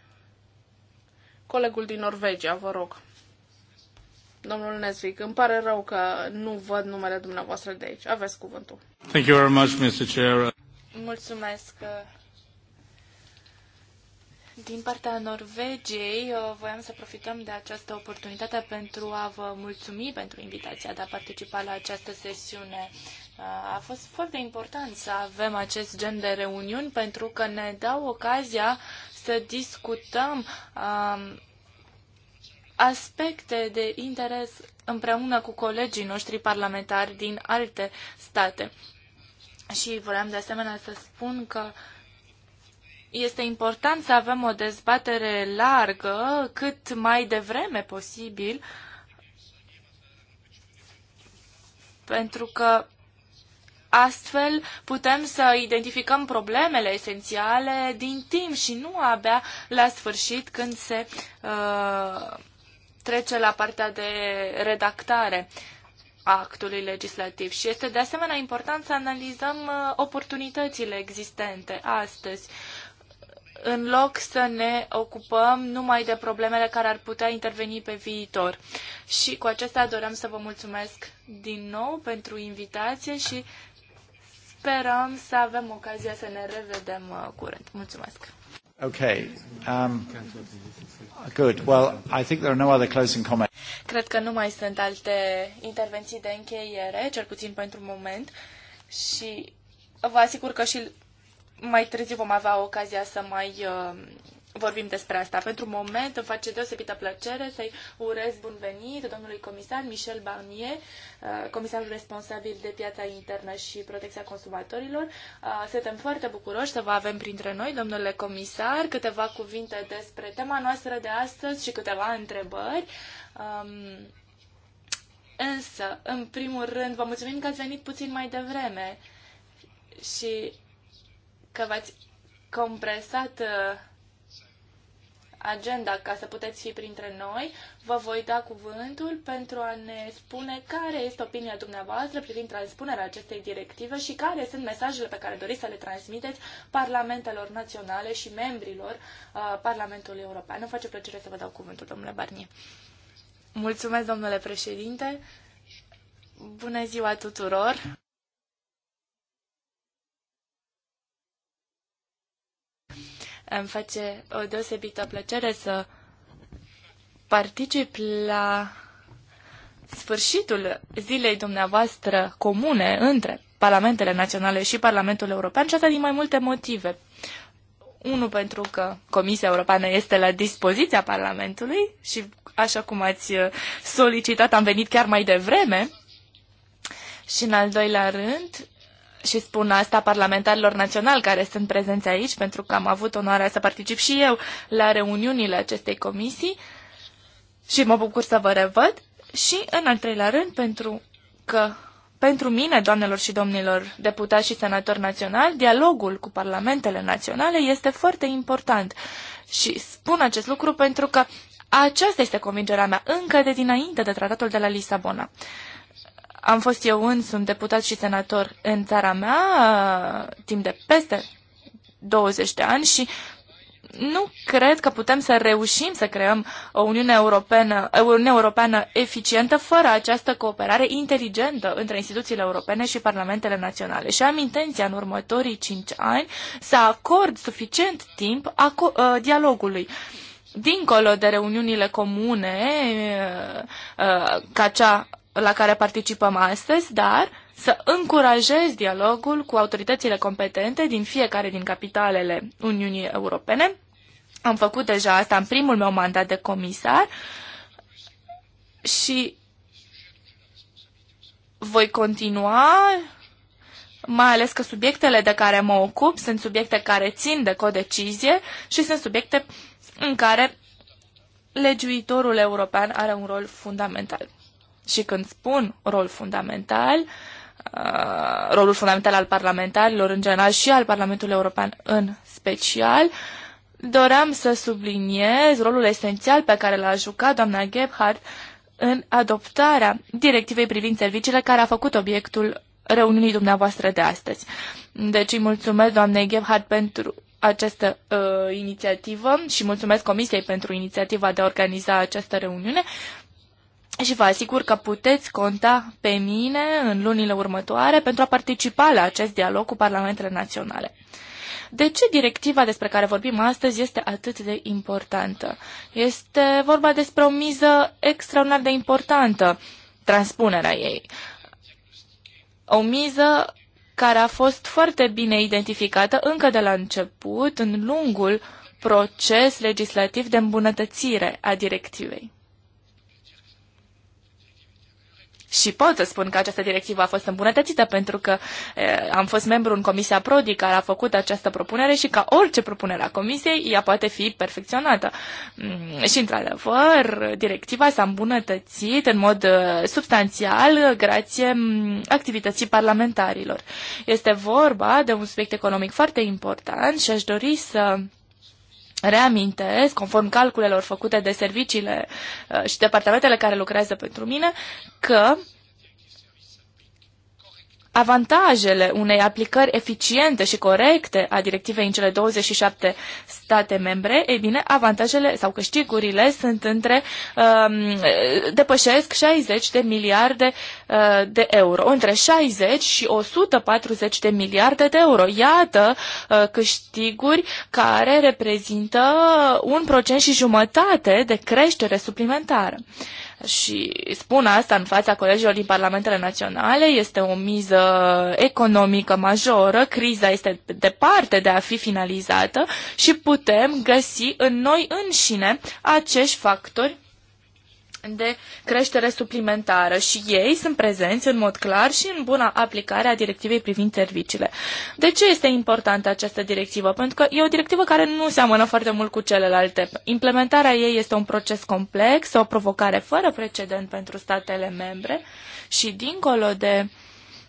Colegul din Norvegia, vă rog. Domnul Nesvic, îmi pare rău că nu văd numele dumneavoastră de aici. Aveți cuvântul. Thank you very much, Mr. Chair. Mulțumesc, din partea Norvegiei, uh, voiam să profităm de această oportunitate pentru a vă mulțumi pentru invitația de a participa la această sesiune. Uh, a fost foarte important să avem acest gen de reuniuni pentru că ne dau ocazia să discutăm um, aspecte de interes împreună cu colegii noștri parlamentari din alte state. Și vreau de asemenea să spun că uh, este important să avem o dezbatere largă cât mai devreme posibil, pentru că astfel putem să identificăm problemele esențiale din timp și nu abia la sfârșit când se uh, trece la partea de redactare a actului legislativ și este de asemenea important să analizăm uh, oportunitățile existente astăzi în loc să ne ocupăm numai de problemele care ar putea interveni pe viitor. Și cu acesta doream să vă mulțumesc din nou pentru invitație și sperăm să avem ocazia să ne revedem uh, curând. Mulțumesc! Okay. Um, good. Well, I think there are no other closing comments. Cred că nu mai sunt alte intervenții de încheiere, cel puțin pentru moment. Și vă asigur că și mai târziu vom avea ocazia să mai uh, vorbim despre asta. Pentru moment îmi face deosebită plăcere să-i urez bun venit domnului comisar Michel Barnier, uh, comisarul responsabil de piața internă și protecția consumatorilor. Uh, suntem foarte bucuroși să vă avem printre noi, domnule comisar, câteva cuvinte despre tema noastră de astăzi și câteva întrebări. Um, însă, în primul rând, vă mulțumim că ați venit puțin mai devreme și că v-ați compresat uh, agenda ca să puteți fi printre noi. Vă voi da cuvântul pentru a ne spune care este opinia dumneavoastră privind transpunerea acestei directive și care sunt mesajele pe care doriți să le transmiteți parlamentelor naționale și membrilor uh, Parlamentului European. Îmi face plăcere să vă dau cuvântul, domnule Barnier. Mulțumesc, domnule președinte. Bună ziua tuturor! Îmi face o deosebită plăcere să particip la sfârșitul zilei dumneavoastră comune între Parlamentele Naționale și Parlamentul European și asta din mai multe motive. Unu, pentru că Comisia Europeană este la dispoziția Parlamentului și, așa cum ați solicitat, am venit chiar mai devreme. Și, în al doilea rând, și spun asta parlamentarilor naționali care sunt prezenți aici, pentru că am avut onoarea să particip și eu la reuniunile acestei comisii și mă bucur să vă revăd. Și, în al treilea rând, pentru că pentru mine, doamnelor și domnilor deputați și senatori naționali, dialogul cu parlamentele naționale este foarte important. Și spun acest lucru pentru că aceasta este convingerea mea încă de dinainte de tratatul de la Lisabona. Am fost eu însumi deputat și senator în țara mea uh, timp de peste 20 de ani și nu cred că putem să reușim să creăm o Uniune Europeană, Uniune Europeană eficientă fără această cooperare inteligentă între instituțiile europene și parlamentele naționale. Și am intenția în următorii cinci ani să acord suficient timp uh, dialogului dincolo de reuniunile comune uh, ca cea la care participăm astăzi, dar să încurajez dialogul cu autoritățile competente din fiecare din capitalele Uniunii Europene. Am făcut deja asta în primul meu mandat de comisar și voi continua, mai ales că subiectele de care mă ocup sunt subiecte care țin de codecizie și sunt subiecte în care legiuitorul european are un rol fundamental. Și când spun rol fundamental, uh, rolul fundamental al parlamentarilor în general și al Parlamentului European în special, doream să subliniez rolul esențial pe care l-a jucat doamna Gebhardt în adoptarea directivei privind serviciile care a făcut obiectul reuniunii dumneavoastră de astăzi. Deci îi mulțumesc doamnei Gebhardt pentru această uh, inițiativă și mulțumesc Comisiei pentru inițiativa de a organiza această reuniune și vă asigur că puteți conta pe mine în lunile următoare pentru a participa la acest dialog cu parlamentele naționale. De ce directiva despre care vorbim astăzi este atât de importantă? Este vorba despre o miză extraordinar de importantă, transpunerea ei. O miză care a fost foarte bine identificată încă de la început, în lungul proces legislativ de îmbunătățire a directivei. și pot să spun că această directivă a fost îmbunătățită pentru că e, am fost membru în Comisia Prodi care a făcut această propunere și ca orice propunere a Comisiei, ea poate fi perfecționată. Mm, și, într-adevăr, directiva s-a îmbunătățit în mod substanțial grație mm, activității parlamentarilor. Este vorba de un subiect economic foarte important și aș dori să reamintesc, conform calculelor făcute de serviciile uh, și departamentele care lucrează pentru mine, că avantajele unei aplicări eficiente și corecte a directivei în cele 27 state membre, e bine, avantajele sau câștigurile sunt între, um, depășesc 60 de miliarde uh, de euro, între 60 și 140 de miliarde de euro. Iată uh, câștiguri care reprezintă un procent și jumătate de creștere suplimentară. Uh, și spun asta în fața colegilor din parlamentele naționale, este o miză economică majoră, criza este departe de a fi finalizată și putem găsi în noi înșine acești factori de creștere suplimentară și ei sunt prezenți în mod clar și în buna aplicare a directivei privind serviciile. De ce este importantă această directivă? Pentru că e o directivă care nu seamănă foarte mult cu celelalte. Implementarea ei este un proces complex, o provocare fără precedent pentru statele membre și dincolo de uh,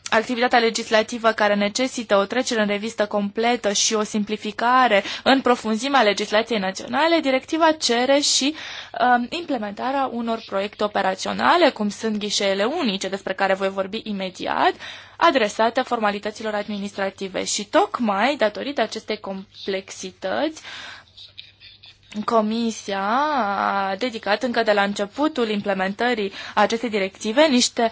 activitatea legislativă care necesită o trecere în revistă completă și o simplificare în profunzimea legislației naționale, directiva cere și um, implementarea unor proiecte operaționale, cum sunt ghișeele unice, despre care voi vorbi imediat, adresate formalităților administrative. Și tocmai, datorită acestei complexități, Comisia a dedicat încă de la începutul implementării acestei directive niște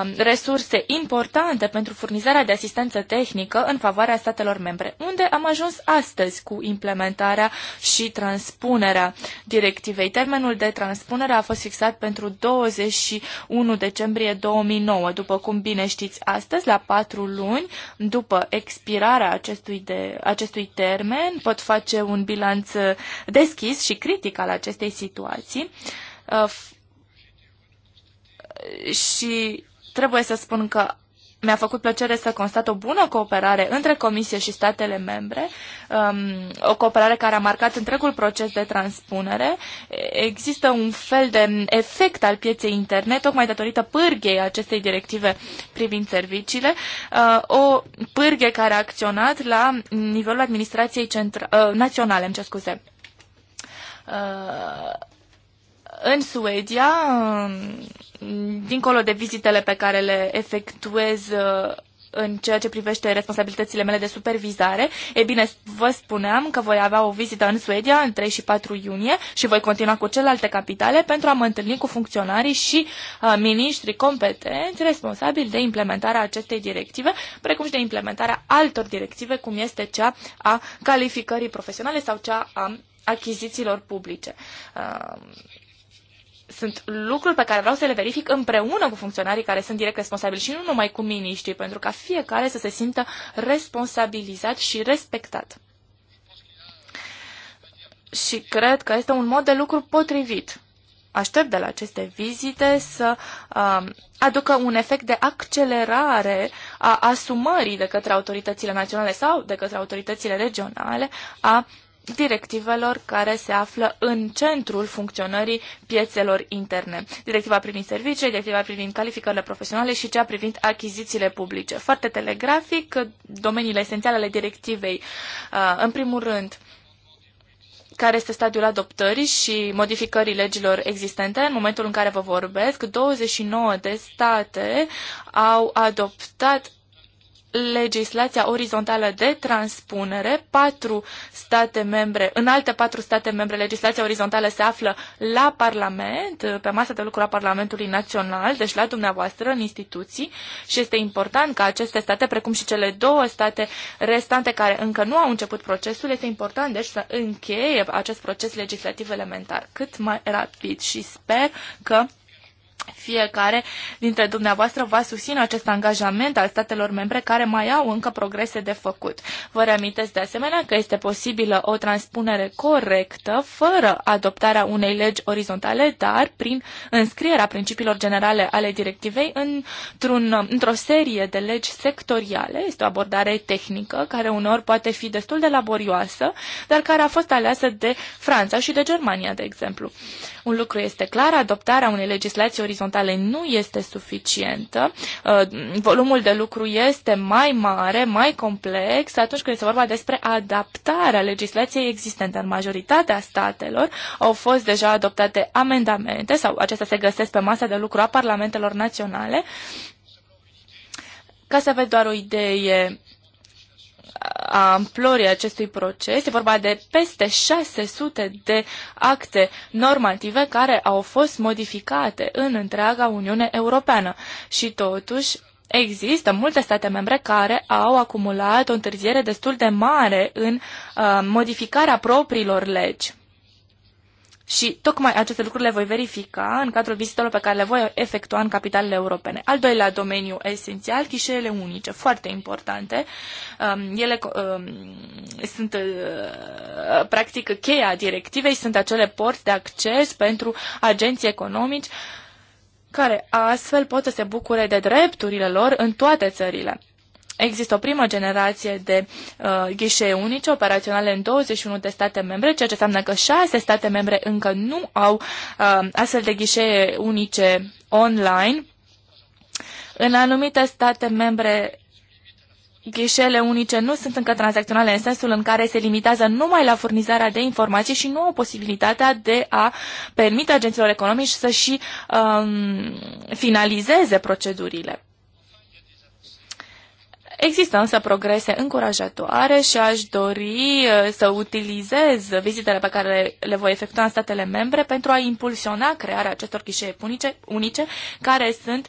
um, resurse importante pentru furnizarea de asistență tehnică în favoarea statelor membre, unde am ajuns astăzi cu implementarea și transpunerea directivei. Termenul de transpunere a fost fixat pentru 21 decembrie 2009, după cum bine știți astăzi, la patru luni după expirarea acestui, de, acestui termen, pot face un bilanț deschis deschis și critic al acestei situații uh, și trebuie să spun că mi-a făcut plăcere să constat o bună cooperare între Comisie și statele membre, um, o cooperare care a marcat întregul proces de transpunere. Există un fel de efect al pieței internet, tocmai datorită pârghei acestei directive privind serviciile, uh, o pârghe care a acționat la nivelul administrației centra- uh, naționale, îmi cer scuze. Uh, în Suedia, um, dincolo de vizitele pe care le efectuez uh, în ceea ce privește responsabilitățile mele de supervizare, e bine, vă spuneam că voi avea o vizită în Suedia în 3 și 4 iunie și voi continua cu celelalte capitale pentru a mă întâlni cu funcționarii și uh, miniștri competenți responsabili de implementarea acestei directive, precum și de implementarea altor directive, cum este cea a calificării profesionale sau cea a achizițiilor publice. Sunt lucruri pe care vreau să le verific împreună cu funcționarii care sunt direct responsabili și nu numai cu miniștrii, pentru ca fiecare să se simtă responsabilizat și respectat. Și cred că este un mod de lucru potrivit aștept de la aceste vizite să um, aducă un efect de accelerare a asumării de către autoritățile naționale sau de către autoritățile regionale a directivelor care se află în centrul funcționării piețelor interne. Directiva privind servicii, directiva privind calificările profesionale și cea privind achizițiile publice. Foarte telegrafic, domeniile esențiale ale directivei, uh, în primul rând, care este stadiul adoptării și modificării legilor existente. În momentul în care vă vorbesc, 29 de state au adoptat legislația orizontală de transpunere, patru state membre, în alte patru state membre, legislația orizontală se află la Parlament, pe masa de lucru a Parlamentului Național, deci la dumneavoastră, în instituții, și este important ca aceste state, precum și cele două state restante care încă nu au început procesul, este important, deci, să încheie acest proces legislativ elementar cât mai rapid și sper că fiecare dintre dumneavoastră va susține acest angajament al statelor membre care mai au încă progrese de făcut. Vă reamintesc de asemenea că este posibilă o transpunere corectă fără adoptarea unei legi orizontale, dar prin înscrierea principiilor generale ale directivei într-un, într-o serie de legi sectoriale. Este o abordare tehnică care uneori poate fi destul de laborioasă, dar care a fost aleasă de Franța și de Germania, de exemplu. Un lucru este clar, adoptarea unei legislații orizontale nu este suficientă. Uh, volumul de lucru este mai mare, mai complex atunci când este vorba despre adaptarea legislației existente. În majoritatea statelor au fost deja adoptate amendamente sau acestea se găsesc pe masa de lucru a parlamentelor naționale. Ca să aveți doar o idee, a amplorii acestui proces. Este vorba de peste 600 de acte normative care au fost modificate în întreaga Uniune Europeană. Și totuși, Există multe state membre care au acumulat o întârziere destul de mare în uh, modificarea propriilor legi. Și tocmai aceste lucruri le voi verifica în cadrul vizitelor pe care le voi efectua în capitalele europene. Al doilea domeniu esențial, ghișeele unice, foarte importante. Um, ele um, sunt uh, practic cheia directivei, sunt acele porți de acces pentru agenții economici care astfel pot să se bucure de drepturile lor în toate țările. Există o primă generație de uh, ghișee unice operaționale în 21 de state membre, ceea ce înseamnă că șase state membre încă nu au uh, astfel de ghișee unice online. În anumite state membre ghișele unice nu sunt încă tranzacționale în sensul în care se limitează numai la furnizarea de informații și nu au posibilitatea de a permite agenților economici să și um, finalizeze procedurile. Există însă progrese încurajatoare și aș dori uh, să utilizez vizitele pe care le voi efectua în statele membre pentru a impulsiona crearea acestor ghișee unice, unice care sunt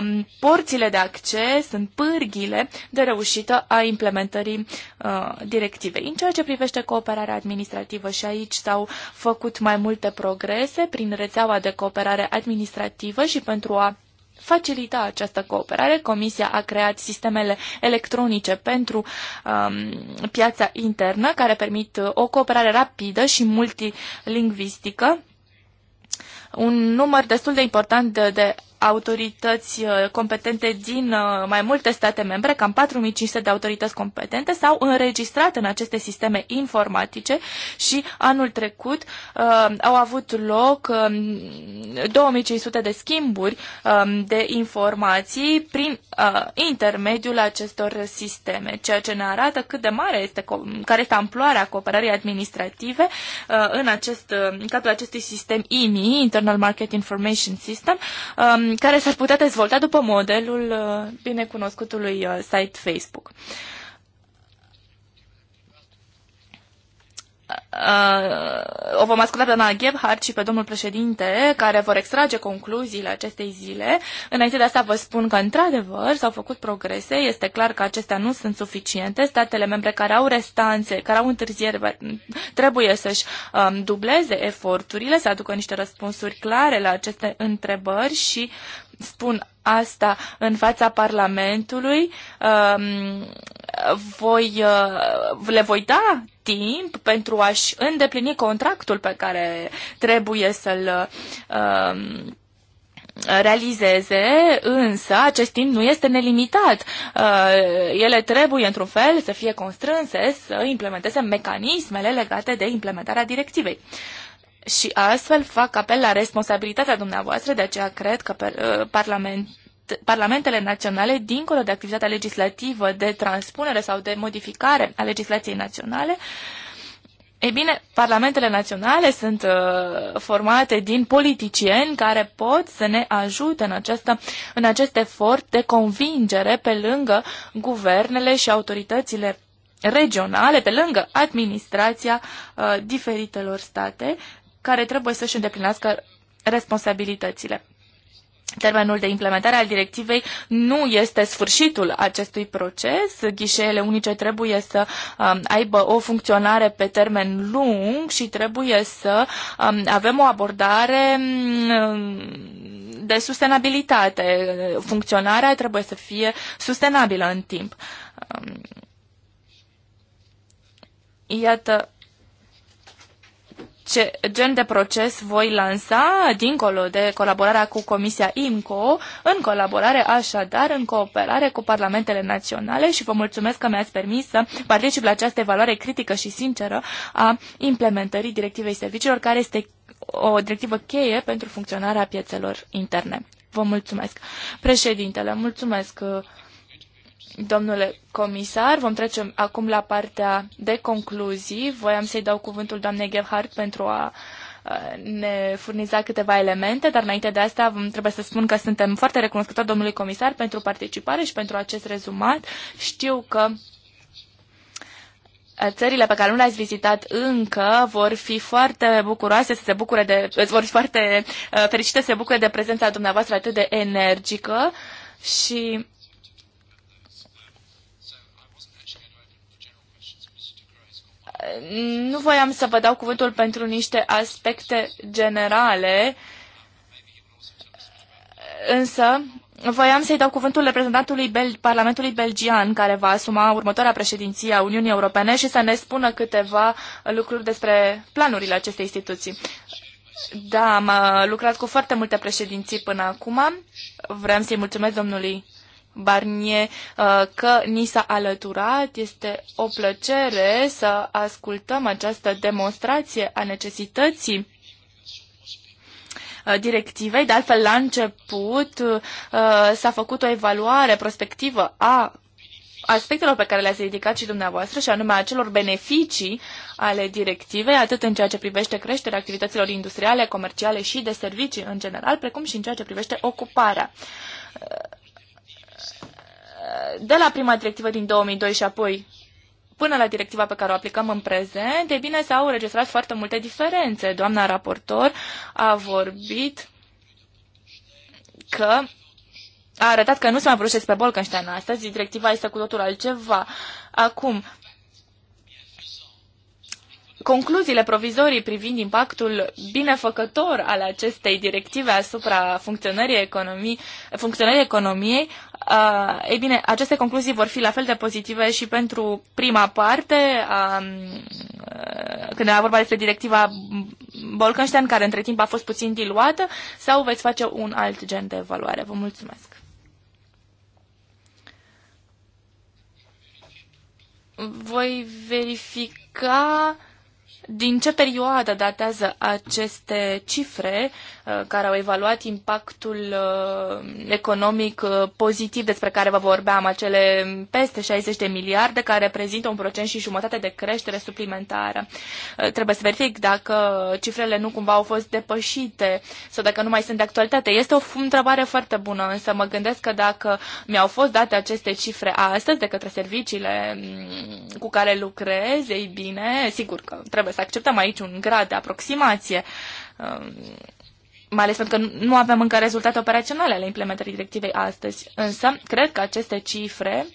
um, porțile de acces, sunt pârghile de reușită a implementării uh, directivei. În ceea ce privește cooperarea administrativă și aici s-au făcut mai multe progrese prin rețeaua de cooperare administrativă și pentru a facilita această cooperare. Comisia a creat sistemele electronice pentru um, piața internă care permit uh, o cooperare rapidă și multilingvistică un număr destul de important de, de autorități uh, competente din uh, mai multe state membre, cam 4500 de autorități competente, s-au înregistrat în aceste sisteme informatice și anul trecut uh, au avut loc uh, um, 2500 de schimburi uh, de informații prin uh, intermediul acestor sisteme, ceea ce ne arată cât de mare este, care este amploarea cooperării administrative uh, în, acest, uh, în cadrul acestui sistem IMI, Internal Market Information System, um, care s-ar putea dezvolta după modelul uh, binecunoscutului uh, site Facebook. Uh, o vom asculta pe doamna Gebhardt și pe domnul președinte, care vor extrage concluziile acestei zile. Înainte de asta vă spun că, într-adevăr, s-au făcut progrese. Este clar că acestea nu sunt suficiente. Statele membre care au restanțe, care au întârzieri, trebuie să-și um, dubleze eforturile, să aducă niște răspunsuri clare la aceste întrebări și spun asta în fața Parlamentului. Um, voi, uh, le voi da timp pentru a-și îndeplini contractul pe care trebuie să-l um, realizeze, însă acest timp nu este nelimitat. Uh, ele trebuie, într-un fel, să fie constrânse să implementeze mecanismele legate de implementarea directivei și astfel fac apel la responsabilitatea dumneavoastră, de aceea cred că uh, parlament, parlamentele naționale, dincolo de activitatea legislativă de transpunere sau de modificare a legislației naționale, e bine, parlamentele naționale sunt uh, formate din politicieni care pot să ne ajute în, această, în acest efort de convingere pe lângă guvernele și autoritățile regionale, pe lângă administrația uh, diferitelor state care trebuie să-și îndeplinească responsabilitățile. Termenul de implementare al directivei nu este sfârșitul acestui proces. Ghișeele unice trebuie să um, aibă o funcționare pe termen lung și trebuie să um, avem o abordare um, de sustenabilitate. Funcționarea trebuie să fie sustenabilă în timp. Um, iată ce gen de proces voi lansa, dincolo de colaborarea cu Comisia IMCO, în colaborare așadar, în cooperare cu parlamentele naționale și vă mulțumesc că mi-ați permis să particip la această evaluare critică și sinceră a implementării directivei serviciilor, care este o directivă cheie pentru funcționarea piețelor interne. Vă mulțumesc. Președintele, mulțumesc. Uh, Domnule comisar, vom trece acum la partea de concluzii. Voiam să-i dau cuvântul doamnei Gebhardt pentru a ne furniza câteva elemente, dar înainte de asta trebuie să spun că suntem foarte recunoscători domnului comisar pentru participare și pentru acest rezumat. Știu că țările pe care nu le-ați vizitat încă vor fi foarte bucuroase să se bucure de, vor fi foarte uh, fericite să se bucure de prezența dumneavoastră atât de energică și nu voiam să vă dau cuvântul pentru niște aspecte generale, însă voiam să-i dau cuvântul reprezentantului Bel- Parlamentului Belgian, care va asuma următoarea președinție a Uniunii Europene și să ne spună câteva lucruri despre planurile acestei instituții. Da, am uh, lucrat cu foarte multe președinții până acum. Vrem să-i mulțumesc domnului Barnier uh, că ni s-a alăturat. Este o plăcere să ascultăm această demonstrație a necesității uh, directivei. De altfel, la început uh, s-a făcut o evaluare prospectivă a aspectelor pe care le-ați ridicat și dumneavoastră, și anume acelor beneficii ale directivei, atât în ceea ce privește creșterea activităților industriale, comerciale și de servicii în general, precum și în ceea ce privește ocuparea de la prima directivă din 2002 și apoi până la directiva pe care o aplicăm în prezent, e bine, s-au înregistrat foarte multe diferențe. Doamna raportor a vorbit că a arătat că nu se mai produce pe Bolkenstein astăzi, directiva este cu totul altceva. Acum, concluziile provizorii privind impactul binefăcător al acestei directive asupra funcționării, economii, funcționării economiei Uh, ei bine, aceste concluzii vor fi la fel de pozitive și pentru prima parte, um, uh, când era vorba despre directiva Bolkenstein, care între timp a fost puțin diluată, sau veți face un alt gen de evaluare. Vă mulțumesc! Voi verifica din ce perioadă datează aceste cifre Uh, care au evaluat impactul uh, economic uh, pozitiv despre care vă vorbeam, acele peste 60 de miliarde care reprezintă un procent și jumătate de creștere suplimentară. Trebuie să verific dacă cifrele nu cumva au fost depășite sau dacă nu mai sunt de actualitate. Este o întrebare foarte bună, însă mă gândesc că dacă mi-au fost date aceste cifre astăzi de către serviciile mm, cu care lucrez, ei bine, sigur că trebuie să acceptăm aici un grad de aproximație um, mai ales pentru că nu avem încă rezultate operaționale ale implementării directivei astăzi. Însă, cred că aceste cifre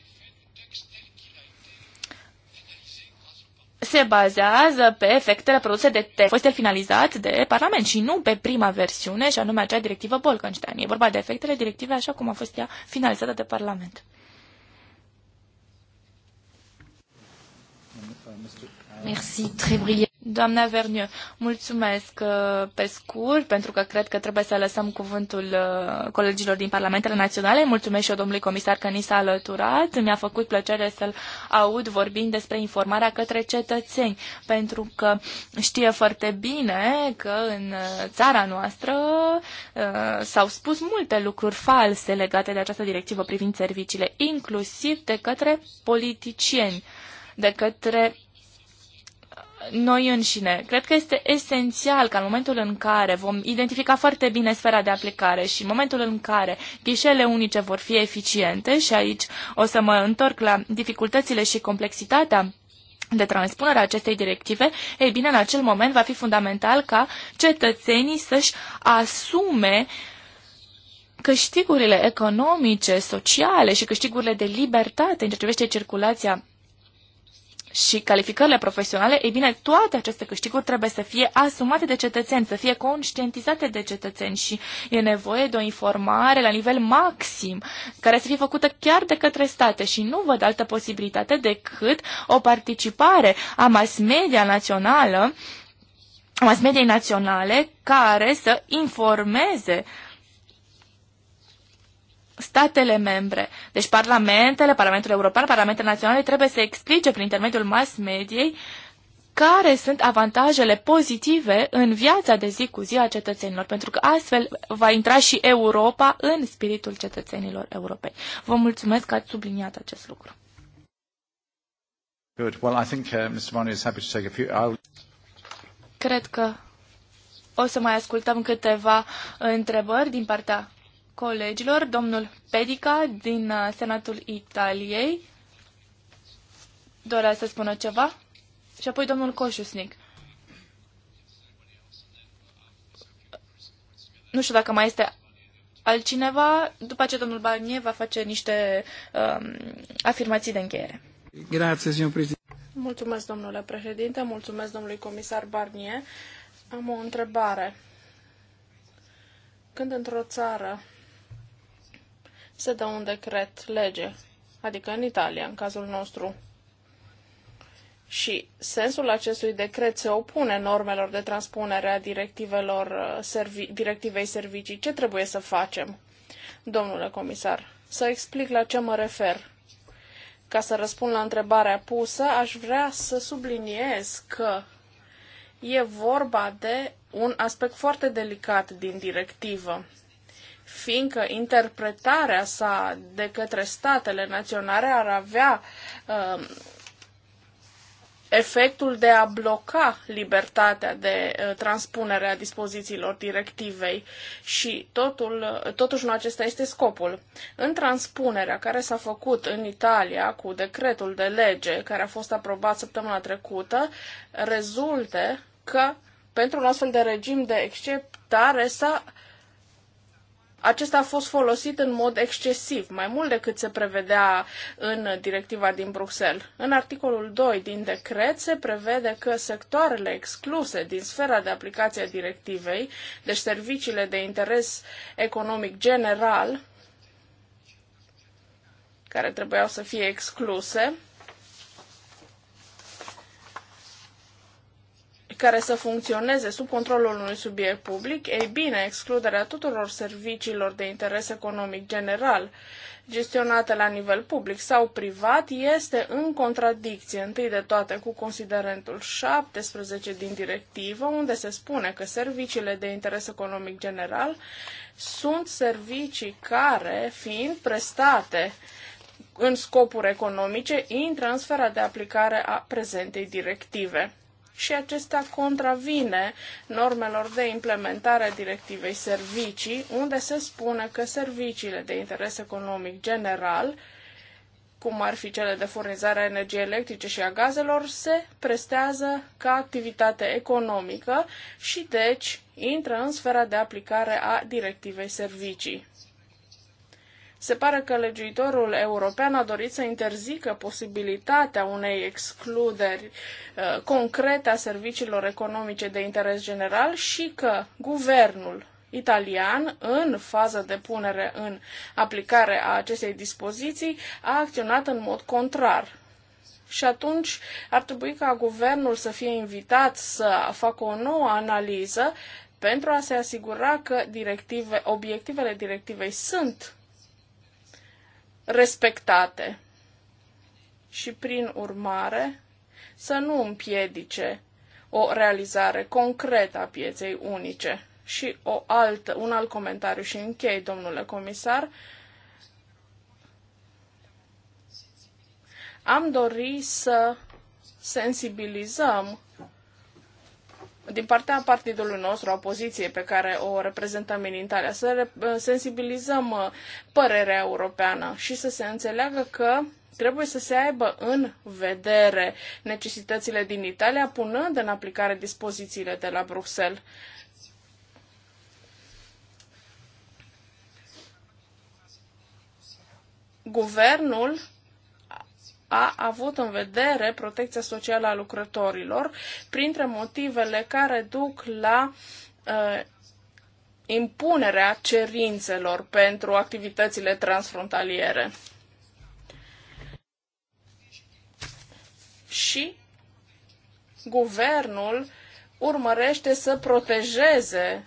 se bazează pe efectele produse de test. fost finalizat de Parlament și nu pe prima versiune, și anume acea directivă Bolkenstein. E vorba de efectele directivei așa cum a fost ea finalizată de Parlament. Merci, très brillant. Doamna Verniu, mulțumesc uh, pe scurt, pentru că cred că trebuie să lăsăm cuvântul uh, colegilor din Parlamentele Naționale. Mulțumesc și eu domnului comisar că ni s-a alăturat. Mi-a făcut plăcere să-l aud vorbind despre informarea către cetățeni, pentru că știe foarte bine că în uh, țara noastră s-au spus multe lucruri false legate de această directivă privind serviciile, inclusiv de către politicieni de către noi înșine. Cred că este esențial ca în momentul în care vom identifica foarte bine sfera de aplicare și în momentul în care ghișele unice vor fi eficiente, și aici o să mă întorc la dificultățile și complexitatea de transpunerea acestei directive, ei bine, în acel moment va fi fundamental ca cetățenii să-și asume câștigurile economice, sociale și câștigurile de libertate în ce privește circulația și calificările profesionale, ei bine, toate aceste câștiguri trebuie să fie asumate de cetățeni, să fie conștientizate de cetățeni și e nevoie de o informare la nivel maxim, care să fie făcută chiar de către state și nu văd altă posibilitate decât o participare a mass media națională mass mediei naționale care să informeze uh, statele membre. Deci parlamentele, Parlamentul European, Parlamentele Naționale trebuie să explice prin intermediul mass mediei care sunt avantajele pozitive în viața de zi cu zi a cetățenilor, pentru că astfel va intra și Europa în spiritul cetățenilor europei. Vă mulțumesc că ați subliniat acest lucru. Good. Well, I think uh, Mr. is happy to take a few. I'll... Cred că o să mai ascultăm câteva întrebări din partea colegilor, domnul Pedica din uh, Senatul Italiei dorea să spună ceva și apoi domnul Coșusnic. Nu știu dacă mai este altcineva, după ce domnul Barnier va face niște um, afirmații de încheiere. Grazie, domnul președinte. Mulțumesc, domnule președinte, mulțumesc domnului comisar Barnier. Am o întrebare. Când într-o țară se dă un decret lege, adică în Italia, în cazul nostru. Și sensul acestui decret se opune normelor de transpunere a directivelor uh, servi- directivei servicii. Ce trebuie să facem, domnule comisar? Să explic la ce mă refer. Ca să răspund la întrebarea pusă, aș vrea să subliniez că e vorba de un aspect foarte delicat din directivă fiindcă interpretarea sa de către statele naționale ar avea uh, efectul de a bloca libertatea de uh, transpunere a dispozițiilor directivei și totul, uh, totuși nu acesta este scopul. În transpunerea care s-a făcut în Italia cu decretul de lege care a fost aprobat săptămâna trecută, rezulte că pentru un astfel de regim de exceptare s-a uh, acesta a fost folosit în mod excesiv, mai mult decât se prevedea în directiva din Bruxelles. În articolul 2 din decret se prevede că sectoarele excluse din sfera de aplicație a directivei, deci serviciile de interes economic general, care trebuiau să fie excluse, care să funcționeze sub controlul unui subiect public, ei bine, excluderea tuturor serviciilor de interes economic general gestionate la nivel public sau privat este în contradicție întâi de toate cu considerentul 17 din directivă, unde se spune că serviciile de interes economic general sunt servicii care, fiind prestate în scopuri economice, intră în sfera de aplicare a prezentei directive și acesta contravine normelor de implementare a directivei servicii, unde se spune că serviciile de interes economic general, cum ar fi cele de furnizare a energiei electrice și a gazelor, se prestează ca activitate economică și deci intră în sfera de aplicare a directivei servicii. Se pare că legiuitorul european a dorit să interzică posibilitatea unei excluderi uh, concrete a serviciilor economice de interes general și că guvernul italian, în fază de punere în aplicare a acestei dispoziții, a acționat în mod contrar și atunci ar trebui ca guvernul să fie invitat să facă o nouă analiză pentru a se asigura că directive, obiectivele directivei sunt respectate și, prin urmare, să nu împiedice o realizare concretă a pieței unice. Și o altă, un alt comentariu și închei, domnule comisar. Am dorit să sensibilizăm din partea partidului nostru, a poziției pe care o reprezentăm în Italia, să sensibilizăm uh, părerea europeană și să se înțeleagă că trebuie să se aibă în vedere necesitățile din Italia, punând în aplicare dispozițiile de la Bruxelles. Guvernul a avut în vedere protecția socială a lucrătorilor, printre motivele care duc la uh, impunerea cerințelor pentru activitățile transfrontaliere. Și guvernul urmărește să protejeze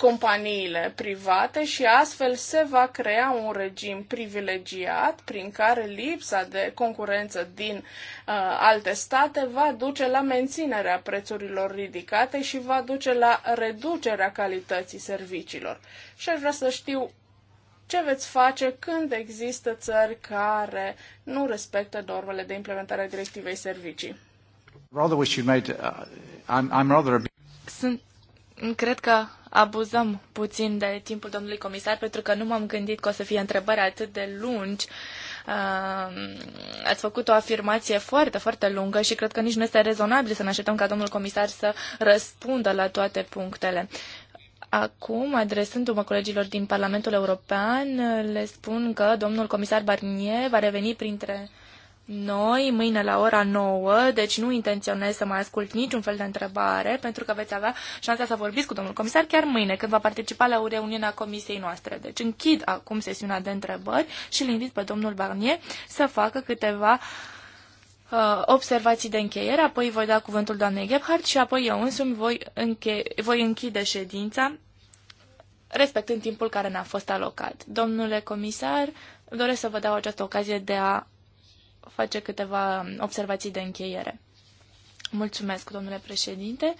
companiile private și astfel se va crea un regim privilegiat prin care lipsa de concurență din uh, alte state va duce la menținerea prețurilor ridicate și va duce la reducerea calității serviciilor. Și aș vrea să știu ce veți face când există țări care nu respectă normele de implementare a directivei servicii. Rather wish you made, uh, I'm, I'm rather Sunt, cred că abuzăm puțin de timpul domnului comisar, pentru că nu m-am gândit că o să fie întrebări atât de lungi. Ați făcut o afirmație foarte, foarte lungă și cred că nici nu este rezonabil să ne așteptăm ca domnul comisar să răspundă la toate punctele. Acum, adresându-mă colegilor din Parlamentul European, le spun că domnul comisar Barnier va reveni printre noi, mâine la ora 9, deci nu intenționez să mai ascult niciun fel de întrebare, pentru că veți avea șansa să vorbiți cu domnul comisar chiar mâine, când va participa la o reuniune a comisiei noastre. Deci închid acum sesiunea de întrebări și îl invit pe domnul Barnier să facă câteva uh, observații de încheiere, apoi voi da cuvântul doamnei Gebhardt și apoi eu însumi voi, înche- voi închide ședința respectând timpul care ne-a fost alocat. Domnule comisar, doresc să vă dau această ocazie de a face câteva observații de încheiere. Mulțumesc, domnule președinte.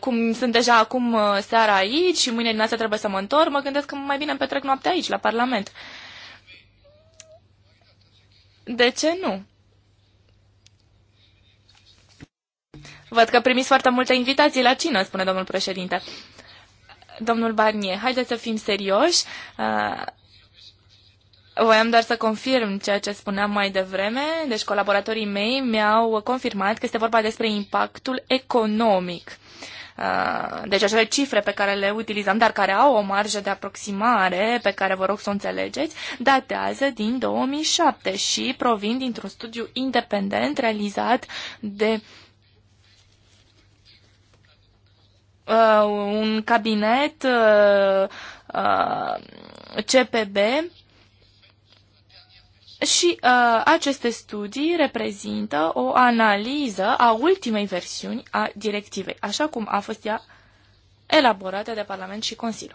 Cum sunt deja acum seara aici și mâine dimineața trebuie să mă întorc, mă gândesc că mai bine îmi petrec noaptea aici, la Parlament. De ce nu? Văd că primiți foarte multe invitații la cină, spune domnul președinte. Domnul Barnier, haideți să fim serioși. Voiam doar să confirm ceea ce spuneam mai devreme, deci colaboratorii mei mi-au confirmat că este vorba despre impactul economic. Uh, deci acele cifre pe care le utilizăm, dar care au o marjă de aproximare, pe care vă rog să o înțelegeți, datează din 2007 și provin dintr-un studiu independent realizat de uh, un cabinet uh, CPB și uh, aceste studii reprezintă o analiză a ultimei versiuni a directivei, așa cum a fost ea elaborată de Parlament și Consiliu.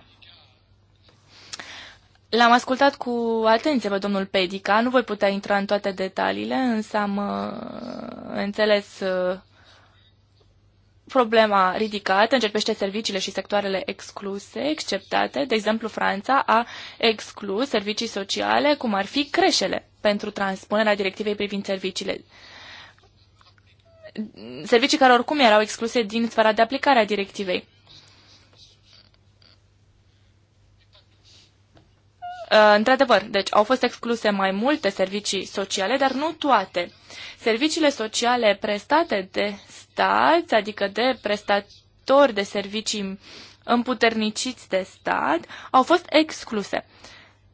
L-am ascultat cu atenție pe domnul Pedica, nu voi putea intra în toate detaliile, însă am uh, înțeles uh, problema ridicată încerpește serviciile și sectoarele excluse, exceptate. De exemplu, Franța a exclus servicii sociale, cum ar fi creșele, pentru transpunerea directivei privind serviciile. Servicii care oricum erau excluse din sfera de aplicare a directivei. Uh, într-adevăr, deci au fost excluse mai multe servicii sociale, dar nu toate. Serviciile sociale prestate de stat, adică de prestatori de servicii împuterniciți de stat, au fost excluse.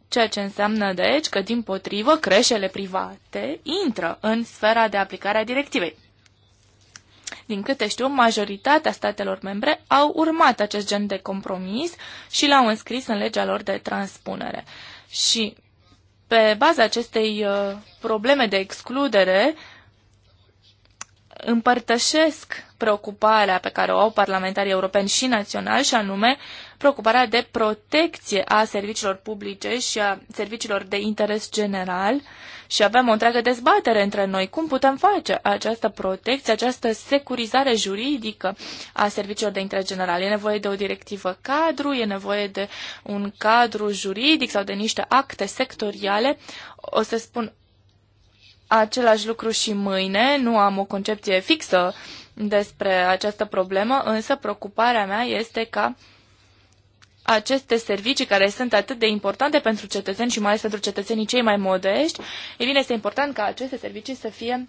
Ceea ce înseamnă, deci, că, din potrivă, creșele private intră în sfera de aplicare a directivei. Din câte știu, majoritatea statelor membre au urmat acest gen de compromis și l-au înscris în legea lor de transpunere. Și pe baza acestei uh, probleme de excludere, împărtășesc preocuparea pe care o au parlamentarii europeni și naționali, și anume preocuparea de protecție a serviciilor publice și a serviciilor de interes general și avem o întreagă dezbatere între noi. Cum putem face această protecție, această securizare juridică a serviciilor de interes general? E nevoie de o directivă cadru, e nevoie de un cadru juridic sau de niște acte sectoriale. O să spun același lucru și mâine, nu am o concepție fixă despre această problemă, însă preocuparea mea este ca aceste servicii care sunt atât de importante pentru cetățeni și mai ales pentru cetățenii cei mai modești, e bine, este important ca aceste servicii să fie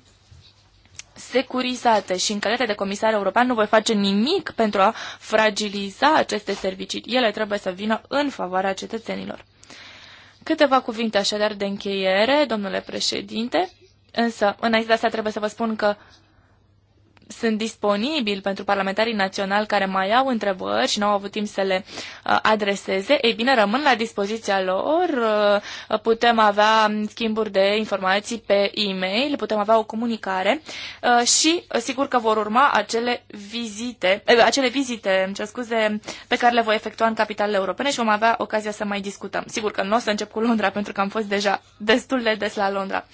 securizate și în calitate de comisar european nu voi face nimic pentru a fragiliza aceste servicii. Ele trebuie să vină în favoarea cetățenilor. Câteva cuvinte așadar de încheiere, domnule președinte, însă înainte de asta trebuie să vă spun că sunt disponibili pentru parlamentarii naționali care mai au întrebări și nu au avut timp să le uh, adreseze, ei bine, rămân la dispoziția lor, uh, putem avea schimburi de informații pe e-mail, putem avea o comunicare uh, și sigur că vor urma acele vizite, acele vizite, ce scuze, pe care le voi efectua în capitalele europene și vom avea ocazia să mai discutăm. Sigur că nu o să încep cu Londra pentru că am fost deja destul de des la Londra.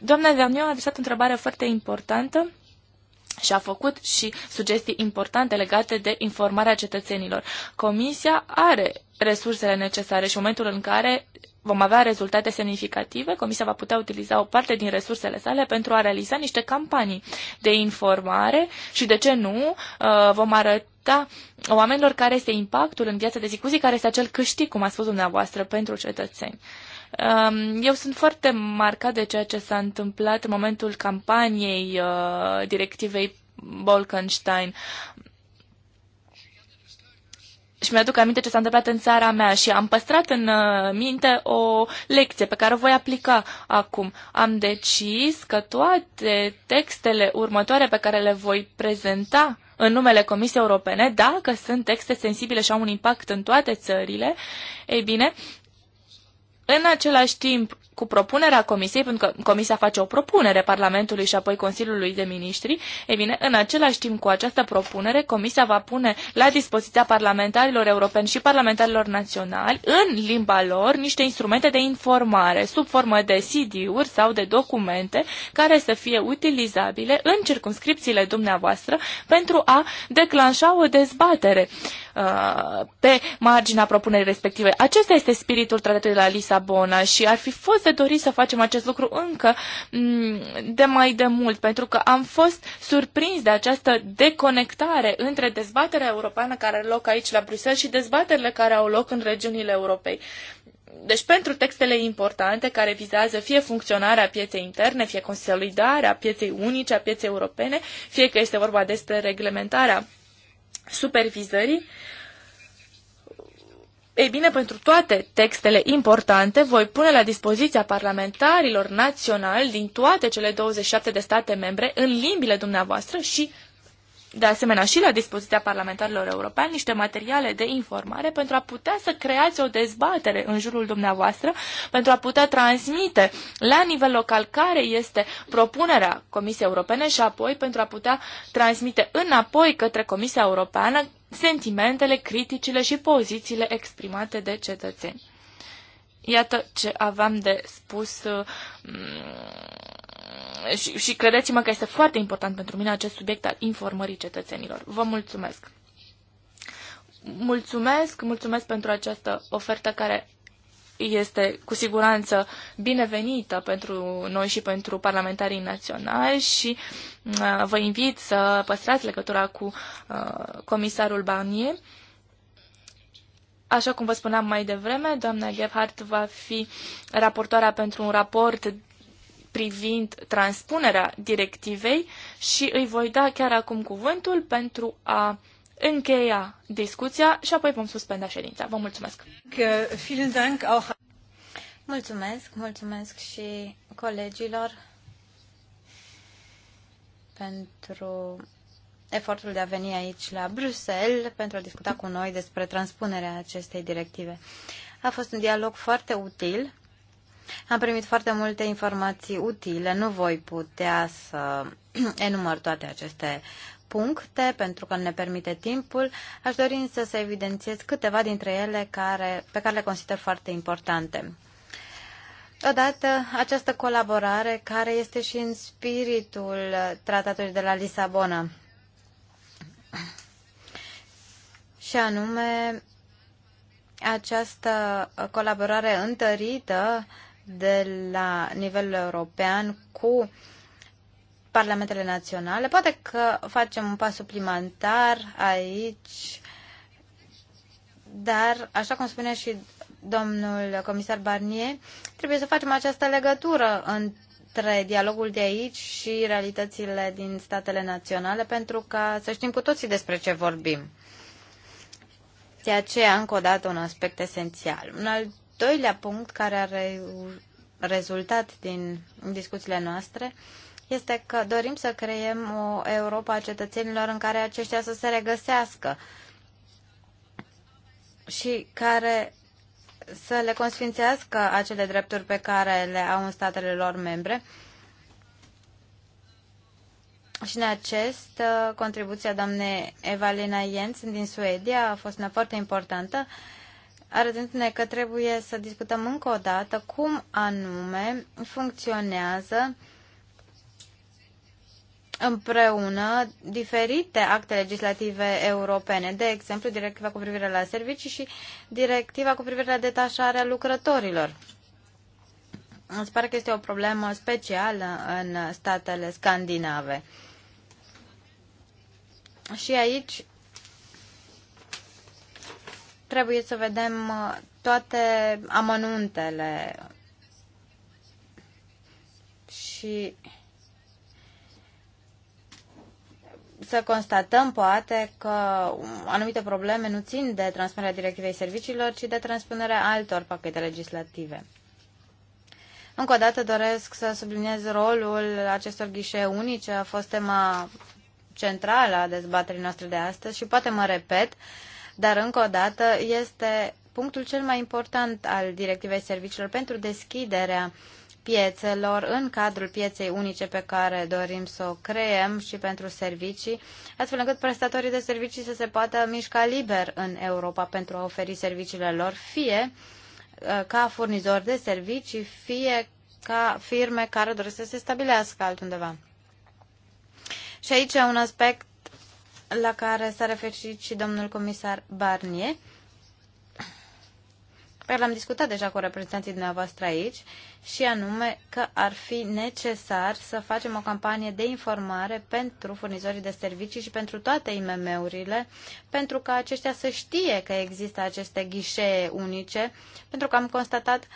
Doamna Verniu a adresat o întrebare foarte importantă și a făcut și sugestii importante legate de informarea cetățenilor. Comisia are resursele necesare și în momentul în care vom avea rezultate semnificative, Comisia va putea utiliza o parte din resursele sale pentru a realiza niște campanii de informare și, de ce nu, uh, vom arăta oamenilor care este impactul în viața de zi cu zi, care este acel câștig, cum a spus dumneavoastră, pentru cetățeni. Eu sunt foarte marcat de ceea ce s-a întâmplat în momentul campaniei uh, directivei Bolkenstein. Și mi-aduc aminte ce s-a întâmplat în țara mea și am păstrat în uh, minte o lecție pe care o voi aplica acum. Am decis că toate textele următoare pe care le voi prezenta în numele Comisiei Europene, dacă sunt texte sensibile și au un impact în toate țările, ei bine, în același timp, cu propunerea Comisiei, pentru că Comisia face o propunere Parlamentului și apoi Consiliului de Ministri, e bine, în același timp cu această propunere, Comisia va pune la dispoziția parlamentarilor europeni și parlamentarilor naționali, în limba lor, niște instrumente de informare, sub formă de CD-uri sau de documente, care să fie utilizabile în circunscripțiile dumneavoastră pentru a declanșa o dezbatere uh, pe marginea propunerii respective. Acesta este spiritul tratatului de la Lisabona și ar fi fost fost dorit să facem acest lucru încă mm, de mai de mult, pentru că am fost surprins de această deconectare între dezbaterea europeană care are loc aici la Bruxelles și dezbaterile care au loc în regiunile Europei. Deci pentru textele importante care vizează fie funcționarea pieței interne, fie consolidarea pieței unice, a pieței europene, fie că este vorba despre reglementarea supervizării, uh, ei bine, pentru toate textele importante voi pune la dispoziția parlamentarilor naționali din toate cele 27 de state membre în limbile dumneavoastră și de asemenea și la dispoziția parlamentarilor europeni niște materiale de informare pentru a putea să creați o dezbatere în jurul dumneavoastră, pentru a putea transmite la nivel local care este propunerea Comisiei Europene și apoi pentru a putea transmite înapoi către Comisia Europeană sentimentele, criticile și pozițiile exprimate de cetățeni. Iată ce aveam de spus mm, și, și credeți-mă că este foarte important pentru mine acest subiect al informării cetățenilor. Vă mulțumesc! Mulțumesc, mulțumesc pentru această ofertă care este cu siguranță binevenită pentru noi și pentru parlamentarii naționali și uh, vă invit să păstrați legătura cu uh, comisarul Barnier. Așa cum vă spuneam mai devreme, doamna Gebhardt va fi raportoarea pentru un raport privind transpunerea directivei și îi voi da chiar acum cuvântul pentru a încheia discuția și apoi vom suspenda ședința. Vă mulțumesc! Mulțumesc, mulțumesc și colegilor pentru efortul de a veni aici la Bruxelles pentru a discuta cu noi despre transpunerea acestei directive. A fost un dialog foarte util. Am primit foarte multe informații utile. Nu voi putea să enumăr toate aceste puncte, pentru că ne permite timpul. Aș dori însă să evidențiez câteva dintre ele care, pe care le consider foarte importante. Odată, această colaborare care este și în spiritul tratatului de la Lisabona. Și anume, această colaborare întărită de la nivel european cu uh, parlamentele naționale. Poate că facem un pas suplimentar aici, dar, așa cum spunea și domnul comisar Barnier, trebuie să facem această legătură între dialogul de aici și realitățile din statele naționale, pentru ca să știm cu toții despre ce vorbim. De aceea, încă o dată, un aspect esențial. Un al doilea punct care a rezultat din discuțiile noastre este că dorim să creiem o Europa a cetățenilor în care aceștia să se regăsească și care să le consfințească acele drepturi pe care le au în statele lor membre. Și în acest, uh, contribuția doamnei Evalina Jens din Suedia a fost una foarte importantă, arătându-ne că trebuie să discutăm încă o dată cum anume funcționează împreună diferite acte legislative europene, de exemplu directiva cu privire la servicii și directiva cu privire la detașarea lucrătorilor. Îmi pare că este o problemă specială în statele scandinave. Și aici trebuie să vedem toate amănuntele și să constatăm poate că anumite probleme nu țin de transpunerea directivei serviciilor, ci de transpunerea altor pachete legislative. Încă o dată doresc să subliniez rolul acestor ghișe unice, a fost tema centrală a dezbaterii noastre de astăzi și poate mă repet, dar încă o dată este punctul cel mai important al directivei serviciilor pentru deschiderea uh, piețelor în cadrul pieței unice pe care dorim să o creăm și pentru servicii, astfel încât prestatorii de servicii să se poată mișca liber în Europa pentru a oferi serviciile lor, fie uh, ca furnizori de servicii, fie ca firme care doresc să se stabilească altundeva. Și aici e un aspect la care s-a referit și domnul comisar Barnier care l-am discutat deja cu reprezentanții dumneavoastră aici, și anume că ar fi necesar să facem o campanie de informare pentru furnizorii de servicii și pentru toate IMM-urile, pentru ca aceștia să știe că există aceste ghișee unice, pentru că am constatat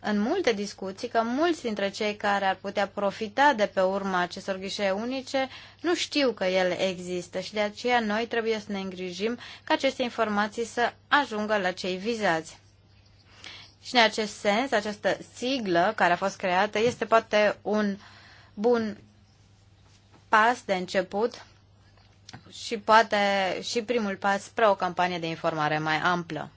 în multe discuții că mulți dintre cei care ar putea profita de pe urma acestor ghișee unice nu știu că ele există și de aceea noi trebuie să ne îngrijim ca aceste informații să ajungă la cei vizați. Și în acest sens, această siglă care a fost creată este poate un bun pas de început și poate și primul pas spre o campanie de informare mai amplă.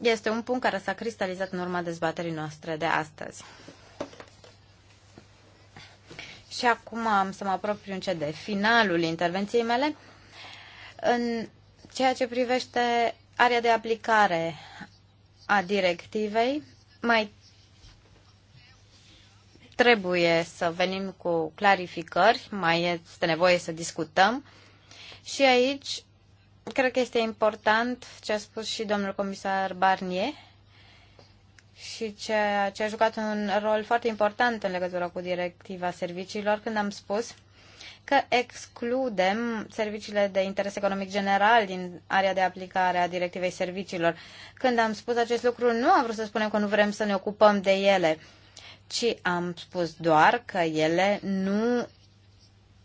Este un punct care s-a cristalizat în urma dezbaterii noastre de astăzi. Și acum am să mă apropiu încet de finalul intervenției mele. În ceea ce privește area de aplicare a directivei, mai trebuie să venim cu clarificări, mai este nevoie să discutăm. Și aici cred că este important ce a spus și domnul comisar Barnier și ce, ce a jucat un rol foarte important în legătură cu directiva serviciilor când am spus că excludem serviciile de interes economic general din area de aplicare a directivei serviciilor. Când am spus acest lucru, nu am vrut să spunem că nu vrem să ne ocupăm de ele, ci am spus doar că ele nu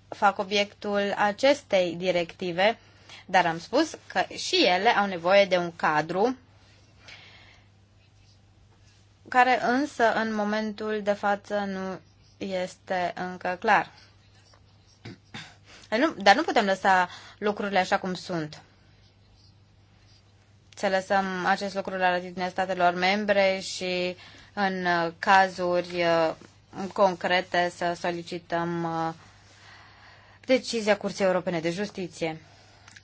fac obiectul acestei directive, dar am spus că și ele au nevoie de un cadru care însă în momentul de față nu este încă clar. Dar nu putem lăsa lucrurile așa cum sunt. Să lăsăm acest lucru la latitudinea statelor membre și în uh, cazuri uh, concrete să solicităm uh, decizia Curții Europene de Justiție.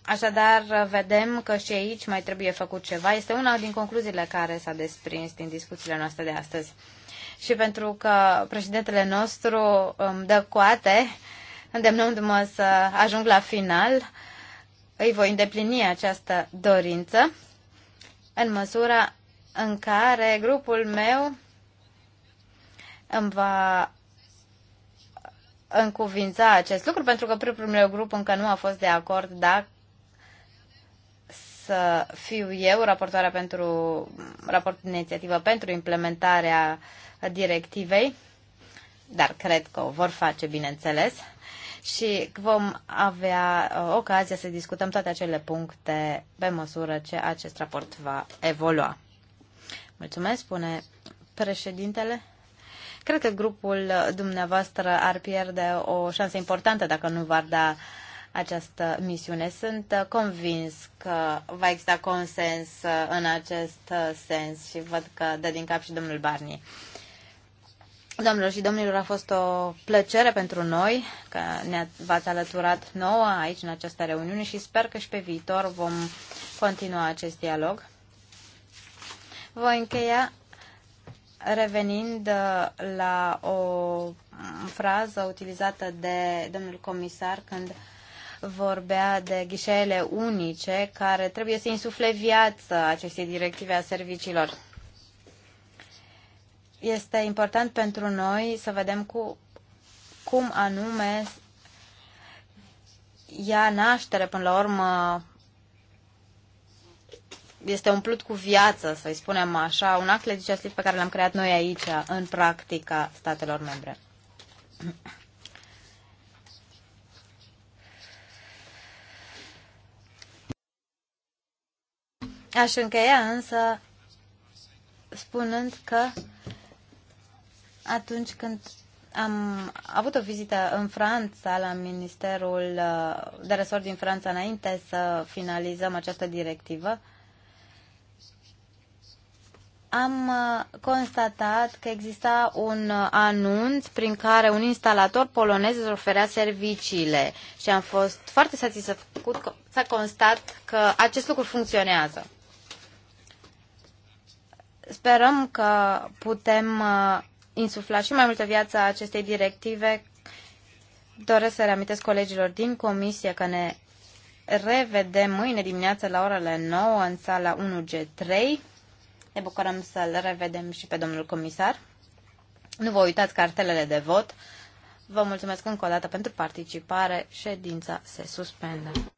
Așadar, vedem că și aici mai trebuie făcut ceva. Este una din concluziile care s-a desprins din discuțiile noastre de astăzi. Și pentru că președintele nostru îmi um, dă coate, îndemnându-mă să ajung la final, îi voi îndeplini această dorință în măsura în care grupul meu îmi va încuvința acest lucru, pentru că propriul meu grup încă nu a fost de acord dacă să fiu eu raportoarea pentru raport de inițiativă pentru implementarea directivei, dar cred că o vor face, bineînțeles și vom avea uh, ocazia să discutăm toate acele puncte pe măsură ce acest raport va evolua. Mulțumesc, spune președintele. Cred că grupul dumneavoastră ar pierde o șansă importantă dacă nu v-ar da această misiune. Sunt uh, convins că va exista consens uh, în acest sens și văd că dă din cap și domnul Barnier. Domnilor și domnilor, a fost o plăcere pentru noi că ne v-ați alăturat nouă aici în această reuniune și sper că și pe viitor vom continua acest dialog. Voi încheia revenind uh, la o frază utilizată de domnul comisar când vorbea de ghișeele unice care trebuie să insufle viață acestei directive a serviciilor. Este important pentru noi să vedem cu, cum anume ia naștere până la urmă este umplut cu viață, să-i spunem așa, un act legislativ pe care l-am creat noi aici, în practica statelor membre. Aș încheia însă spunând că atunci când am avut o vizită în Franța la Ministerul uh, de Resort din Franța înainte să finalizăm această directivă. Am uh, constatat că exista un uh, anunț prin care un instalator polonez îți oferea serviciile și am fost foarte satisfăcut să constat că acest lucru funcționează. Sperăm că putem insufla și mai multă viață a acestei directive. Doresc să reamintesc colegilor din comisie că ne revedem mâine dimineață la orele 9 în sala 1G3. Ne bucurăm să-l revedem și pe domnul comisar. Nu vă uitați cartelele de vot. Vă mulțumesc încă o dată pentru participare. Ședința se suspendă.